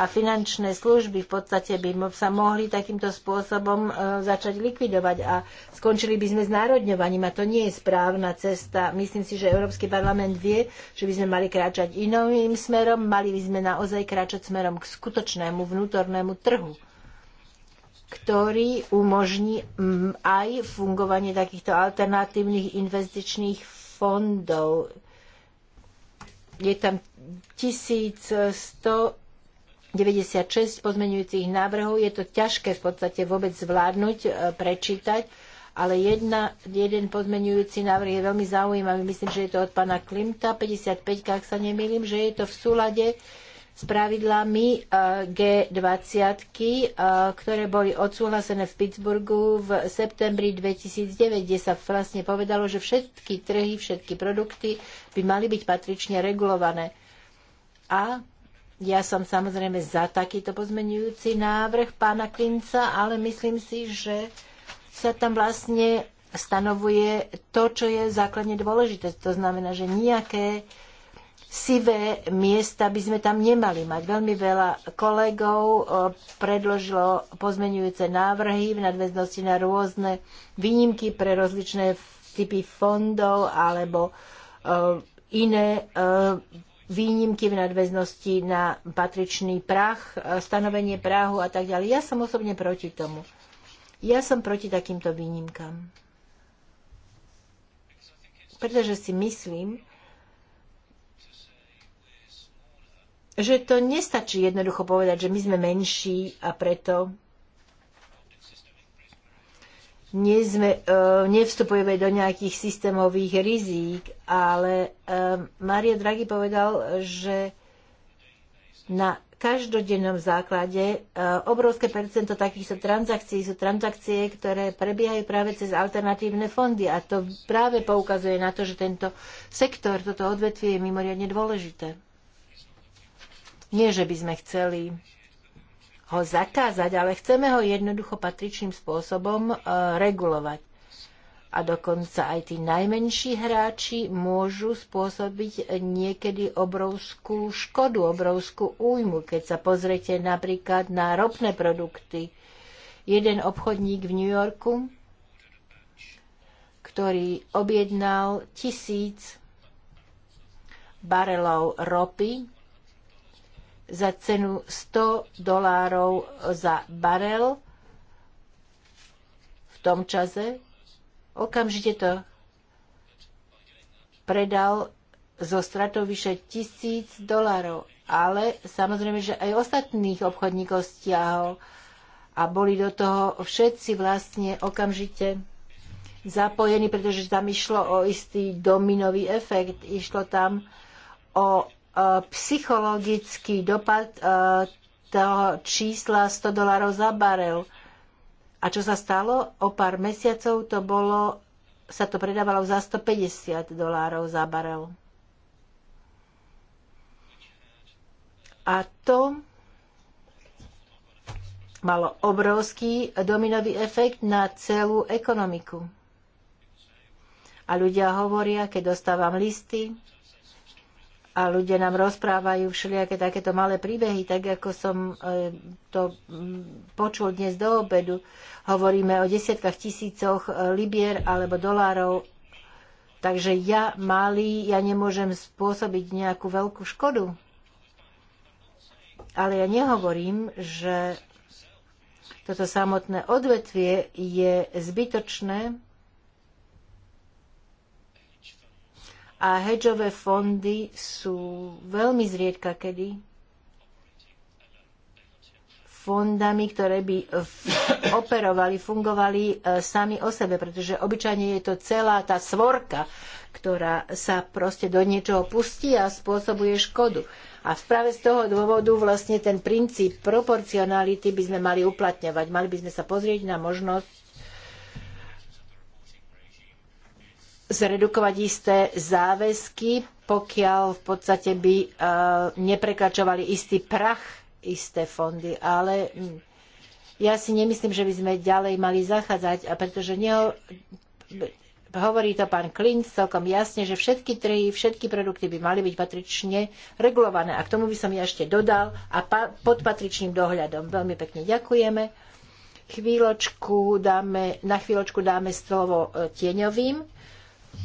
a finančné služby v podstate by sa mohli takýmto spôsobom e, začať likvidovať a skončili by sme s národňovaním a to nie je správna cesta. Myslím si, že Európsky parlament vie, že by sme mali kráčať iným smerom, mali by sme naozaj kráčať smerom k skutočnému vnútornému trhu ktorý umožní mm, aj fungovanie takýchto alternatívnych investičných fondov. Je tam 1100 96 pozmeňujúcich návrhov. Je to ťažké v podstate vôbec zvládnuť, e, prečítať, ale jedna, jeden pozmeňujúci návrh je veľmi zaujímavý. Myslím, že je to od pána Klimta, 55, ak sa nemýlim, že je to v súlade s pravidlami e, G20, e, ktoré boli odsúhlasené v Pittsburghu v septembri 2009, kde sa vlastne povedalo, že všetky trhy, všetky produkty by mali byť patrične regulované. A ja som samozrejme za takýto pozmenujúci návrh pána Klinca, ale myslím si, že sa tam vlastne stanovuje to, čo je základne dôležité. To znamená, že nejaké sivé miesta by sme tam nemali mať. Veľmi veľa kolegov eh, predložilo pozmenujúce návrhy v nadväznosti na rôzne výnimky pre rozličné typy fondov alebo eh, iné eh, výnimky v nadväznosti na patričný prach, e, stanovenie práhu a tak ďalej. Ja som osobne proti tomu. Ja som proti takýmto výnimkám. Pretože si myslím, že to nestačí jednoducho povedať, že my sme menší a preto nie sme, e, nevstupujeme do nejakých systémových rizík, ale e, Mario Draghi povedal, že na každodennom základe e, obrovské percento takýchto transakcií sú transakcie, ktoré prebiehajú práve cez alternatívne fondy a to práve poukazuje na to, že tento sektor, toto odvetvie je mimoriadne dôležité. Nie, že by sme chceli ho zakázať, ale chceme ho jednoducho patričným spôsobom e, regulovať. A dokonca aj tí najmenší hráči môžu spôsobiť niekedy obrovskú škodu, obrovskú újmu. Keď sa pozrete napríklad na ropné produkty, jeden obchodník v New Yorku, ktorý objednal tisíc barelov ropy za cenu 100 dolárov za barel v tom čase. Okamžite to predal zo stratou vyše tisíc dolárov. Ale samozrejme, že aj ostatných obchodníkov stiahol a boli do toho všetci vlastne okamžite zapojení, pretože tam išlo o istý dominový efekt. Išlo tam o E, psychologický dopad e, toho čísla 100 dolarov za barel. A čo sa stalo? O pár mesiacov to bolo, sa to predávalo za 150 dolárov za barel. A to malo obrovský dominový efekt na celú ekonomiku. A ľudia hovoria, keď dostávam listy a ľudia nám rozprávajú všelijaké takéto malé príbehy, tak ako som e, to počul dnes do obedu. Hovoríme o desiatkách tisícoch e, libier alebo dolárov. Takže ja malý, ja nemôžem spôsobiť nejakú veľkú škodu. Ale ja nehovorím, že toto samotné odvetvie je zbytočné, a hedžové fondy sú veľmi zriedka kedy fondami, ktoré by operovali, fungovali e, sami o sebe, pretože obyčajne je to celá tá svorka, ktorá sa proste do niečoho pustí a spôsobuje škodu. A práve z toho dôvodu vlastne ten princíp proporcionality by sme mali uplatňovať. Mali by sme sa pozrieť na možnosť zredukovať isté záväzky, pokiaľ v podstate by eh, neprekračovali istý prach isté fondy, ale hm, ja si nemyslím, že by sme ďalej mali zachádzať, a pretože neho, hovorí to pán Klinc celkom jasne, že všetky trhy, všetky produkty by mali byť patrične regulované. A k tomu by som ja ešte dodal a pa, pod patričným dohľadom. Veľmi pekne ďakujeme. Chvíľočku dáme, na chvíľočku dáme slovo eh, tieňovým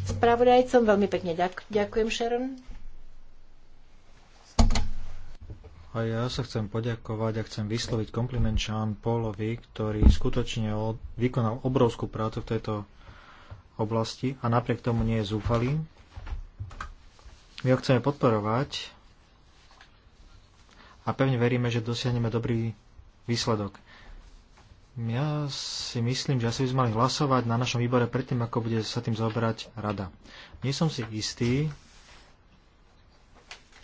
spravodajcom. Veľmi pekne ďakujem, Sharon. A ja sa chcem poďakovať a chcem vysloviť kompliment Sean Paulovi, ktorý skutočne od, vykonal obrovskú prácu v tejto oblasti a napriek tomu nie je zúfalý. My ho chceme podporovať a pevne veríme, že dosiahneme dobrý výsledok. Ja si myslím, že asi by sme mali hlasovať na našom výbore predtým, ako bude sa tým zaoberať rada. Nie som si istý,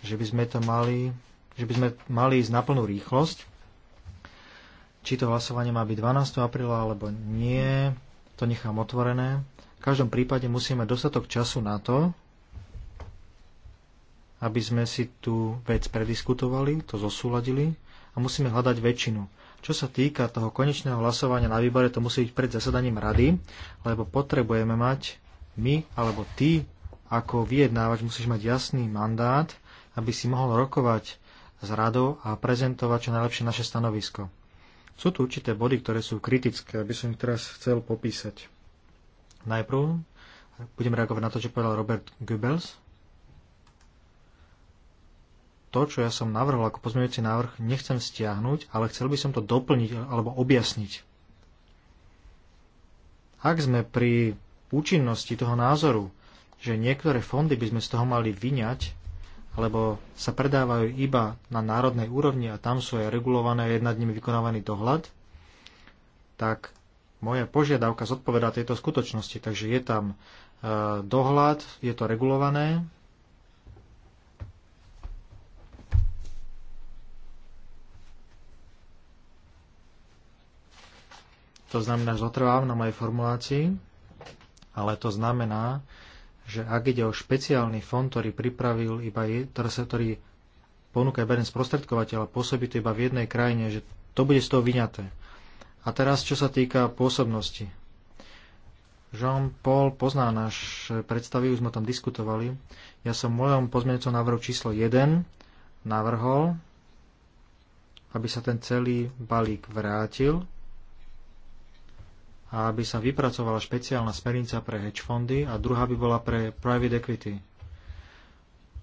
že by sme to mali, že by sme mali ísť na plnú rýchlosť. Či to hlasovanie má byť 12. apríla alebo nie, to nechám otvorené. V každom prípade musíme dostatok času na to, aby sme si tú vec prediskutovali, to zosúladili a musíme hľadať väčšinu čo sa týka toho konečného hlasovania na výbore, to musí byť pred zasadaním rady, lebo potrebujeme mať my alebo ty ako vyjednávač musíš mať jasný mandát, aby si mohol rokovať s radou a prezentovať čo najlepšie naše stanovisko. Sú tu určité body, ktoré sú kritické, aby som ich teraz chcel popísať. Najprv budem reagovať na to, čo povedal Robert Goebbels to, čo ja som navrhol ako pozmeňujúci návrh, nechcem stiahnuť, ale chcel by som to doplniť alebo objasniť. Ak sme pri účinnosti toho názoru, že niektoré fondy by sme z toho mali vyňať, alebo sa predávajú iba na národnej úrovni a tam sú aj regulované a nad nimi vykonávaný dohľad, tak moja požiadavka zodpovedá tejto skutočnosti. Takže je tam e, dohľad, je to regulované, To znamená, že zotrvám na mojej formulácii, ale to znamená, že ak ide o špeciálny fond, ktorý pripravil iba, ktorý ponúka iba jeden sprostredkovateľ a pôsobí to iba v jednej krajine, že to bude z toho vyňaté. A teraz, čo sa týka pôsobnosti. Jean-Paul pozná náš predstavy, už sme tam diskutovali. Ja som v mojom pozmeňujúcom návrhu číslo 1 navrhol, aby sa ten celý balík vrátil a aby sa vypracovala špeciálna smernica pre hedge fondy a druhá by bola pre private equity.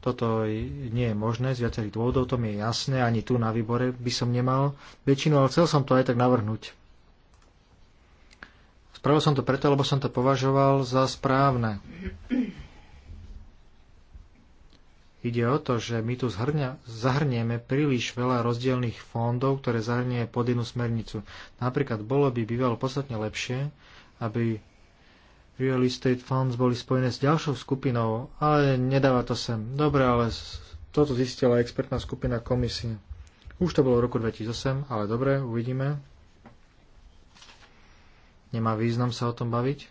Toto nie je možné z viacerých dôvodov, to mi je jasné, ani tu na výbore by som nemal väčšinu, ale chcel som to aj tak navrhnúť. Spravil som to preto, lebo som to považoval za správne. Ide o to, že my tu zhrňa, zahrnieme príliš veľa rozdielných fondov, ktoré zahrnie pod jednu smernicu. Napríklad bolo by bývalo podstatne lepšie, aby real estate funds boli spojené s ďalšou skupinou, ale nedáva to sem. Dobre, ale toto zistila expertná skupina komisie. Už to bolo v roku 2008, ale dobre, uvidíme. Nemá význam sa o tom baviť.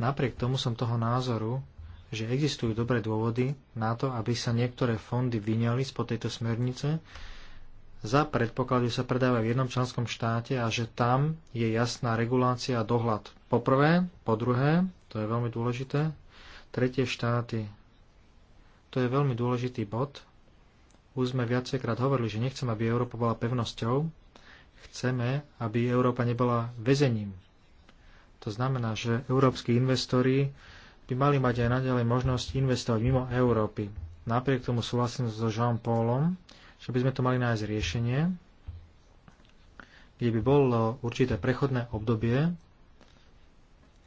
Napriek tomu som toho názoru, že existujú dobré dôvody na to, aby sa niektoré fondy vyňali spod tejto smernice za predpoklad, že sa predávajú v jednom členskom štáte a že tam je jasná regulácia a dohľad. Po prvé, po druhé, to je veľmi dôležité, tretie štáty. To je veľmi dôležitý bod. Už sme viacejkrát hovorili, že nechcem, aby Európa bola pevnosťou, chceme, aby Európa nebola väzením. To znamená, že európsky investori by mali mať aj naďalej možnosť investovať mimo Európy. Napriek tomu súhlasím so Jean-Paulom, že by sme to mali nájsť riešenie, kde by bolo určité prechodné obdobie,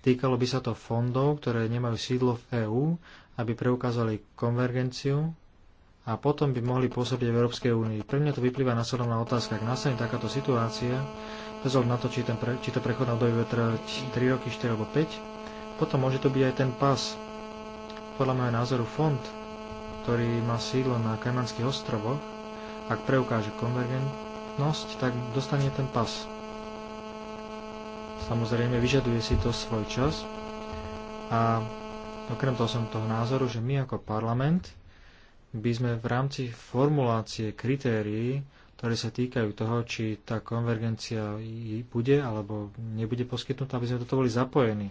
týkalo by sa to fondov, ktoré nemajú sídlo v EÚ, aby preukázali konvergenciu a potom by mohli pôsobiť v Európskej únii. Pre mňa to vyplýva nasledovná otázka. Ak nastane takáto situácia, bez na to, či, ten pre, či to prechodné obdobie bude trvať 3 roky, 4 alebo 5, potom môže to byť aj ten pas. Podľa môjho názoru fond, ktorý má sídlo na Kajmanských ostrovoch, ak preukáže konvergentnosť, tak dostane ten pas. Samozrejme, vyžaduje si to svoj čas a okrem toho som toho názoru, že my ako parlament by sme v rámci formulácie kritérií, ktoré sa týkajú toho, či tá konvergencia bude alebo nebude poskytnutá, aby sme do toho boli zapojení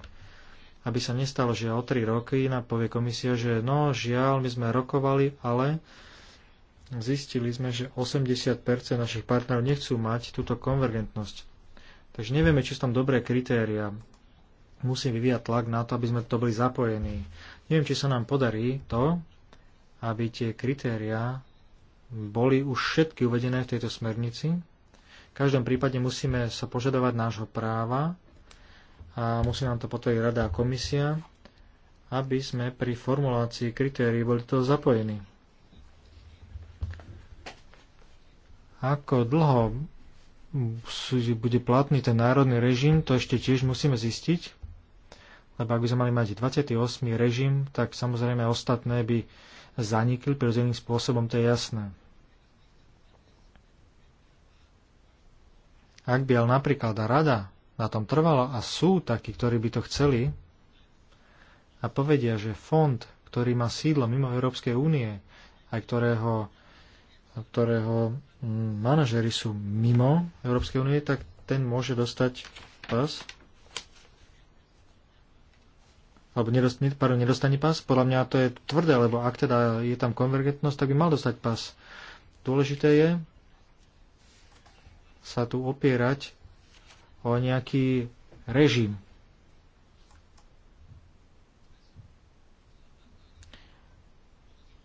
aby sa nestalo, že o tri roky nám povie komisia, že no, žiaľ, my sme rokovali, ale zistili sme, že 80% našich partnerov nechcú mať túto konvergentnosť. Takže nevieme, či sú tam dobré kritéria. Musím vyvíjať tlak na to, aby sme to boli zapojení. Neviem, či sa nám podarí to, aby tie kritéria boli už všetky uvedené v tejto smernici. V každom prípade musíme sa požadovať nášho práva a musí nám to potvrdiť Rada a Komisia, aby sme pri formulácii kritérií boli to zapojení. Ako dlho bude platný ten národný režim, to ešte tiež musíme zistiť, lebo ak by sme mali mať 28. režim, tak samozrejme ostatné by zanikli prirodzeným spôsobom, to je jasné. Ak by ale napríklad rada na tom trvalo a sú takí, ktorí by to chceli a povedia, že fond, ktorý má sídlo mimo Európskej únie a ktorého, ktorého mm, manažery sú mimo Európskej únie, tak ten môže dostať pas alebo nedostane, pardon, nedostane pás. Podľa mňa to je tvrdé, lebo ak teda je tam konvergentnosť, tak by mal dostať pás. Dôležité je sa tu opierať o nejaký režim.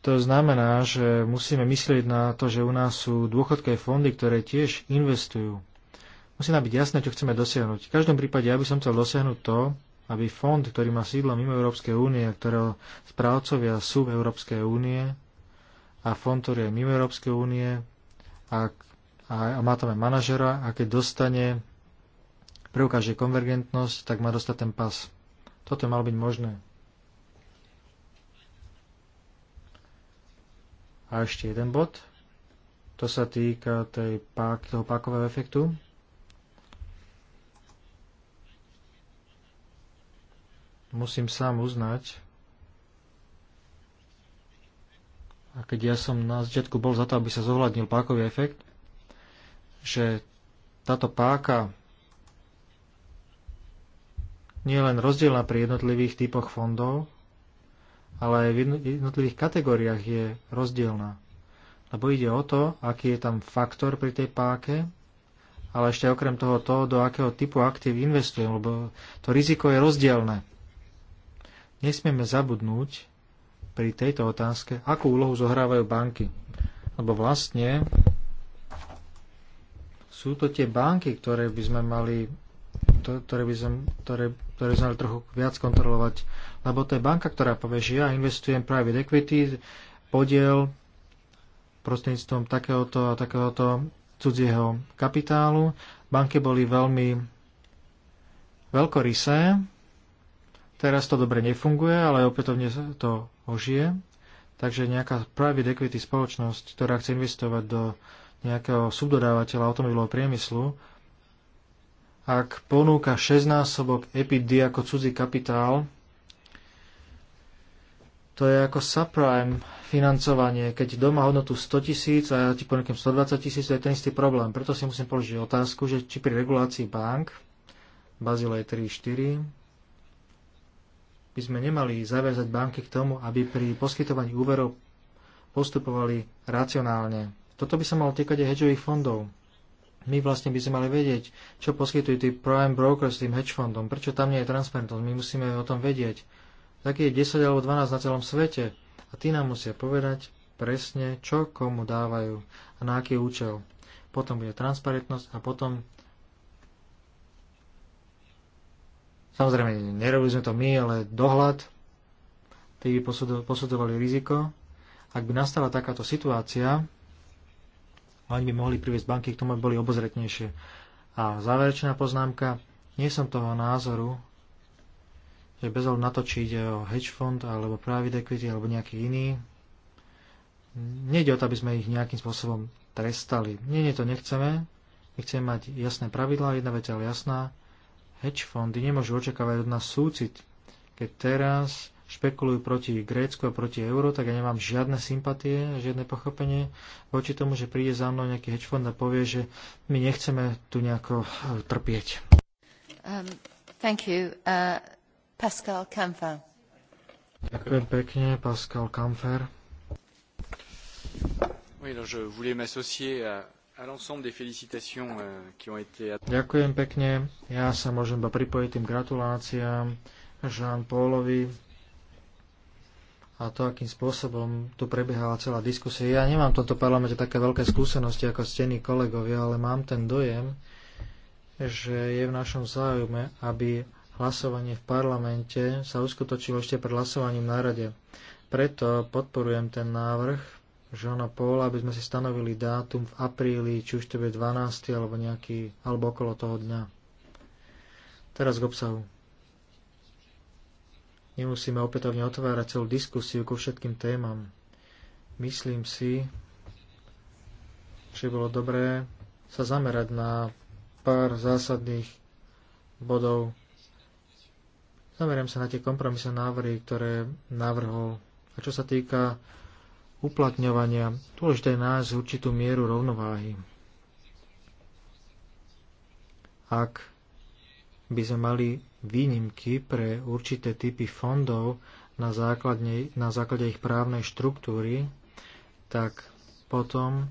To znamená, že musíme myslieť na to, že u nás sú dôchodkové fondy, ktoré tiež investujú. Musí nám byť jasné, čo chceme dosiahnuť. V každom prípade ja by som chcel dosiahnuť to, aby fond, ktorý má sídlo mimo Európskej únie, ktorého správcovia sú v Európskej únie a fond, ktorý je mimo Európskej únie a, a, a má tam aj manažera a keď dostane preukáže konvergentnosť, tak má dostať ten pas. Toto malo byť možné. A ešte jeden bod. To sa týka tej pák, toho pákového efektu. Musím sám uznať, a keď ja som na začiatku bol za to, aby sa zohľadnil pákový efekt, že táto páka nie len rozdielna pri jednotlivých typoch fondov, ale aj v jednotlivých kategóriách je rozdielna. Lebo ide o to, aký je tam faktor pri tej páke, ale ešte okrem toho to, do akého typu aktív investujem, lebo to riziko je rozdielne. Nesmieme zabudnúť pri tejto otázke, akú úlohu zohrávajú banky. Lebo vlastne sú to tie banky, ktoré by sme mali ktoré by sme, ktoré, ktoré by sme mali trochu viac kontrolovať. Lebo to je banka, ktorá povie, že ja investujem private equity, podiel prostredníctvom takéhoto a takéhoto cudzieho kapitálu. Banky boli veľmi veľkorysé. Teraz to dobre nefunguje, ale opätovne to ožije. Takže nejaká private equity spoločnosť, ktorá chce investovať do nejakého subdodávateľa automobilového priemyslu, ak ponúka 6 násobok EBITDA ako cudzí kapitál, to je ako subprime financovanie. Keď doma hodnotu 100 tisíc a ja ti ponúkam 120 tisíc, to je ten istý problém. Preto si musím položiť otázku, že či pri regulácii bank Bazilej 4 by sme nemali zaviazať banky k tomu, aby pri poskytovaní úverov postupovali racionálne. Toto by sa malo týkať aj hedžových fondov my vlastne by sme mali vedieť, čo poskytujú tí prime brokers tým hedge fondom, prečo tam nie je transparentnosť, my musíme o tom vedieť. Taký je 10 alebo 12 na celom svete a tí nám musia povedať presne, čo komu dávajú a na aký účel. Potom bude transparentnosť a potom Samozrejme, nerobili sme to my, ale dohľad, tí by posudovali riziko. Ak by nastala takáto situácia, oni by mohli priviesť banky k tomu, aby boli obozretnejšie. A záverečná poznámka, nie som toho názoru, že bez ohľadu na to, či ide o hedge fund alebo private equity, alebo nejaký iný, nejde o to, aby sme ich nejakým spôsobom trestali. Nie, nie, to nechceme. My chceme mať jasné pravidlá, jedna vec ale jasná. Hedge fondy nemôžu očakávať od nás súcit, keď teraz špekulujú proti Grécku a proti euro, tak ja nemám žiadne sympatie, žiadne pochopenie voči tomu, že príde za mnou nejaký hedge fund a povie, že my nechceme tu nejako eh, trpieť. Um, thank you. Uh, Pascal Kamfer. Ďakujem pekne, Pascal Kamfer. Oui, je voulais m'associer euh, Ďakujem pekne. Ja sa môžem iba pripojiť tým gratuláciám Jean Paulovi a to, akým spôsobom tu prebiehala celá diskusia. Ja nemám v tomto parlamente také veľké skúsenosti ako stení kolegovia, ale mám ten dojem, že je v našom záujme, aby hlasovanie v parlamente sa uskutočilo ešte pred hlasovaním na rade. Preto podporujem ten návrh Žona Paula, aby sme si stanovili dátum v apríli, či už to bude 12. alebo nejaký, alebo okolo toho dňa. Teraz k obsahu nemusíme opätovne otvárať celú diskusiu ku všetkým témam. Myslím si, že bolo dobré sa zamerať na pár zásadných bodov. Zameriam sa na tie kompromisné návrhy, ktoré navrhol. A čo sa týka uplatňovania, dôležité je nájsť určitú mieru rovnováhy. Ak by sme mali výnimky pre určité typy fondov na, základe, na základe ich právnej štruktúry, tak potom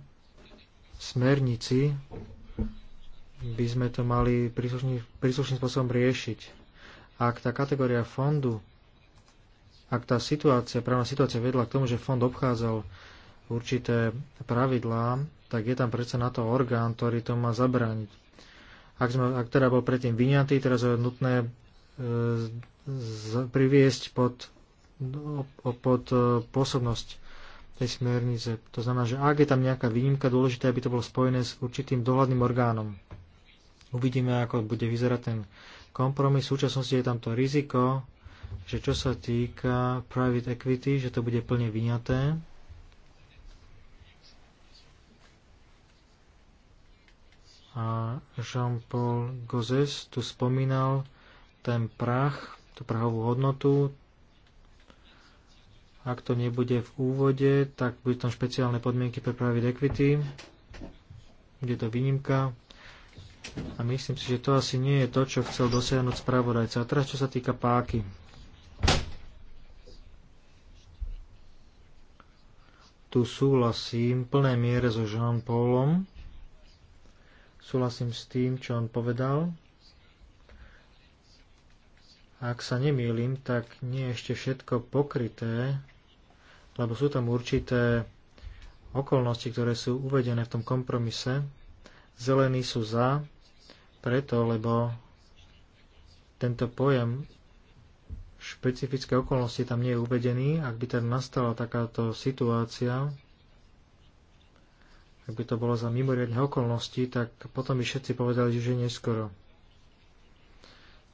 v smernici by sme to mali príslušným, príslušným spôsobom riešiť. Ak tá kategória fondu, ak tá situácia, právna situácia vedla k tomu, že fond obchádzal určité pravidlá, tak je tam predsa na to orgán, ktorý to má zabrániť. Ak, sme, ak teda bol predtým vyňatý, teraz je nutné priviesť pod, no, pod e, pôsobnosť tej smernice. To znamená, že ak je tam nejaká výnimka, dôležité, aby to bolo spojené s určitým dohľadným orgánom. Uvidíme, ako bude vyzerať ten kompromis. V súčasnosti je tam to riziko, že čo sa týka private equity, že to bude plne vyňaté. A Jean-Paul Gozes tu spomínal ten prach, tú prahovú hodnotu. Ak to nebude v úvode, tak bude tam špeciálne podmienky pre private equity. Bude to výnimka. A myslím si, že to asi nie je to, čo chcel dosiahnuť spravodajca. A teraz, čo sa týka páky. Tu súhlasím plné miere so Jean-Paulom. Súhlasím s tým, čo on povedal ak sa nemýlim, tak nie je ešte všetko pokryté, lebo sú tam určité okolnosti, ktoré sú uvedené v tom kompromise. Zelení sú za, preto, lebo tento pojem špecifické okolnosti tam nie je uvedený. Ak by tam nastala takáto situácia, ak by to bolo za mimoriadne okolnosti, tak potom by všetci povedali, že neskoro.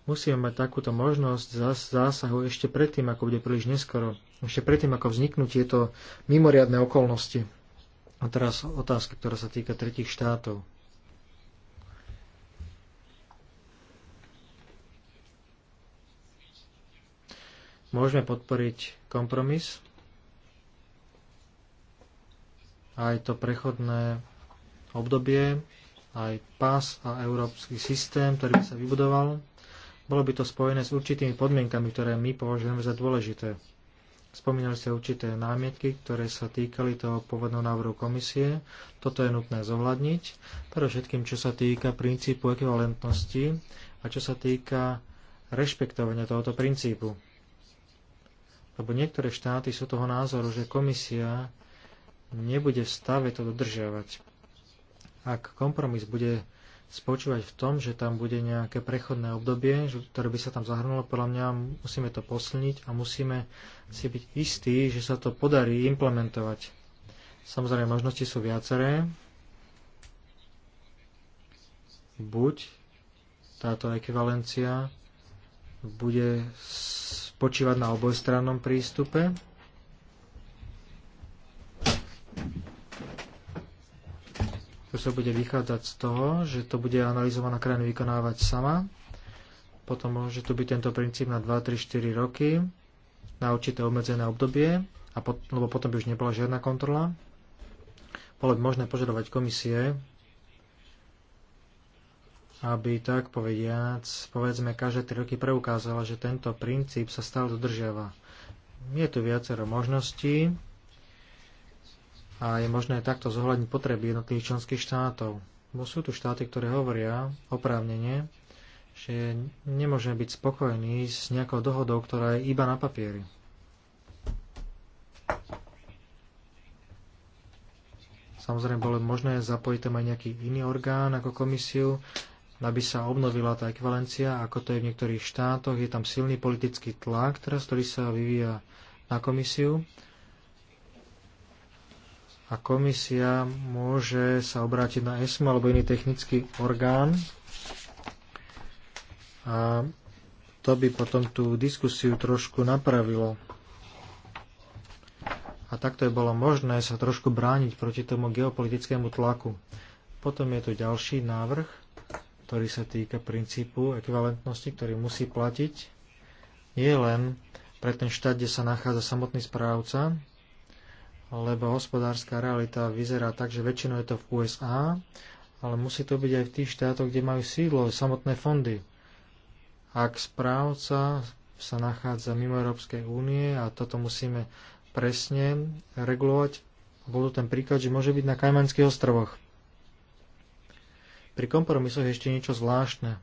Musíme mať takúto možnosť zásahu ešte predtým, ako bude príliš neskoro. Ešte predtým, ako vzniknú tieto mimoriadne okolnosti. A teraz otázka, ktorá sa týka tretich štátov. Môžeme podporiť kompromis, aj to prechodné obdobie, aj pás a európsky systém, ktorý by sa vybudoval. Bolo by to spojené s určitými podmienkami, ktoré my považujeme za dôležité. Spomínali ste určité námietky, ktoré sa týkali toho pôvodného návrhu komisie. Toto je nutné zohľadniť. Pre všetkým, čo sa týka princípu ekvivalentnosti a čo sa týka rešpektovania tohoto princípu. Lebo niektoré štáty sú toho názoru, že komisia nebude v stave to dodržiavať. Ak kompromis bude spočívať v tom, že tam bude nejaké prechodné obdobie, ktoré by sa tam zahrnulo. Podľa mňa musíme to posilniť a musíme si byť istí, že sa to podarí implementovať. Samozrejme, možnosti sú viaceré. Buď táto ekvivalencia bude spočívať na obojstrannom prístupe, To sa bude vychádzať z toho, že to bude analyzovaná krajina vykonávať sama. Potom môže tu byť tento princíp na 2, 3, 4 roky, na určité obmedzené obdobie, a pot, lebo potom by už nebola žiadna kontrola. Bolo by možné požadovať komisie, aby tak povediac, povedzme, každé 3 roky preukázala, že tento princíp sa stále dodržiava. Je tu viacero možností, a je možné takto zohľadniť potreby jednotlivých členských štátov. Bo sú tu štáty, ktoré hovoria oprávnene, že nemôžeme byť spokojní s nejakou dohodou, ktorá je iba na papieri. Samozrejme, bolo možné zapojiť tam aj nejaký iný orgán ako komisiu, aby sa obnovila tá ekvivalencia, ako to je v niektorých štátoch. Je tam silný politický tlak, teraz, ktorý sa vyvíja na komisiu a komisia môže sa obrátiť na ESMA alebo iný technický orgán a to by potom tú diskusiu trošku napravilo. A takto je bolo možné sa trošku brániť proti tomu geopolitickému tlaku. Potom je tu ďalší návrh, ktorý sa týka princípu ekvivalentnosti, ktorý musí platiť nie len pre ten štát, kde sa nachádza samotný správca, lebo hospodárska realita vyzerá tak, že väčšinou je to v USA, ale musí to byť aj v tých štátoch, kde majú sídlo, samotné fondy. Ak správca sa nachádza mimo Európskej únie a toto musíme presne regulovať, bol to ten príklad, že môže byť na Kajmanských ostrovoch. Pri kompromisoch je ešte niečo zvláštne.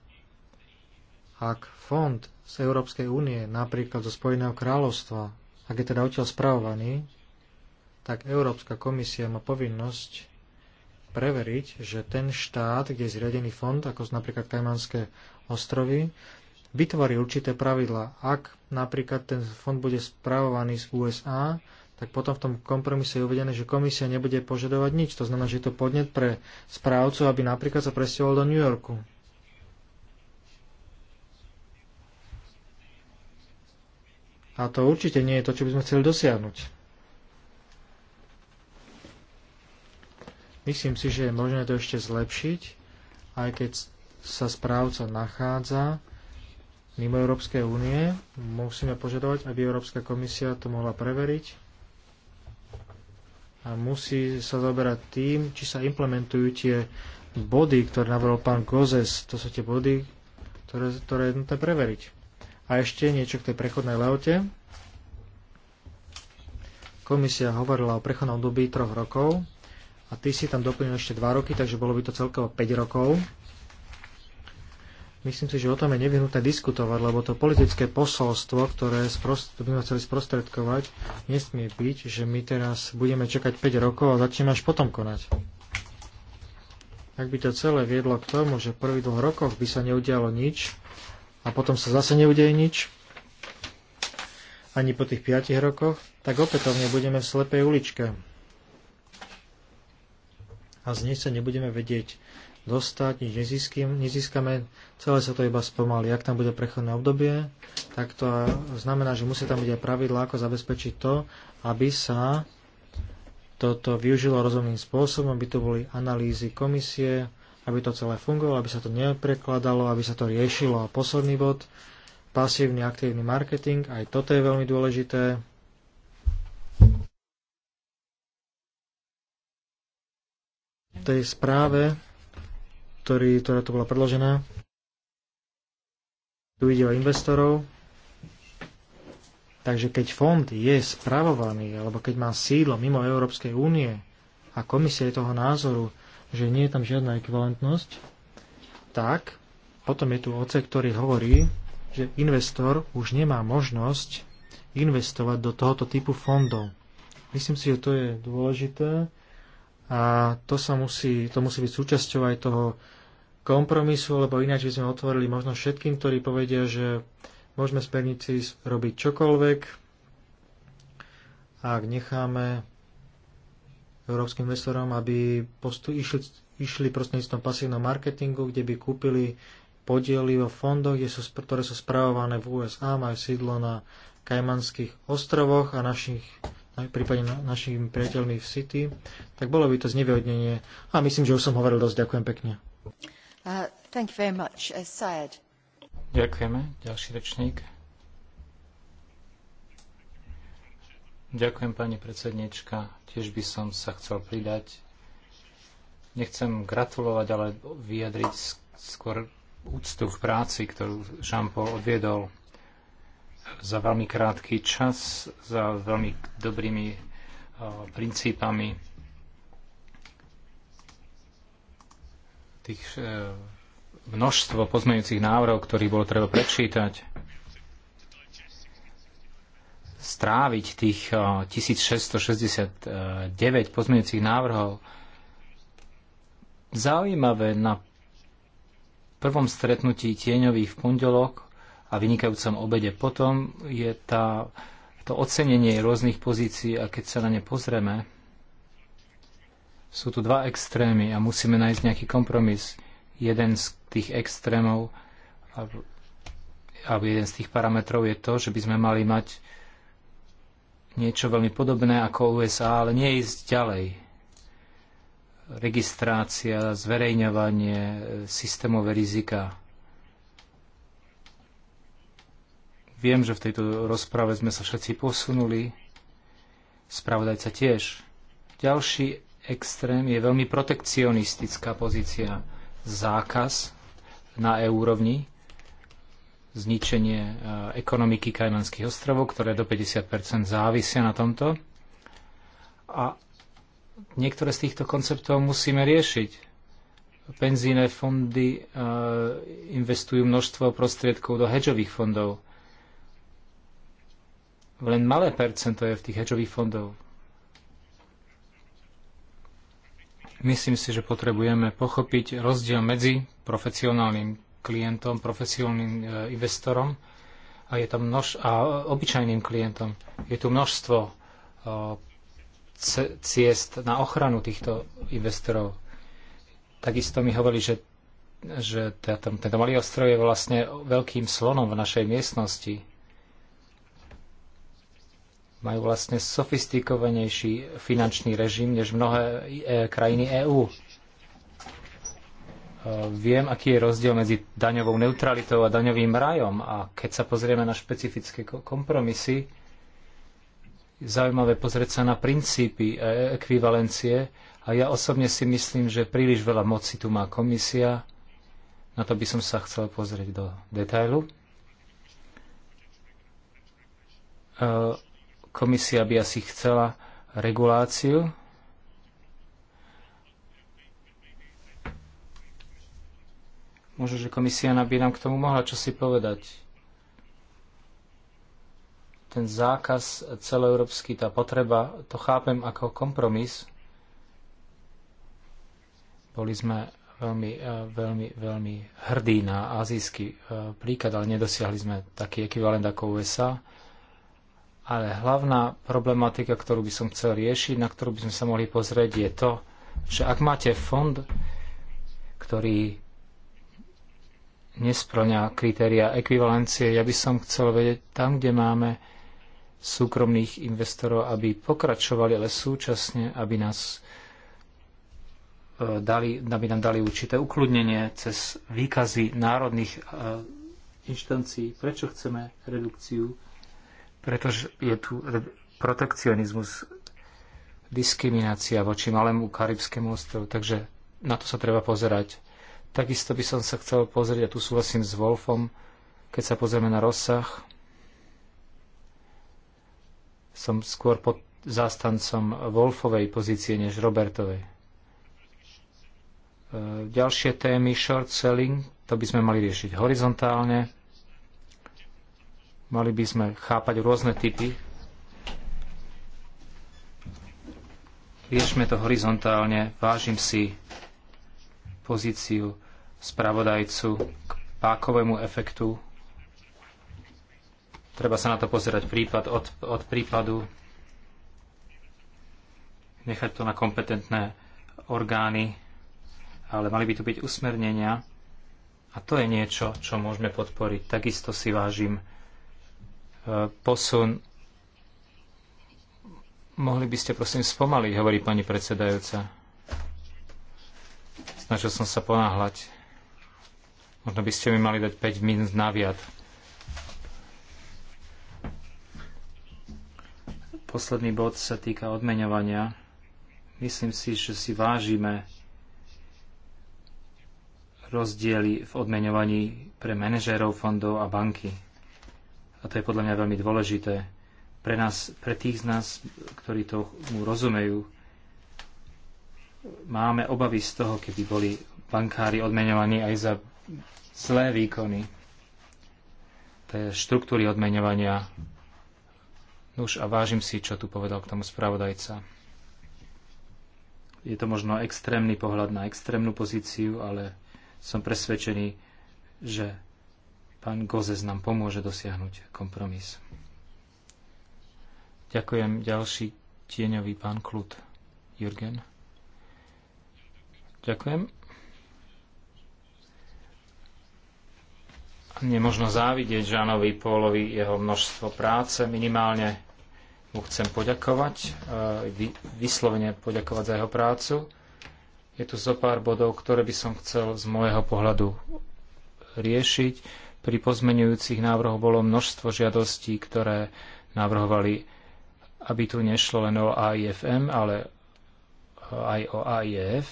Ak fond z Európskej únie, napríklad zo Spojeného kráľovstva, ak je teda odtiaľ spravovaný, tak Európska komisia má povinnosť preveriť, že ten štát, kde je zriadený fond, ako sú napríklad Kajmanské ostrovy, vytvorí určité pravidla. Ak napríklad ten fond bude spravovaný z USA, tak potom v tom kompromise je uvedené, že komisia nebude požadovať nič. To znamená, že je to podnet pre správcu, aby napríklad sa presťahol do New Yorku. A to určite nie je to, čo by sme chceli dosiahnuť. Myslím si, že je možné to ešte zlepšiť, aj keď sa správca nachádza mimo Európskej únie. Musíme požadovať, aby Európska komisia to mohla preveriť a musí sa zaoberať tým, či sa implementujú tie body, ktoré navrhol pán Gozes. To sú tie body, ktoré, ktoré je nutné preveriť. A ešte niečo k tej prechodnej leote. Komisia hovorila o prechodnom období troch rokov a ty si tam doplnil ešte 2 roky, takže bolo by to celkovo 5 rokov. Myslím si, že o tom je nevyhnutné diskutovať, lebo to politické posolstvo, ktoré sprost, by sme chceli sprostredkovať, nesmie byť, že my teraz budeme čakať 5 rokov a začneme až potom konať. Ak by to celé viedlo k tomu, že v prvých dvoch rokoch by sa neudialo nič a potom sa zase neudeje nič, ani po tých 5 rokoch, tak opätovne budeme v slepej uličke a z nej sa nebudeme vedieť dostať, nič nezískame, celé sa to iba spomalí. Ak tam bude prechodné obdobie, tak to znamená, že musí tam byť aj pravidlá, ako zabezpečiť to, aby sa toto využilo rozumným spôsobom, aby to boli analýzy komisie, aby to celé fungovalo, aby sa to neprekladalo, aby sa to riešilo. A posledný bod, pasívny aktívny marketing, aj toto je veľmi dôležité. tej správe, ktorý, ktorá tu bola predložená. Tu ide o investorov. Takže keď fond je spravovaný, alebo keď má sídlo mimo Európskej únie a komisia je toho názoru, že nie je tam žiadna ekvivalentnosť, tak potom je tu oce, ktorý hovorí, že investor už nemá možnosť investovať do tohoto typu fondov. Myslím si, že to je dôležité, a to, sa musí, to musí byť súčasťou aj toho kompromisu, lebo ináč by sme otvorili možno všetkým, ktorí povedia, že môžeme smernici robiť čokoľvek, ak necháme európskym investorom, aby postu, išli, išli prostredníctvom pasívneho marketingu, kde by kúpili podiely vo fondoch, sú, ktoré sú spravované v USA, majú sídlo na Kajmanských ostrovoch a našich prípadne našimi priateľmi v City, tak bolo by to znevýhodnenie. A myslím, že už som hovoril dosť. Ďakujem pekne. Uh, thank you very much, uh, Syed. Ďakujeme. Ďalší rečník. Ďakujem, pani predsednička. Tiež by som sa chcel pridať. Nechcem gratulovať, ale vyjadriť skôr úctu v práci, ktorú Jean-Paul odviedol za veľmi krátky čas, za veľmi dobrými eh, princípami tých eh, množstvo pozmeňujúcich návrhov, ktorých bolo treba prečítať, stráviť tých 1669 eh, pozmeňujúcich návrhov. Zaujímavé na prvom stretnutí tieňových v pondelok a vynikajúcom obede. Potom je tá, to ocenenie rôznych pozícií a keď sa na ne pozrieme, sú tu dva extrémy a musíme nájsť nejaký kompromis. Jeden z tých extrémov a, jeden z tých parametrov je to, že by sme mali mať niečo veľmi podobné ako USA, ale nie ísť ďalej. Registrácia, zverejňovanie, systémové rizika. Viem, že v tejto rozprave sme sa všetci posunuli, spravodajca tiež. Ďalší extrém je veľmi protekcionistická pozícia. Zákaz na EU úrovni, zničenie e, ekonomiky Kajmanských ostrovov, ktoré do 50 závisia na tomto. A niektoré z týchto konceptov musíme riešiť penzíne fondy e, investujú množstvo prostriedkov do hedžových fondov len malé percento je v tých hedžových fondov. Myslím si, že potrebujeme pochopiť rozdiel medzi profesionálnym klientom, profesionálnym e, investorom a, je tam množ- a obyčajným klientom. Je tu množstvo e, ciest na ochranu týchto investorov. Takisto mi hovorili, že, že tento malý ostrov je vlastne veľkým slonom v našej miestnosti majú vlastne sofistikovanejší finančný režim než mnohé e, krajiny EÚ. E, viem, aký je rozdiel medzi daňovou neutralitou a daňovým rajom a keď sa pozrieme na špecifické kompromisy, zaujímavé pozrieť sa na princípy e, ekvivalencie a ja osobne si myslím, že príliš veľa moci tu má komisia. Na to by som sa chcel pozrieť do detailu. Komisia by asi chcela reguláciu. Možno, že komisia by nám k tomu mohla čosi povedať. Ten zákaz celoeurópsky, tá potreba, to chápem ako kompromis. Boli sme veľmi, e, veľmi, veľmi hrdí na azijský e, príklad, ale nedosiahli sme taký ekvivalent ako USA. Ale hlavná problematika, ktorú by som chcel riešiť, na ktorú by sme sa mohli pozrieť, je to, že ak máte fond, ktorý nesplňa kritéria ekvivalencie, ja by som chcel vedieť tam, kde máme súkromných investorov, aby pokračovali, ale súčasne, aby nás e, dali, aby nám dali určité ukludnenie cez výkazy národných e, inštancií, prečo chceme redukciu pretože je tu protekcionizmus, diskriminácia voči malému karibskému ostrovu, takže na to sa treba pozerať. Takisto by som sa chcel pozrieť, a tu súhlasím s Wolfom, keď sa pozrieme na rozsah, som skôr pod zástancom Wolfovej pozície než Robertovej. E, ďalšie témy, short selling, to by sme mali riešiť horizontálne. Mali by sme chápať rôzne typy. Riešme to horizontálne, vážim si pozíciu spravodajcu k pákovému efektu. Treba sa na to pozerať prípad od, od prípadu, nechať to na kompetentné orgány, ale mali by tu byť usmernenia a to je niečo, čo môžeme podporiť. Takisto si vážim posun. Mohli by ste prosím spomaliť, hovorí pani predsedajúca. Snažil som sa ponáhľať. Možno by ste mi mali dať 5 minút naviac. Posledný bod sa týka odmeňovania. Myslím si, že si vážime rozdiely v odmeňovaní pre manažérov fondov a banky a to je podľa mňa veľmi dôležité pre nás, pre tých z nás, ktorí to mu rozumejú. Máme obavy z toho, keby boli bankári odmeňovaní aj za zlé výkony, tie štruktúry odmeňovania. Nuž a vážim si, čo tu povedal k tomu spravodajca. Je to možno extrémny pohľad na extrémnu pozíciu, ale som presvedčený, že Pán Gozes nám pomôže dosiahnuť kompromis. Ďakujem. Ďalší tieňový pán Klut. Jürgen. Ďakujem. Nemožno závidieť Žánovi Pólovi jeho množstvo práce. Minimálne mu chcem poďakovať, eh, vyslovene poďakovať za jeho prácu. Je tu zo pár bodov, ktoré by som chcel z môjho pohľadu riešiť pri pozmenujúcich návrhoch bolo množstvo žiadostí, ktoré navrhovali, aby tu nešlo len o AIFM, ale e, aj o AIF.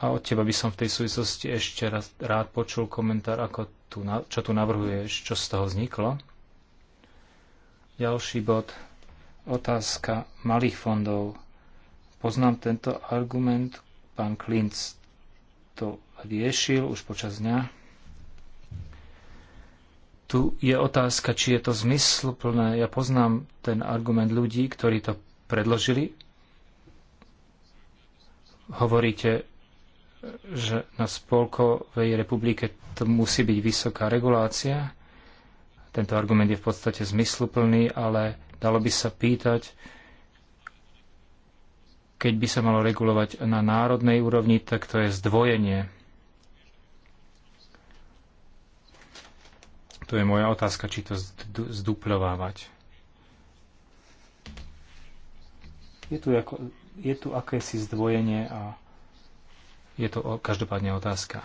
A od teba by som v tej súvislosti ešte raz, rád počul komentár, ako tu, čo tu navrhuješ, čo z toho vzniklo. Ďalší bod, otázka malých fondov. Poznám tento argument, pán Klinc to riešil už počas dňa. Tu je otázka, či je to zmysluplné. Ja poznám ten argument ľudí, ktorí to predložili. Hovoríte, že na Spolkovej republike to musí byť vysoká regulácia. Tento argument je v podstate zmysluplný, ale dalo by sa pýtať, keď by sa malo regulovať na národnej úrovni, tak to je zdvojenie. To je moja otázka, či to zduplovávať. Je tu, ako, je tu akési zdvojenie a je to každopádne otázka.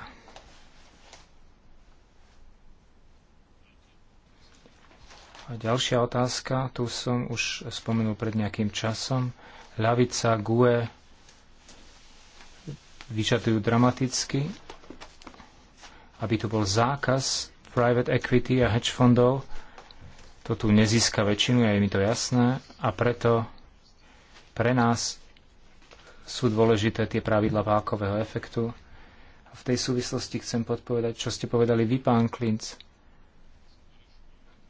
A ďalšia otázka, tu som už spomenul pred nejakým časom. Ľavica, GUE vyžadujú dramaticky, aby tu bol zákaz private equity a hedge fondov. To tu nezíska väčšinu, je mi to jasné, a preto pre nás sú dôležité tie pravidla válkového efektu. A v tej súvislosti chcem podpovedať, čo ste povedali vy, pán Klinc.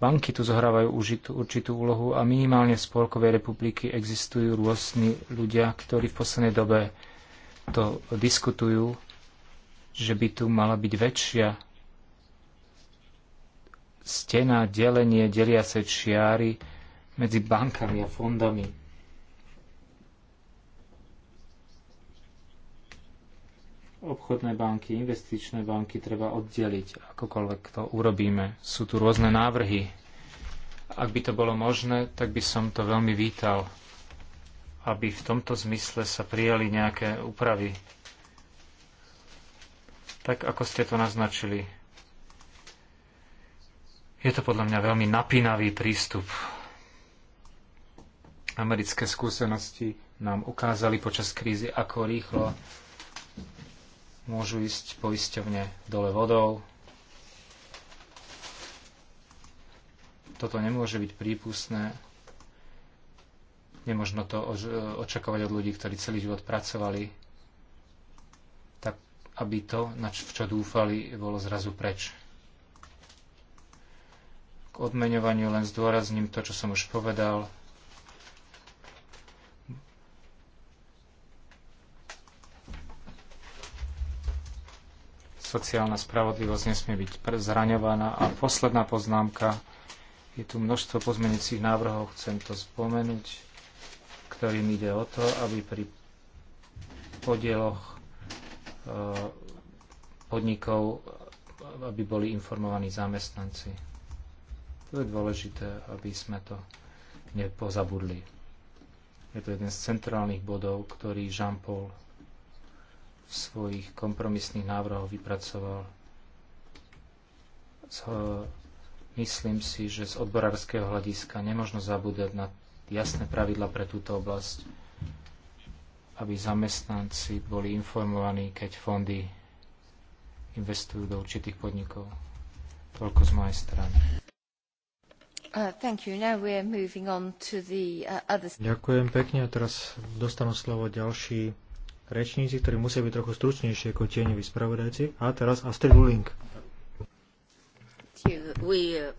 Banky tu zohrávajú užitú, určitú úlohu a minimálne v Spolkovej republiky existujú rôzni ľudia, ktorí v poslednej dobe to diskutujú, že by tu mala byť väčšia stena, delenie, deliace čiary medzi bankami a fondami. Obchodné banky, investičné banky treba oddeliť, akokoľvek to urobíme. Sú tu rôzne návrhy. Ak by to bolo možné, tak by som to veľmi vítal, aby v tomto zmysle sa prijali nejaké úpravy. Tak ako ste to naznačili je to podľa mňa veľmi napínavý prístup. Americké skúsenosti nám ukázali počas krízy, ako rýchlo môžu ísť poisťovne dole vodou. Toto nemôže byť prípustné. Nemožno to očakávať od ľudí, ktorí celý život pracovali, tak aby to, v čo dúfali, bolo zrazu preč. K odmeňovaniu len zdôrazním to, čo som už povedal. Sociálna spravodlivosť nesmie byť zraňovaná. A posledná poznámka. Je tu množstvo pozmenujúcich návrhov, chcem to spomenúť, ktorým ide o to, aby pri podieloch e, podnikov, aby boli informovaní zamestnanci. To je dôležité, aby sme to nepozabudli. Je to jeden z centrálnych bodov, ktorý Jean-Paul v svojich kompromisných návrhoch vypracoval. Myslím si, že z odborárskeho hľadiska nemožno zabúdať na jasné pravidla pre túto oblasť, aby zamestnanci boli informovaní, keď fondy investujú do určitých podnikov. Toľko z mojej strany. Uh, uh, Ďakujem pekne a teraz dostanú slovo ďalší rečníci, ktorí musia byť trochu stručnejšie ako tieňoví spravodajci. A teraz Astrid Luling. Euh,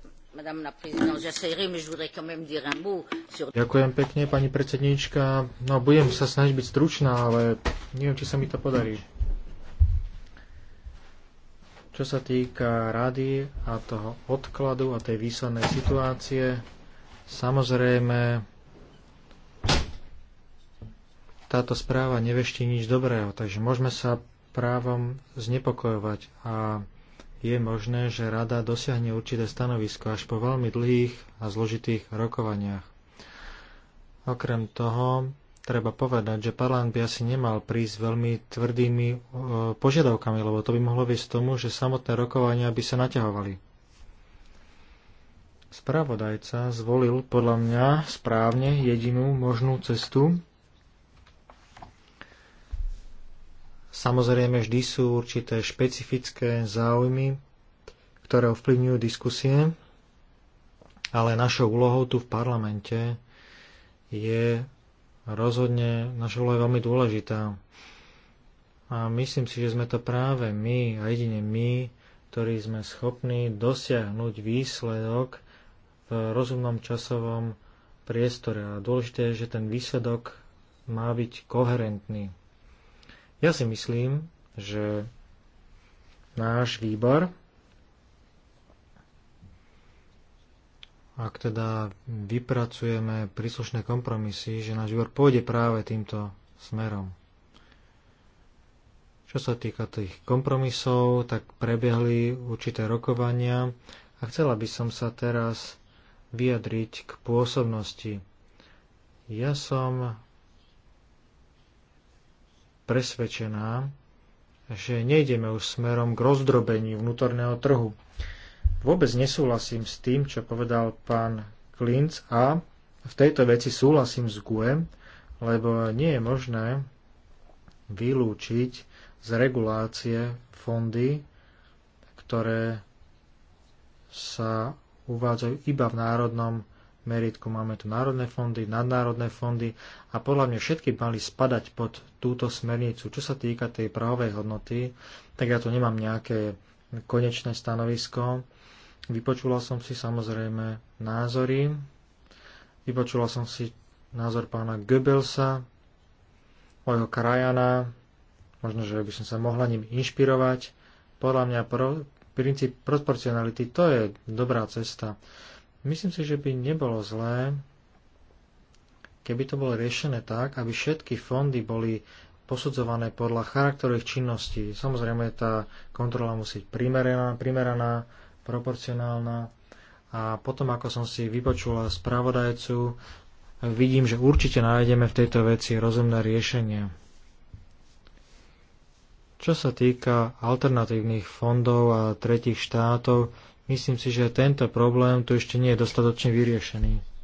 Ďakujem pekne, pani predsedníčka. No, budem sa snažiť byť stručná, ale neviem, či sa mi to podarí. Čo sa týka rady a toho odkladu a tej výslednej situácie, samozrejme táto správa nevešti nič dobrého, takže môžeme sa právom znepokojovať a je možné, že rada dosiahne určité stanovisko až po veľmi dlhých a zložitých rokovaniach. Okrem toho, treba povedať, že parlament by asi nemal prísť veľmi tvrdými e, požiadavkami, lebo to by mohlo viesť tomu, že samotné rokovania by sa naťahovali. Spravodajca zvolil podľa mňa správne jedinú možnú cestu. Samozrejme, vždy sú určité špecifické záujmy, ktoré ovplyvňujú diskusie, ale našou úlohou tu v parlamente je Rozhodne naša úloha je veľmi dôležitá. A myslím si, že sme to práve my a jedine my, ktorí sme schopní dosiahnuť výsledok v rozumnom časovom priestore. A dôležité je, že ten výsledok má byť koherentný. Ja si myslím, že náš výbor ak teda vypracujeme príslušné kompromisy, že náš výbor pôjde práve týmto smerom. Čo sa týka tých kompromisov, tak prebiehli určité rokovania a chcela by som sa teraz vyjadriť k pôsobnosti. Ja som presvedčená, že nejdeme už smerom k rozdrobeniu vnútorného trhu. Vôbec nesúhlasím s tým, čo povedal pán Klinc a v tejto veci súhlasím s GUEM, lebo nie je možné vylúčiť z regulácie fondy, ktoré sa uvádzajú iba v národnom meritku. Máme tu národné fondy, nadnárodné fondy a podľa mňa všetky mali spadať pod túto smernicu. Čo sa týka tej prahovej hodnoty, tak ja tu nemám nejaké konečné stanovisko. Vypočula som si samozrejme názory. Vypočula som si názor pána Goebbelsa, mojho krajana. Možno, že by som sa mohla ním inšpirovať. Podľa mňa pro, princíp proporcionality to je dobrá cesta. Myslím si, že by nebolo zlé, keby to bolo riešené tak, aby všetky fondy boli posudzované podľa charakterových činností. Samozrejme, tá kontrola musí byť primeraná, primeraná proporcionálna. A potom, ako som si vypočula spravodajcu, vidím, že určite nájdeme v tejto veci rozumné riešenie. Čo sa týka alternatívnych fondov a tretich štátov, myslím si, že tento problém tu ešte nie je dostatočne vyriešený.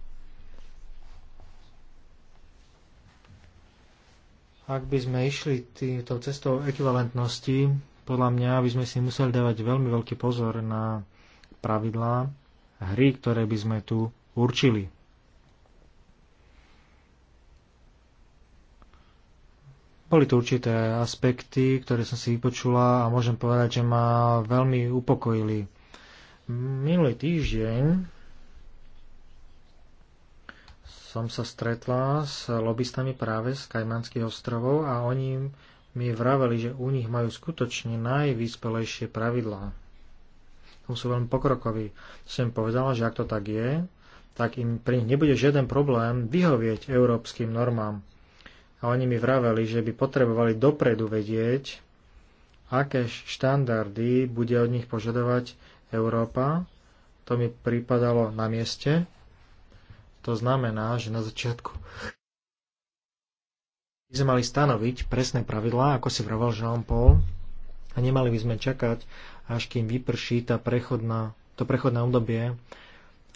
ak by sme išli týmto cestou ekvivalentnosti, podľa mňa by sme si museli dávať veľmi veľký pozor na pravidlá hry, ktoré by sme tu určili. Boli to určité aspekty, ktoré som si vypočula a môžem povedať, že ma veľmi upokojili. Minulý týždeň som sa stretla s lobbystami práve z Kajmanských ostrovov a oni mi vraveli, že u nich majú skutočne najvyspelejšie pravidlá. Tam sú veľmi pokrokoví. Som povedala, že ak to tak je, tak im pri nich nebude žiaden problém vyhovieť európskym normám. A oni mi vraveli, že by potrebovali dopredu vedieť, aké štandardy bude od nich požadovať Európa. To mi pripadalo na mieste. To znamená, že na začiatku by sme mali stanoviť presné pravidlá, ako si vraval Jean-Paul, a nemali by sme čakať, až kým vyprší tá prechodná, to prechodné obdobie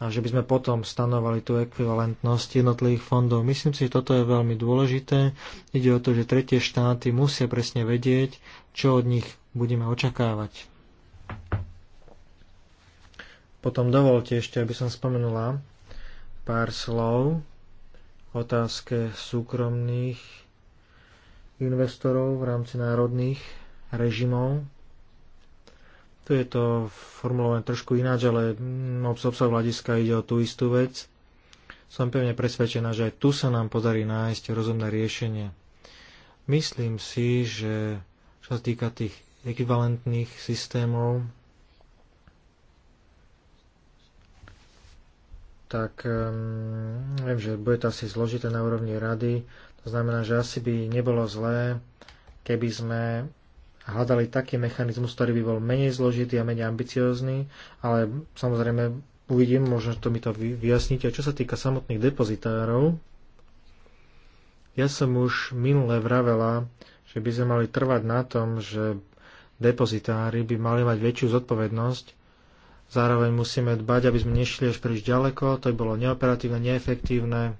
a že by sme potom stanovali tú ekvivalentnosť jednotlivých fondov. Myslím si, že toto je veľmi dôležité. Ide o to, že tretie štáty musia presne vedieť, čo od nich budeme očakávať. Potom dovolte ešte, aby som spomenula pár slov otázke súkromných investorov v rámci národných režimov. Tu je to formulované trošku ináč, ale z obsahu hľadiska ide o tú istú vec. Som pevne presvedčená, že aj tu sa nám podarí nájsť rozumné riešenie. Myslím si, že čo sa týka tých ekvivalentných systémov, tak um, viem, že bude to asi zložité na úrovni rady. To znamená, že asi by nebolo zlé, keby sme hľadali taký mechanizmus, ktorý by bol menej zložitý a menej ambiciózny, ale samozrejme uvidím, možno to mi to vyjasníte. Čo sa týka samotných depozitárov, ja som už minule vravela, že by sme mali trvať na tom, že depozitári by mali mať väčšiu zodpovednosť. Zároveň musíme dbať, aby sme nešli až príliš ďaleko, to by bolo neoperatívne, neefektívne.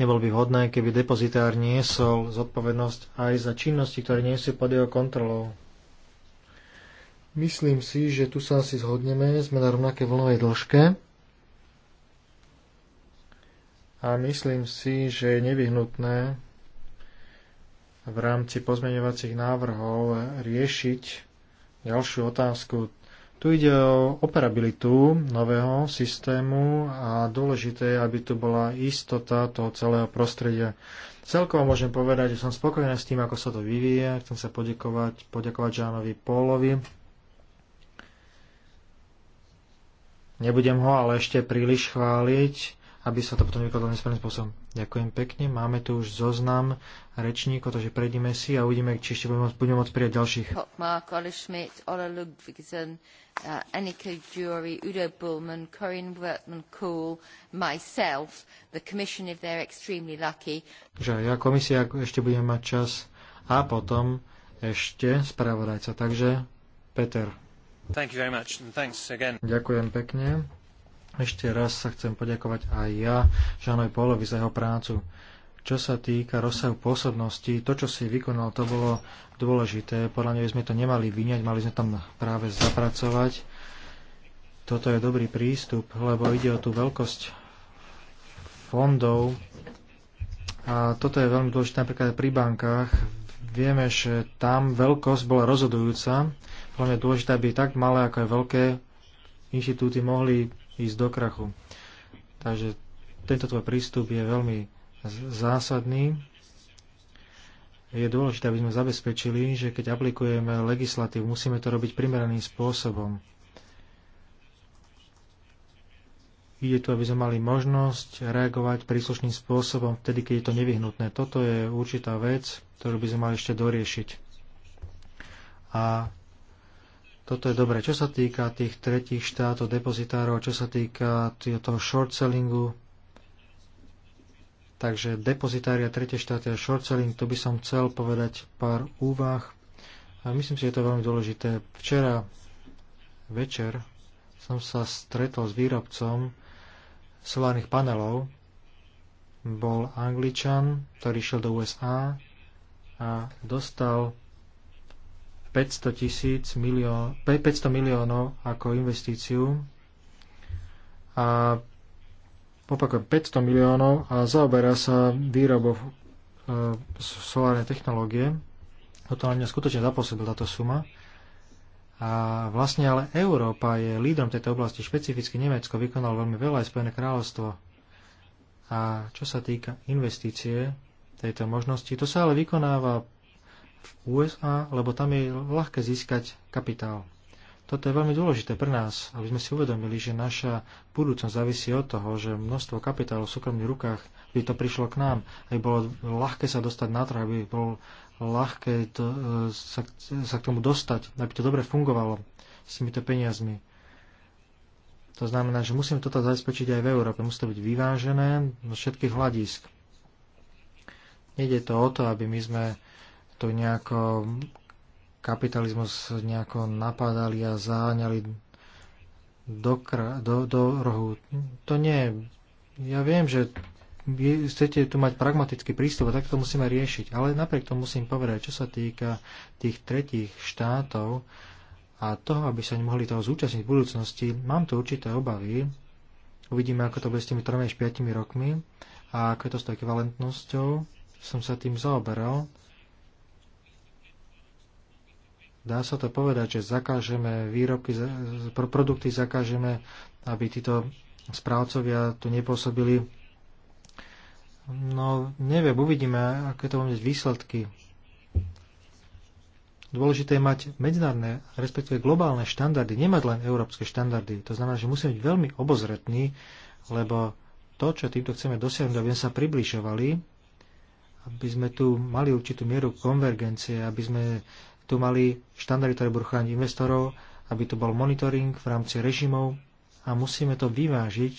Nebol by vhodné, keby depozitár niesol zodpovednosť aj za činnosti, ktoré nie sú pod jeho kontrolou. Myslím si, že tu sa asi zhodneme, sme na rovnaké vlnovej dĺžke. A myslím si, že je nevyhnutné v rámci pozmeňovacích návrhov riešiť ďalšiu otázku tu ide o operabilitu nového systému a dôležité je, aby tu bola istota toho celého prostredia. Celkovo môžem povedať, že som spokojný s tým, ako sa to vyvíja. Chcem sa poďakovať, poďakovať Žánovi Pólovi. Nebudem ho ale ešte príliš chváliť, aby sa to potom vykladalo nesprávnym spôsobom. Ďakujem pekne. Máme tu už zoznam rečníkov, takže prejdime si a uvidíme, či ešte budeme, budeme môcť prijať ďalších. Mark, Schmidt, Ola Ludvigsen, uh, Annika Jury, Udo Bullman, Corinne Wertman myself, the commission if they're extremely lucky. ja komisia ešte budeme mať čas a potom ešte spravodajca. Takže Peter. Thank you very much and thanks again. Ďakujem pekne. Ešte raz sa chcem poďakovať aj ja Žanovi Polovi za jeho prácu. Čo sa týka rozsahu pôsobnosti, to, čo si vykonal, to bolo dôležité. Podľa mňa sme to nemali vyňať, mali sme tam práve zapracovať. Toto je dobrý prístup, lebo ide o tú veľkosť fondov. A toto je veľmi dôležité napríklad aj pri bankách. Vieme, že tam veľkosť bola rozhodujúca. Podľa mňa je dôležité, aby tak malé ako aj veľké inštitúty mohli ísť do krachu. Takže tento tvoj prístup je veľmi zásadný. Je dôležité, aby sme zabezpečili, že keď aplikujeme legislatívu, musíme to robiť primeraným spôsobom. Ide tu, aby sme mali možnosť reagovať príslušným spôsobom vtedy, keď je to nevyhnutné. Toto je určitá vec, ktorú by sme mali ešte doriešiť. A toto je dobré. Čo sa týka tých tretích štátov, depozitárov, čo sa týka toho short sellingu, takže depozitária, tretie štáty a short selling, to by som chcel povedať pár úvah. A myslím si, že to je veľmi dôležité. Včera večer som sa stretol s výrobcom solárnych panelov. Bol angličan, ktorý šiel do USA a dostal 500, tisíc milión, 500 miliónov ako investíciu a opakujem 500 miliónov a zaoberá sa výrobou e, solárnej technológie. Toto na mňa skutočne zapôsobila táto suma. A vlastne ale Európa je lídrom tejto oblasti, špecificky Nemecko vykonalo veľmi veľa aj Spojené kráľovstvo. A čo sa týka investície tejto možnosti, to sa ale vykonáva v USA, lebo tam je ľahké získať kapitál. Toto je veľmi dôležité pre nás, aby sme si uvedomili, že naša budúcnosť závisí od toho, že množstvo kapitálu v súkromných rukách by to prišlo k nám, aby bolo ľahké sa dostať na trh, aby bolo ľahké to, e, sa, sa k tomu dostať, aby to dobre fungovalo s týmito peniazmi. To znamená, že musíme toto zabezpečiť aj v Európe. Musí to byť vyvážené zo všetkých hľadisk. Nejde to o to, aby my sme to nejako kapitalizmus nejako napadali a záňali do, kra, do, do rohu. To nie. Ja viem, že vy chcete tu mať pragmatický prístup a tak to musíme riešiť. Ale napriek tomu musím povedať, čo sa týka tých tretích štátov a toho, aby sa nemohli toho zúčastniť v budúcnosti, mám tu určité obavy. Uvidíme, ako to bude s tými 3 5 rokmi a ako je to s ekvivalentnosťou. Som sa tým zaoberal dá sa to povedať, že zakážeme výrobky, produkty zakážeme, aby títo správcovia tu nepôsobili. No, neviem, uvidíme, aké to bude výsledky. Dôležité je mať medzinárodné, respektíve globálne štandardy, nemať len európske štandardy. To znamená, že musíme byť veľmi obozretní, lebo to, čo týmto chceme dosiahnuť, aby sme sa približovali, aby sme tu mali určitú mieru konvergencie, aby sme tu mali štandardy, ktoré budú chrániť investorov, aby tu bol monitoring v rámci režimov a musíme to vyvážiť,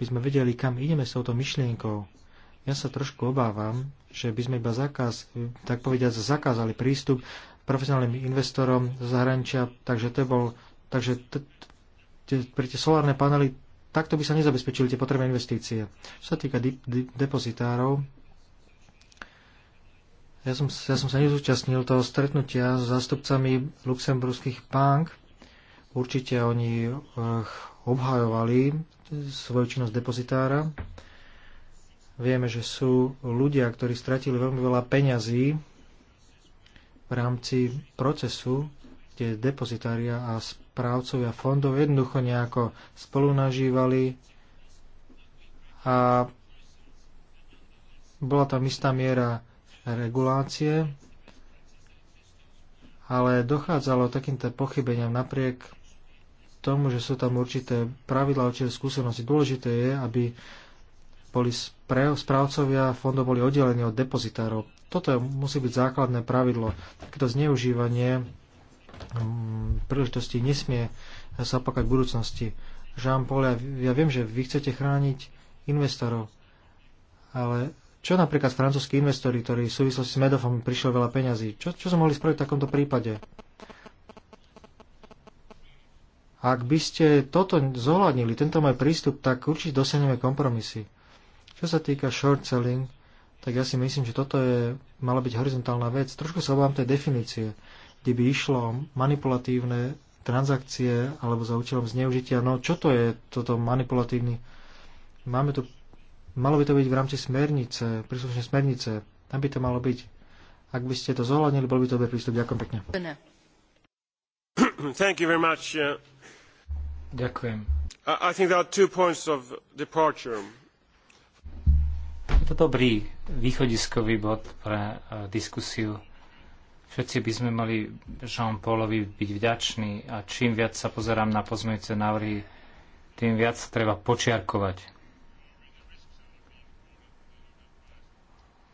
aby sme vedeli, kam ideme s touto myšlienkou. Ja sa trošku obávam, že by sme iba zakaz, tak povediať, zakázali prístup profesionálnym investorom z zahraničia, takže to bol, takže pre tie solárne panely takto by sa nezabezpečili tie potrebné investície. Čo sa týka depozitárov, ja som, ja som sa nezúčastnil toho stretnutia s zástupcami luxemburských bank. Určite oni eh, obhajovali svoju činnosť depozitára. Vieme, že sú ľudia, ktorí stratili veľmi veľa peňazí v rámci procesu, kde depozitária a správcovia fondov jednoducho nejako spolunažívali a bola tam istá miera regulácie, ale dochádzalo takýmto pochybeniam napriek tomu, že sú tam určité pravidla, určité skúsenosti. Dôležité je, aby boli správcovia fondov boli oddelení od depozitárov. Toto musí byť základné pravidlo. Takéto zneužívanie mm, príležitosti nesmie sa opakať v budúcnosti. Jean-Paul, ja, ja viem, že vy chcete chrániť investorov, ale čo napríklad francúzskí investori, ktorí v súvislosti s Medofom prišlo veľa peňazí? Čo, čo sme mohli spraviť v takomto prípade? Ak by ste toto zohľadnili, tento môj prístup, tak určite dosiahneme kompromisy. Čo sa týka short selling, tak ja si myslím, že toto je, mala byť horizontálna vec. Trošku sa obávam tej definície, kde by išlo manipulatívne transakcie alebo za účelom zneužitia. No čo to je toto manipulatívny? Máme tu Malo by to byť v rámci smernice, príslušnej smernice. Tam by to malo byť. Ak by ste to zohľadnili, bol by to dobrý prístup. Ďakujem pekne. Thank you very much. Uh, Ďakujem. I think there are two points of departure. Je to dobrý východiskový bod pre uh, diskusiu. Všetci by sme mali Jean-Paulovi byť vďační a čím viac sa pozerám na pozmeňujúce návrhy, tým viac treba počiarkovať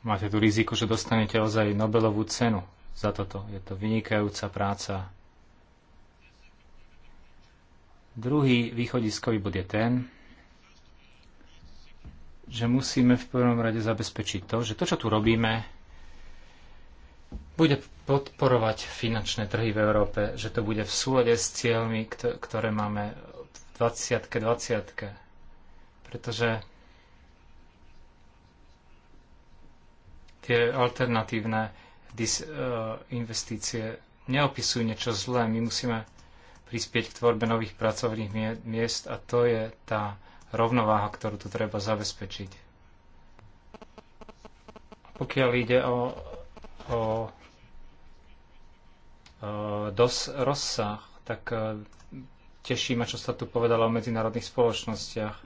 máte tu riziko, že dostanete ozaj Nobelovú cenu za toto. Je to vynikajúca práca. Druhý východiskový bod je ten, že musíme v prvom rade zabezpečiť to, že to, čo tu robíme, bude podporovať finančné trhy v Európe, že to bude v súlade s cieľmi, ktoré máme v 20 20 Pretože tie alternatívne e, investície neopisujú niečo zlé. My musíme prispieť k tvorbe nových pracovných miest a to je tá rovnováha, ktorú tu treba zabezpečiť. Pokiaľ ide o, o, o e, dos, rozsah, tak e, teší ma, čo sa tu povedala o medzinárodných spoločnostiach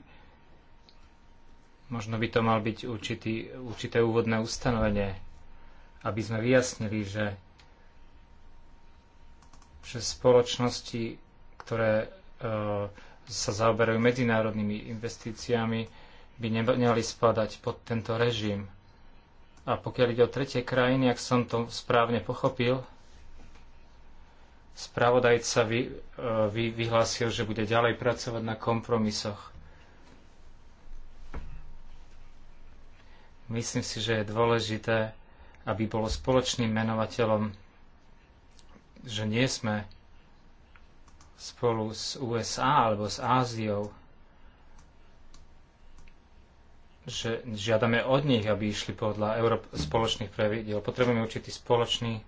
Možno by to mal byť určitý, určité úvodné ustanovenie, aby sme vyjasnili, že, že spoločnosti, ktoré e, sa zaoberajú medzinárodnými investíciami, by nemali spadať pod tento režim. A pokiaľ ide o tretie krajiny, ak som to správne pochopil, spravodajca vy, e, vy, vyhlásil, že bude ďalej pracovať na kompromisoch. Myslím si, že je dôležité, aby bolo spoločným menovateľom, že nie sme spolu s USA alebo s Áziou, že žiadame od nich, aby išli podľa Európ spoločných pravidel. Potrebujeme určitý spoločný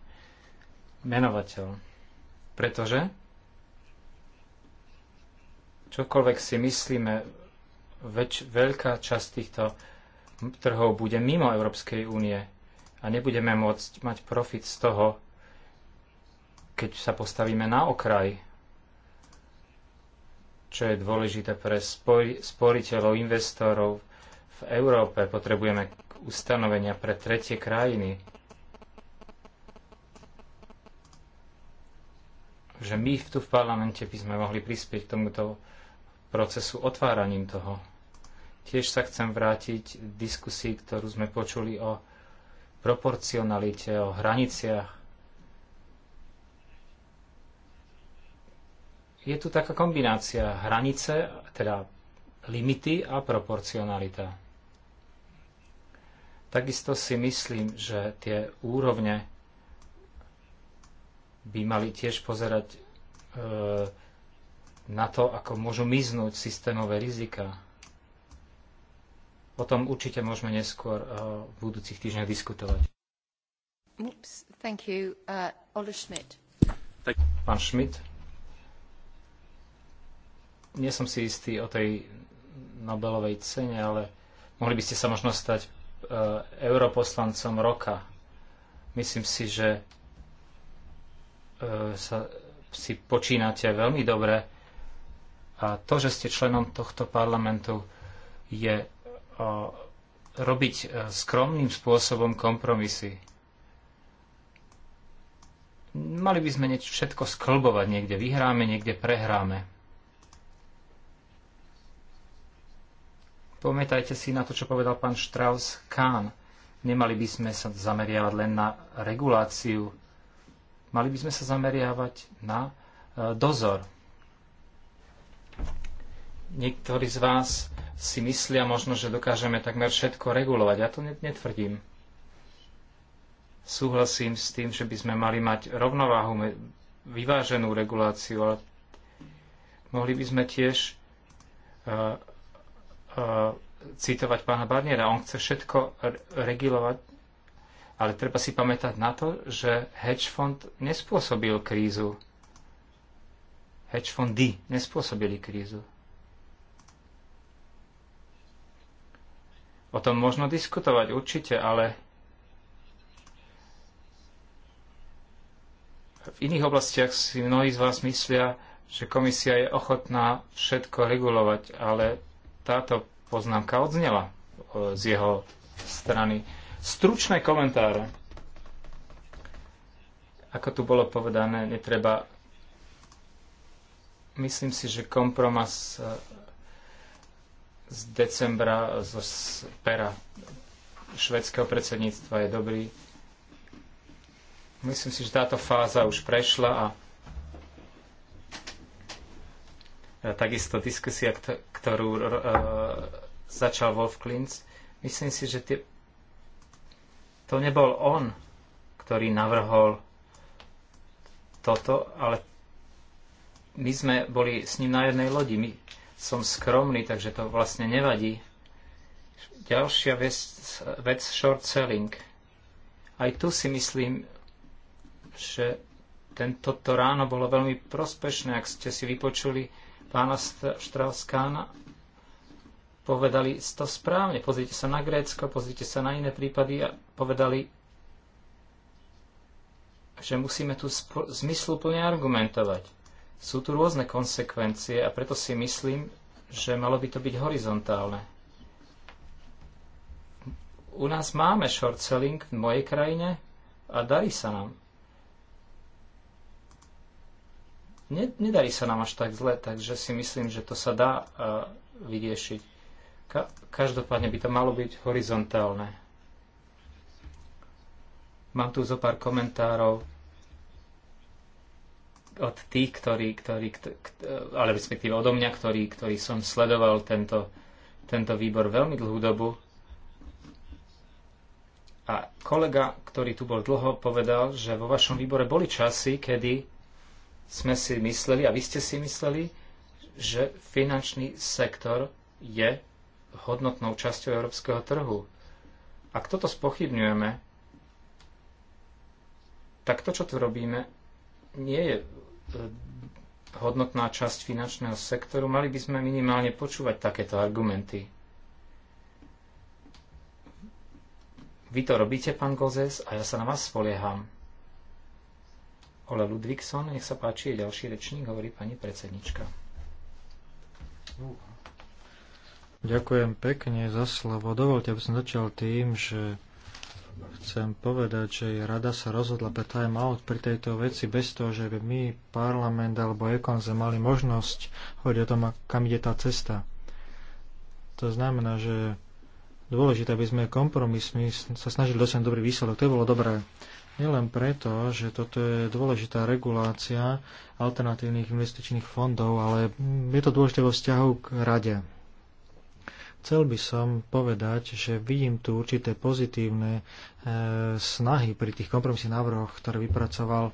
menovateľ. Pretože čokoľvek si myslíme, väč- veľká časť týchto trhov bude mimo Európskej únie a nebudeme môcť mať profit z toho, keď sa postavíme na okraj, čo je dôležité pre sporiteľov, investorov v Európe. Potrebujeme ustanovenia pre tretie krajiny, že my tu v parlamente by sme mohli prispieť k tomuto procesu otváraním toho. Tiež sa chcem vrátiť k diskusii, ktorú sme počuli o proporcionalite, o hraniciach. Je tu taká kombinácia hranice, teda limity a proporcionalita. Takisto si myslím, že tie úrovne by mali tiež pozerať e, na to, ako môžu miznúť systémové rizika. O tom určite môžeme neskôr eh, v budúcich týždňoch diskutovať. Oops, thank you. Uh, Ole Schmidt. Pán Schmidt. Nie som si istý o tej Nobelovej cene, ale mohli by ste sa možno stať uh, europoslancom roka. Myslím si, že uh, sa, si počínate veľmi dobre a to, že ste členom tohto parlamentu, je robiť e, skromným spôsobom kompromisy. Mali by sme všetko sklbovať niekde. Vyhráme, niekde prehráme. Pamätajte si na to, čo povedal pán Strauss Kahn. Nemali by sme sa zameriavať len na reguláciu. Mali by sme sa zameriavať na e, dozor. Niektorí z vás si myslia možno, že dokážeme takmer všetko regulovať. Ja to netvrdím. Súhlasím s tým, že by sme mali mať rovnováhu, vyváženú reguláciu, ale mohli by sme tiež uh, uh, citovať pána Barniera. On chce všetko regulovať, ale treba si pamätať na to, že hedge fond nespôsobil krízu. Hedge fondy nespôsobili krízu. O tom možno diskutovať určite, ale v iných oblastiach si mnohí z vás myslia, že komisia je ochotná všetko regulovať, ale táto poznámka odznela e, z jeho strany. Stručné komentáre. Ako tu bolo povedané, netreba. Myslím si, že kompromis e, z decembra zo pera švedského predsedníctva je dobrý. Myslím si, že táto fáza už prešla a takisto diskusia, ktorú uh, začal Wolf Klintz. Myslím si, že tie... to nebol on, ktorý navrhol toto, ale my sme boli s ním na jednej lodi. My som skromný, takže to vlastne nevadí. Ďalšia vec, vec short selling. Aj tu si myslím, že tento to ráno bolo veľmi prospešné, ak ste si vypočuli pána Štrauskána, povedali to správne. Pozrite sa na Grécko, pozrite sa na iné prípady a povedali, že musíme tu zmysluplne argumentovať sú tu rôzne konsekvencie a preto si myslím, že malo by to byť horizontálne. U nás máme short selling v mojej krajine a darí sa nám. nedarí sa nám až tak zle, takže si myslím, že to sa dá uh, vyriešiť. Ka- každopádne by to malo byť horizontálne. Mám tu zo pár komentárov od tých, ktorí, ktorí, ale respektíve odo mňa, ktorý, ktorý som sledoval tento, tento výbor veľmi dlhú dobu. A kolega, ktorý tu bol dlho, povedal, že vo vašom výbore boli časy, kedy sme si mysleli, a vy ste si mysleli, že finančný sektor je hodnotnou časťou európskeho trhu. Ak toto spochybňujeme, tak to, čo tu robíme, nie je hodnotná časť finančného sektoru, mali by sme minimálne počúvať takéto argumenty. Vy to robíte, pán Gozes, a ja sa na vás spolieham. Ole Ludvíkson, nech sa páči, je ďalší rečník, hovorí pani predsednička. Ďakujem pekne za slovo. Dovolte, aby som začal tým, že chcem povedať, že rada sa rozhodla pre time out pri tejto veci bez toho, že by my, parlament alebo Ekonze mali možnosť hovoriť o tom, kam ide tá cesta. To znamená, že dôležité, aby sme kompromismi sa snažili dosiahnuť dobrý výsledok. To bolo dobré. Nielen preto, že toto je dôležitá regulácia alternatívnych investičných fondov, ale je to dôležité vo vzťahu k rade. Chcel by som povedať, že vidím tu určité pozitívne e, snahy pri tých kompromisných návrhoch, ktoré vypracoval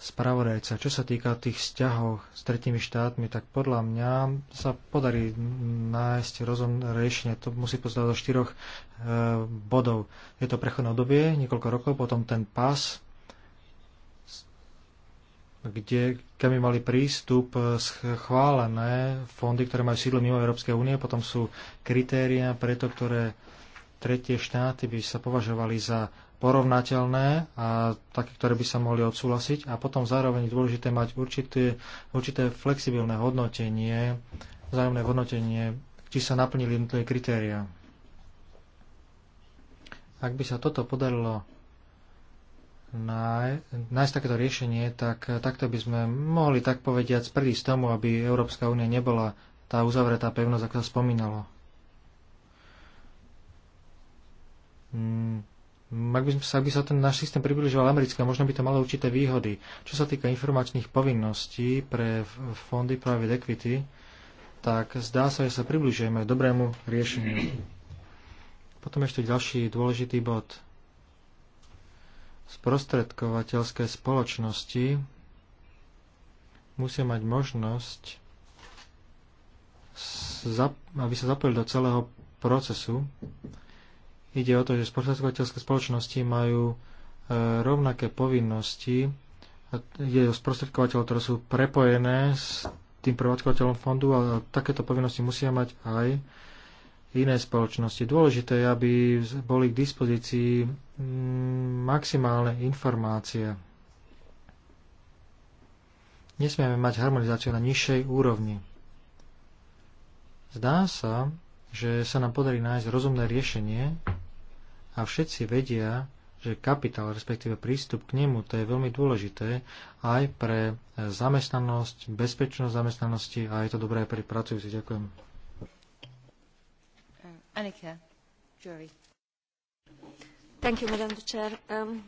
spravodajca. Čo sa týka tých vzťahov s tretími štátmi, tak podľa mňa sa podarí nájsť rozumné riešenie. To musí pozdať do štyroch e, bodov. Je to prechodné obdobie, niekoľko rokov, potom ten pás, kde, kam by mali prístup eh, schválené fondy, ktoré majú sídlo mimo Európskej únie, potom sú kritéria pre to, ktoré tretie štáty by sa považovali za porovnateľné a také, ktoré by sa mohli odsúhlasiť. A potom zároveň je dôležité mať určité, určité flexibilné hodnotenie, vzájomné hodnotenie, či sa naplnili jednotlivé kritéria. Ak by sa toto podarilo nájsť takéto riešenie, tak takto by sme mohli tak povediať predísť tomu, aby Európska únia nebola tá uzavretá pevnosť, ako sa spomínalo. Mm, ak by, sa, ak by sa ten náš systém približoval americké, možno by to malo určité výhody. Čo sa týka informačných povinností pre fondy private equity, tak zdá sa, že sa približujeme k dobrému riešeniu. Potom ešte ďalší dôležitý bod – sprostredkovateľské spoločnosti musia mať možnosť, aby sa zapojili do celého procesu. Ide o to, že sprostredkovateľské spoločnosti majú e, rovnaké povinnosti. Ide o sprostredkovateľov, ktoré sú prepojené s tým prevádzkovateľom fondu, ale takéto povinnosti musia mať aj iné spoločnosti. Dôležité je, aby boli k dispozícii mm, maximálne informácie. Nesmieme mať harmonizáciu na nižšej úrovni. Zdá sa, že sa nám podarí nájsť rozumné riešenie a všetci vedia, že kapitál, respektíve prístup k nemu, to je veľmi dôležité aj pre zamestnanosť, bezpečnosť zamestnanosti a je to dobré aj pre pracujúcich. Ďakujem. Um,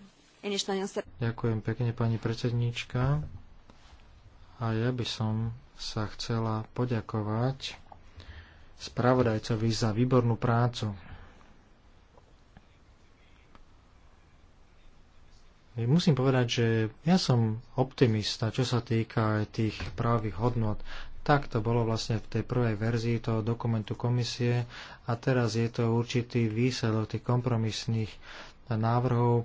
Ďakujem pekne, pani predsedníčka. A ja by som sa chcela poďakovať spravodajcovi za výbornú prácu. Musím povedať, že ja som optimista, čo sa týka aj tých právých hodnot. Tak to bolo vlastne v tej prvej verzii toho dokumentu komisie a teraz je to určitý výsledok tých kompromisných návrhov. E,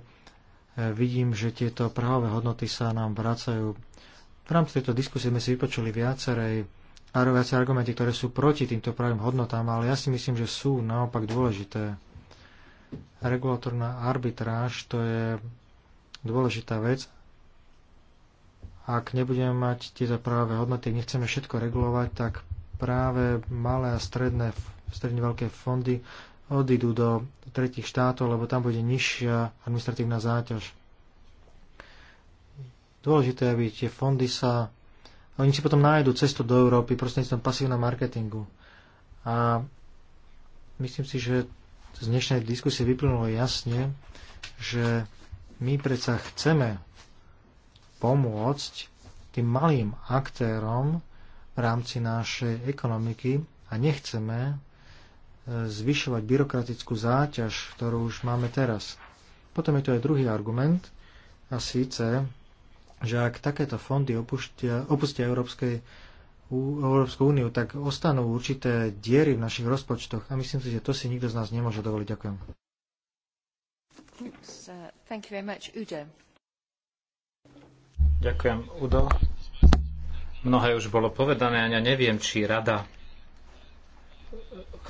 vidím, že tieto prahové hodnoty sa nám vracajú. V rámci tejto diskusie sme si vypočuli viacerej viacej argumenty, ktoré sú proti týmto pravým hodnotám, ale ja si myslím, že sú naopak dôležité. Regulatorná arbitráž to je dôležitá vec ak nebudeme mať tieto práve hodnoty, ak nechceme všetko regulovať, tak práve malé a stredné, stredne veľké fondy odídu do tretich štátov, lebo tam bude nižšia administratívna záťaž. Dôležité, aby tie fondy sa... Oni si potom nájdu cestu do Európy prostredníctvom pasívneho marketingu. A myslím si, že z dnešnej diskusie vyplynulo jasne, že my predsa chceme pomôcť tým malým aktérom v rámci našej ekonomiky a nechceme e, zvyšovať byrokratickú záťaž, ktorú už máme teraz. Potom je to aj druhý argument, a síce, že ak takéto fondy opustia, opustia Európskej, Európsku úniu, tak ostanú určité diery v našich rozpočtoch a myslím si, že to si nikto z nás nemôže dovoliť. Ďakujem. Thanks, uh, thank you very much, Udo. Ďakujem, Udo. Mnohé už bolo povedané a ja neviem, či rada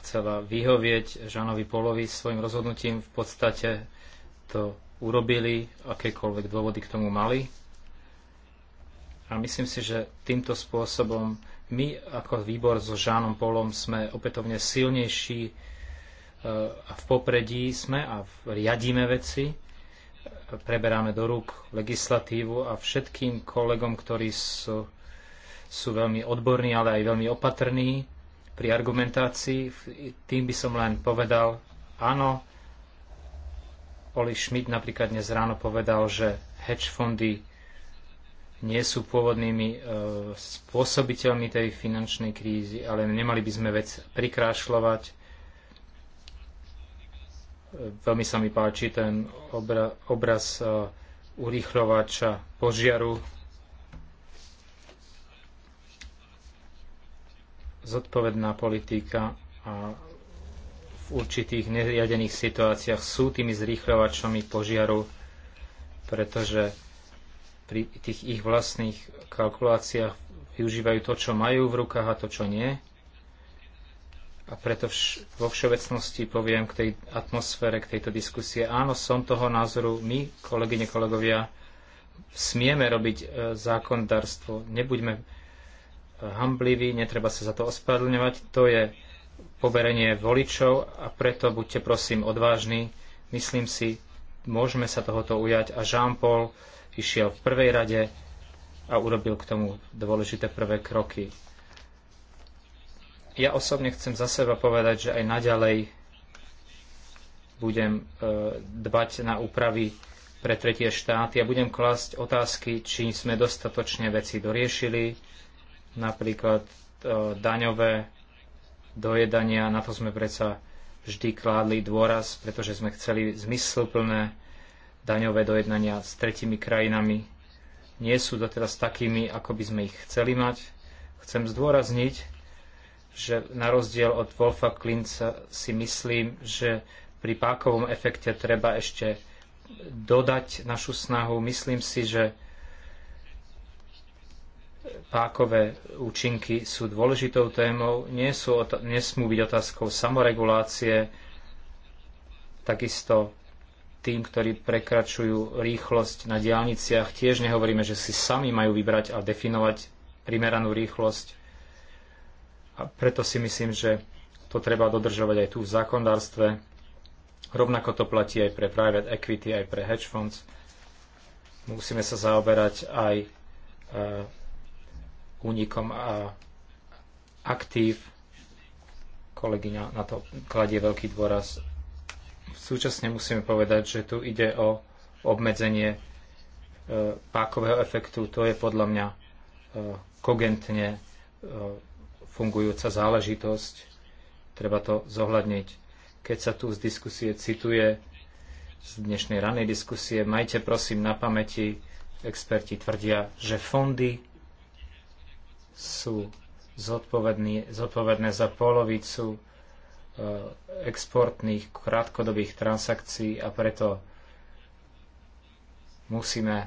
chcela vyhovieť Žanovi Polovi svojim rozhodnutím. V podstate to urobili, akékoľvek dôvody k tomu mali. A myslím si, že týmto spôsobom my ako výbor so Žánom Polom sme opätovne silnejší e, a v popredí sme a riadíme veci preberáme do rúk legislatívu a všetkým kolegom, ktorí sú, sú veľmi odborní, ale aj veľmi opatrní pri argumentácii, tým by som len povedal, áno, Oli Schmidt napríklad dnes ráno povedal, že hedge fondy nie sú pôvodnými e, spôsobiteľmi tej finančnej krízy, ale nemali by sme vec prikrášľovať Veľmi sa mi páči ten obra, obraz e, urýchľovača požiaru. Zodpovedná politika a v určitých neriadených situáciách sú tými zrýchľovačami požiaru, pretože pri tých ich vlastných kalkuláciách využívajú to, čo majú v rukách a to, čo nie. A preto vš- vo všeobecnosti poviem k tej atmosfére, k tejto diskusie. Áno, som toho názoru, my, kolegyne, kolegovia, smieme robiť e, zákondarstvo. Nebuďme e, hambliví, netreba sa za to ospravedlňovať. To je poverenie voličov a preto buďte prosím odvážni. Myslím si, môžeme sa tohoto ujať a Jean-Paul išiel v prvej rade a urobil k tomu dôležité prvé kroky ja osobne chcem za seba povedať, že aj naďalej budem e, dbať na úpravy pre tretie štáty a budem klásť otázky, či sme dostatočne veci doriešili, napríklad e, daňové dojedania, na to sme predsa vždy kládli dôraz, pretože sme chceli zmysluplné daňové dojednania s tretimi krajinami. Nie sú doteraz takými, ako by sme ich chceli mať. Chcem zdôrazniť, že na rozdiel od Wolfa Klinca si myslím, že pri pákovom efekte treba ešte dodať našu snahu. Myslím si, že pákové účinky sú dôležitou témou, nie sú, nesmú byť otázkou samoregulácie, takisto tým, ktorí prekračujú rýchlosť na diálniciach, tiež nehovoríme, že si sami majú vybrať a definovať primeranú rýchlosť. A preto si myslím, že to treba dodržovať aj tu v zákondárstve. Rovnako to platí aj pre private equity, aj pre hedge funds. Musíme sa zaoberať aj e, únikom a aktív. Kolegyňa na to kladie veľký dôraz. Súčasne musíme povedať, že tu ide o obmedzenie e, pákového efektu. To je podľa mňa e, kogentne fungujúca záležitosť. Treba to zohľadniť. Keď sa tu z diskusie cituje, z dnešnej ranej diskusie, majte prosím na pamäti, experti tvrdia, že fondy sú zodpovedné za polovicu e, exportných krátkodobých transakcií a preto musíme e,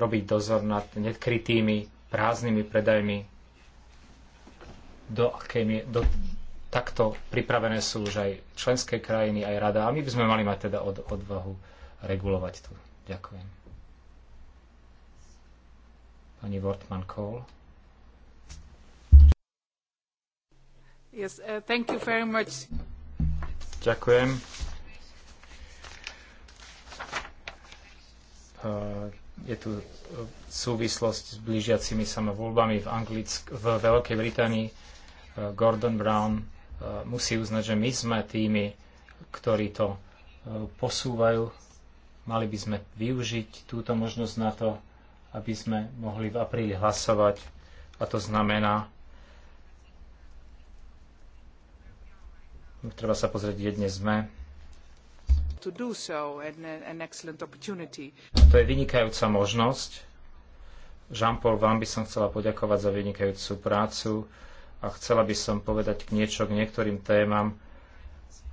robiť dozor nad nekrytými prázdnymi predajmi do akej miery, do, takto pripravené sú už aj členské krajiny, aj rada. A my by sme mali mať teda od, odvahu regulovať to. Ďakujem. Pani Wortman Kohl. Yes, uh, thank you very much. Ďakujem. Uh, je tu uh, súvislosť s blížiacimi sa voľbami v, Anglicku, v Veľkej Británii Gordon Brown e, musí uznať, že my sme tými, ktorí to e, posúvajú. Mali by sme využiť túto možnosť na to, aby sme mohli v apríli hlasovať. A to znamená, treba sa pozrieť, kde dnes sme. So, to je vynikajúca možnosť. Jean-Paul, vám by som chcela poďakovať za vynikajúcu prácu a chcela by som povedať k niečo k niektorým témam,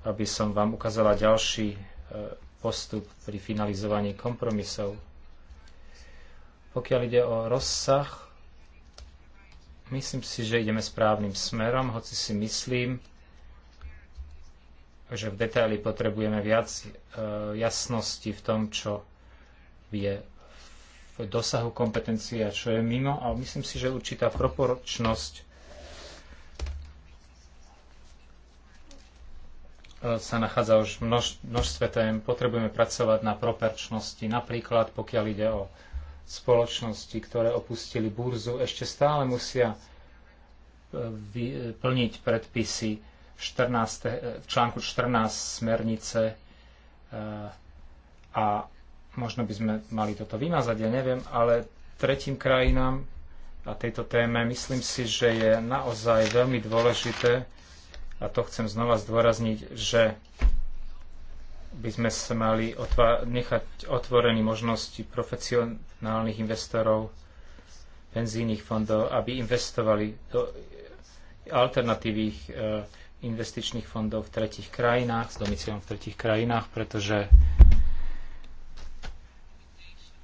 aby som vám ukázala ďalší e, postup pri finalizovaní kompromisov. Pokiaľ ide o rozsah, myslím si, že ideme správnym smerom, hoci si myslím, že v detaily potrebujeme viac e, jasnosti v tom, čo je v dosahu kompetencie a čo je mimo. A myslím si, že určitá proporčnosť sa nachádza už množ, množstve tém. Potrebujeme pracovať na properčnosti, napríklad pokiaľ ide o spoločnosti, ktoré opustili burzu, ešte stále musia e, e, plniť predpisy 14, e, v článku 14 smernice a možno by sme mali toto vymazať, ja neviem, ale tretím krajinám a tejto téme myslím si, že je naozaj veľmi dôležité, a to chcem znova zdôrazniť, že by sme sa mali otvá- nechať otvorení možnosti profesionálnych investorov, penzijných fondov, aby investovali do alternatívnych e, investičných fondov v tretich krajinách, s domicilom v tretich krajinách, pretože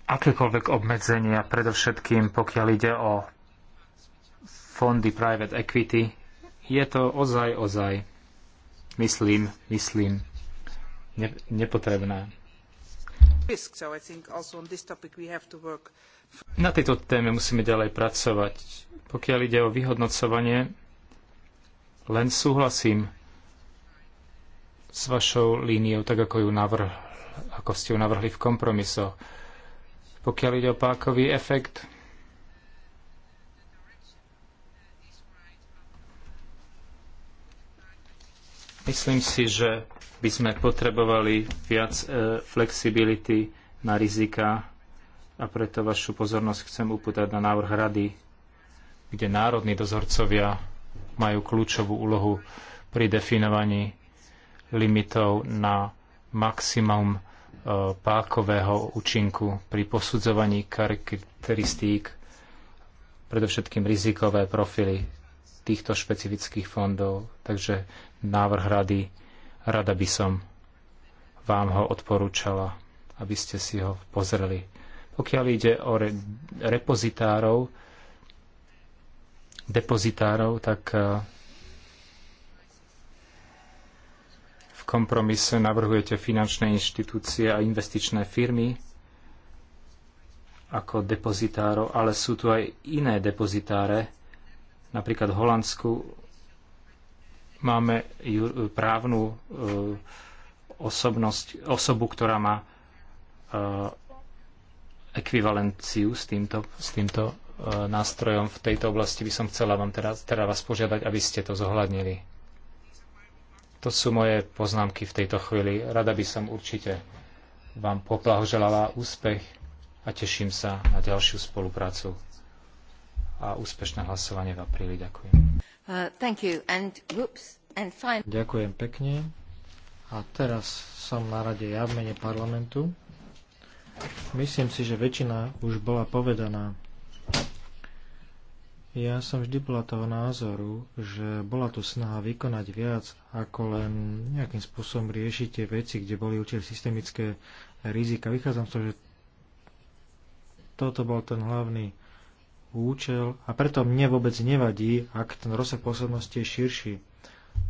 akékoľvek obmedzenia, predovšetkým pokiaľ ide o fondy private equity, je to ozaj, ozaj, myslím, myslím, ne, nepotrebné. Na tejto téme musíme ďalej pracovať. Pokiaľ ide o vyhodnocovanie, len súhlasím s vašou líniou, tak ako, ju navrh, ako ste ju navrhli v kompromisoch. Pokiaľ ide o pákový efekt, Myslím si, že by sme potrebovali viac e, flexibility na rizika a preto vašu pozornosť chcem upútať na návrh rady, kde národní dozorcovia majú kľúčovú úlohu pri definovaní limitov na maximum e, pákového účinku pri posudzovaní charakteristík, predovšetkým rizikové profily týchto špecifických fondov. Takže návrh rady, rada by som vám ho odporúčala, aby ste si ho pozreli. Pokiaľ ide o re, repozitárov, depozitárov, tak e, v kompromise navrhujete finančné inštitúcie a investičné firmy ako depozitárov, ale sú tu aj iné depozitáre, Napríklad v Holandsku máme e, právnu e, osobnosť, osobu, ktorá má e, ekvivalenciu s týmto, s týmto nástrojom v tejto oblasti by som chcela vám teraz, teda vás požiadať, aby ste to zohľadnili. To sú moje poznámky v tejto chvíli. Rada by som určite vám poplahoželala úspech a teším sa na ďalšiu spoluprácu a úspešné hlasovanie v apríli. Ďakujem. Uh, thank you. And, whoops, and fine. Ďakujem pekne. A teraz som na rade ja v mene parlamentu. Myslím si, že väčšina už bola povedaná. Ja som vždy bola toho názoru, že bola tu snaha vykonať viac, ako len nejakým spôsobom riešiť tie veci, kde boli určite systemické rizika. Vychádzam z toho, že toto bol ten hlavný účel a preto mne vôbec nevadí, ak ten rozsah pôsobnosti je širší.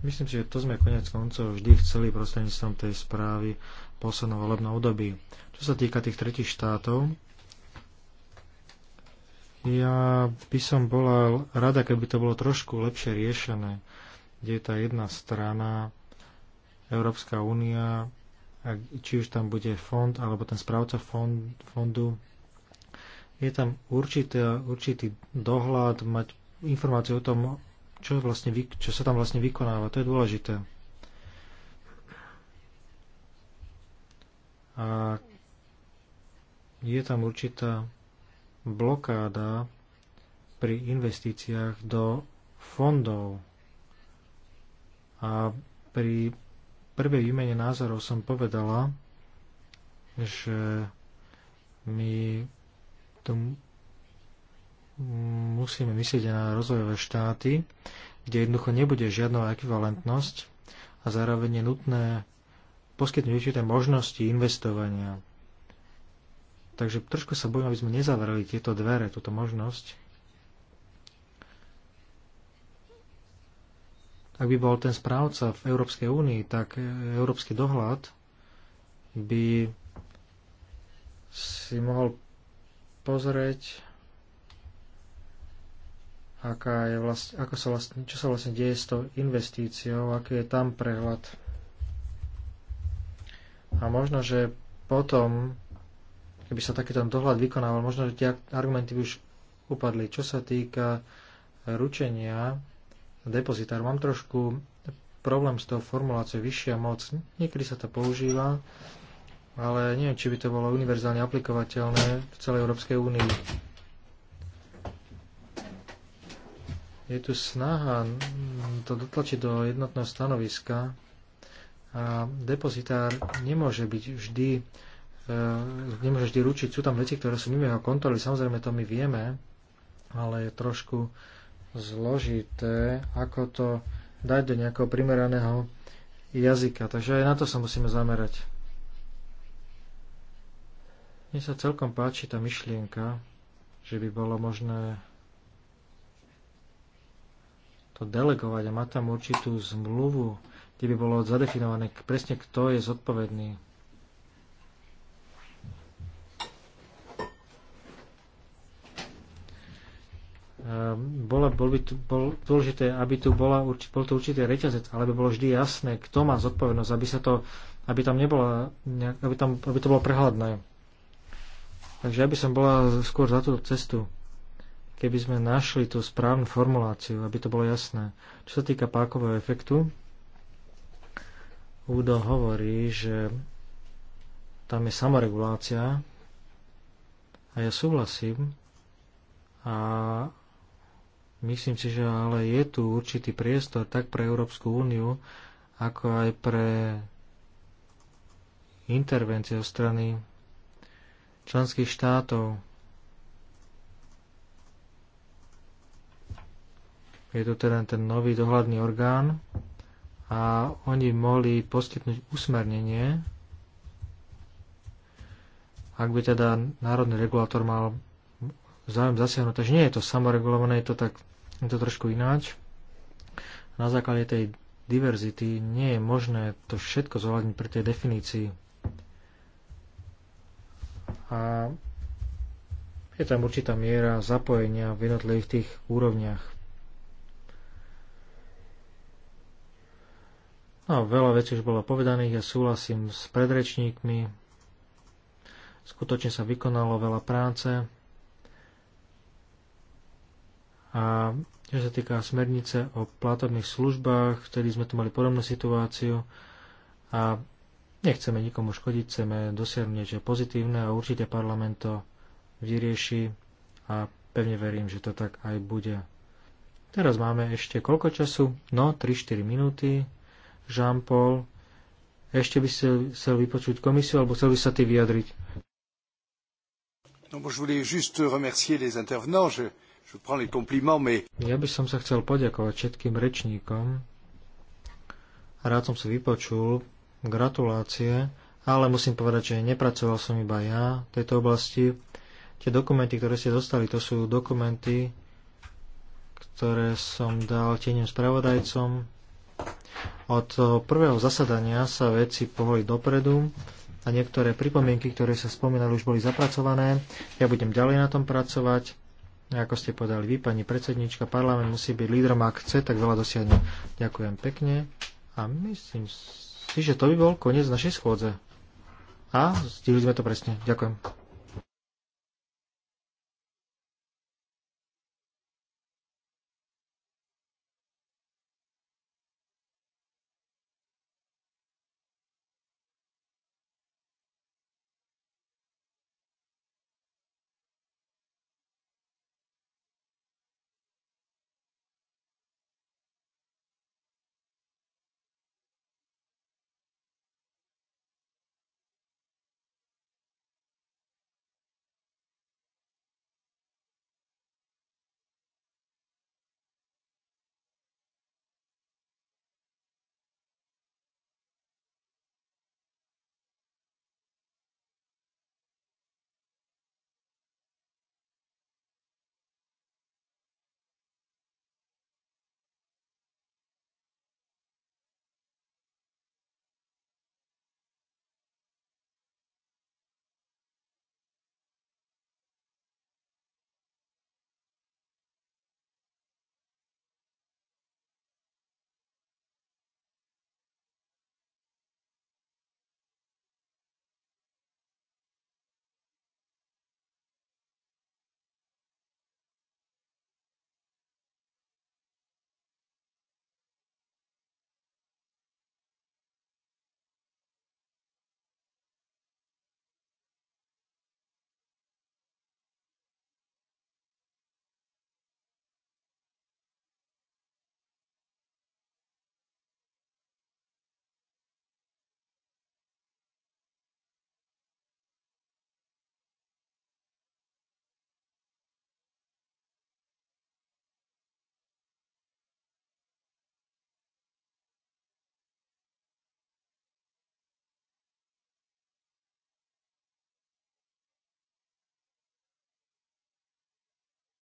Myslím si, že to sme konec koncov vždy chceli prostredníctvom tej správy poslednom volebnom období. Čo sa týka tých tretich štátov, ja by som bola rada, keby to bolo trošku lepšie riešené, kde je tá jedna strana, Európska únia, či už tam bude fond alebo ten správca fond, fondu, je tam určitý, určitý dohľad, mať informáciu o tom, čo, vlastne, čo sa tam vlastne vykonáva. To je dôležité. A je tam určitá blokáda pri investíciách do fondov. A pri prvej výmene názorov som povedala, že my to musíme myslieť aj na rozvojové štáty, kde jednoducho nebude žiadna ekvivalentnosť a zároveň je nutné poskytnúť určité možnosti investovania. Takže trošku sa bojím, aby sme nezavreli tieto dvere, túto možnosť. Ak by bol ten správca v Európskej únii, tak európsky dohľad by si mohol pozrieť, aká je vlast, ako sa vlastne, čo sa vlastne deje s tou investíciou, aký je tam prehľad. A možno, že potom, keby sa takýto dohľad vykonával, možno, že tie argumenty by už upadli. Čo sa týka ručenia depozitár, mám trošku problém s tou formuláciou vyššia moc. Niekedy sa to používa, ale neviem, či by to bolo univerzálne aplikovateľné v celej Európskej únii. Je tu snaha to dotlačiť do jednotného stanoviska a depozitár nemôže byť vždy e, nemôže vždy ručiť. Sú tam veci, ktoré sú mimo jeho kontroly, samozrejme to my vieme, ale je trošku zložité, ako to dať do nejakého primeraného jazyka. Takže aj na to sa musíme zamerať. Mne sa celkom páči tá myšlienka, že by bolo možné to delegovať a mať tam určitú zmluvu, kde by bolo zadefinované presne, kto je zodpovedný. Ehm, bola, bol by tu, bol dôležité, aby tu bola, bol to určitý reťazec, ale by bolo vždy jasné, kto má zodpovednosť, aby, sa to, aby tam, nebola, aby tam aby to bolo prehľadné. Takže ja by som bola skôr za tú cestu, keby sme našli tú správnu formuláciu, aby to bolo jasné. Čo sa týka pákového efektu, Udo hovorí, že tam je samoregulácia a ja súhlasím a myslím si, že ale je tu určitý priestor tak pre Európsku úniu, ako aj pre intervencie zo strany členských štátov. Je to teda ten nový dohľadný orgán a oni mohli poskytnúť usmernenie, ak by teda národný regulátor mal záujem zasiahnuť. Takže nie je to samoregulované, je to, tak, je to trošku ináč. Na základe tej diverzity nie je možné to všetko zohľadniť pri tej definícii a je tam určitá miera zapojenia v jednotlivých tých úrovniach. No, veľa vecí už bolo povedaných, ja súhlasím s predrečníkmi. Skutočne sa vykonalo veľa práce. A čo sa týka smernice o platobných službách, vtedy sme tu mali podobnú situáciu a Nechceme nikomu škodiť, chceme dosiahnuť niečo pozitívne a určite parlament to vyrieši a pevne verím, že to tak aj bude. Teraz máme ešte koľko času? No, 3-4 minúty. Jean-Paul, ešte by si chcel vypočuť komisiu, alebo chcel by sa ty vyjadriť? No, je voulais juste remercier les intervenants. Je, je prends les compliments, mais... Ja by som sa chcel poďakovať všetkým rečníkom. Rád som si vypočul gratulácie, ale musím povedať, že nepracoval som iba ja v tejto oblasti. Tie dokumenty, ktoré ste dostali, to sú dokumenty, ktoré som dal tieňom spravodajcom. Od prvého zasadania sa veci pohli dopredu a niektoré pripomienky, ktoré sa spomínali, už boli zapracované. Ja budem ďalej na tom pracovať. Ako ste povedali vy, pani predsednička, parlament musí byť lídrom, ak chce, tak veľa dosiahne. Ďakujem pekne a myslím Čiže to by bol koniec našej schôdze. A stihli sme to presne. Ďakujem.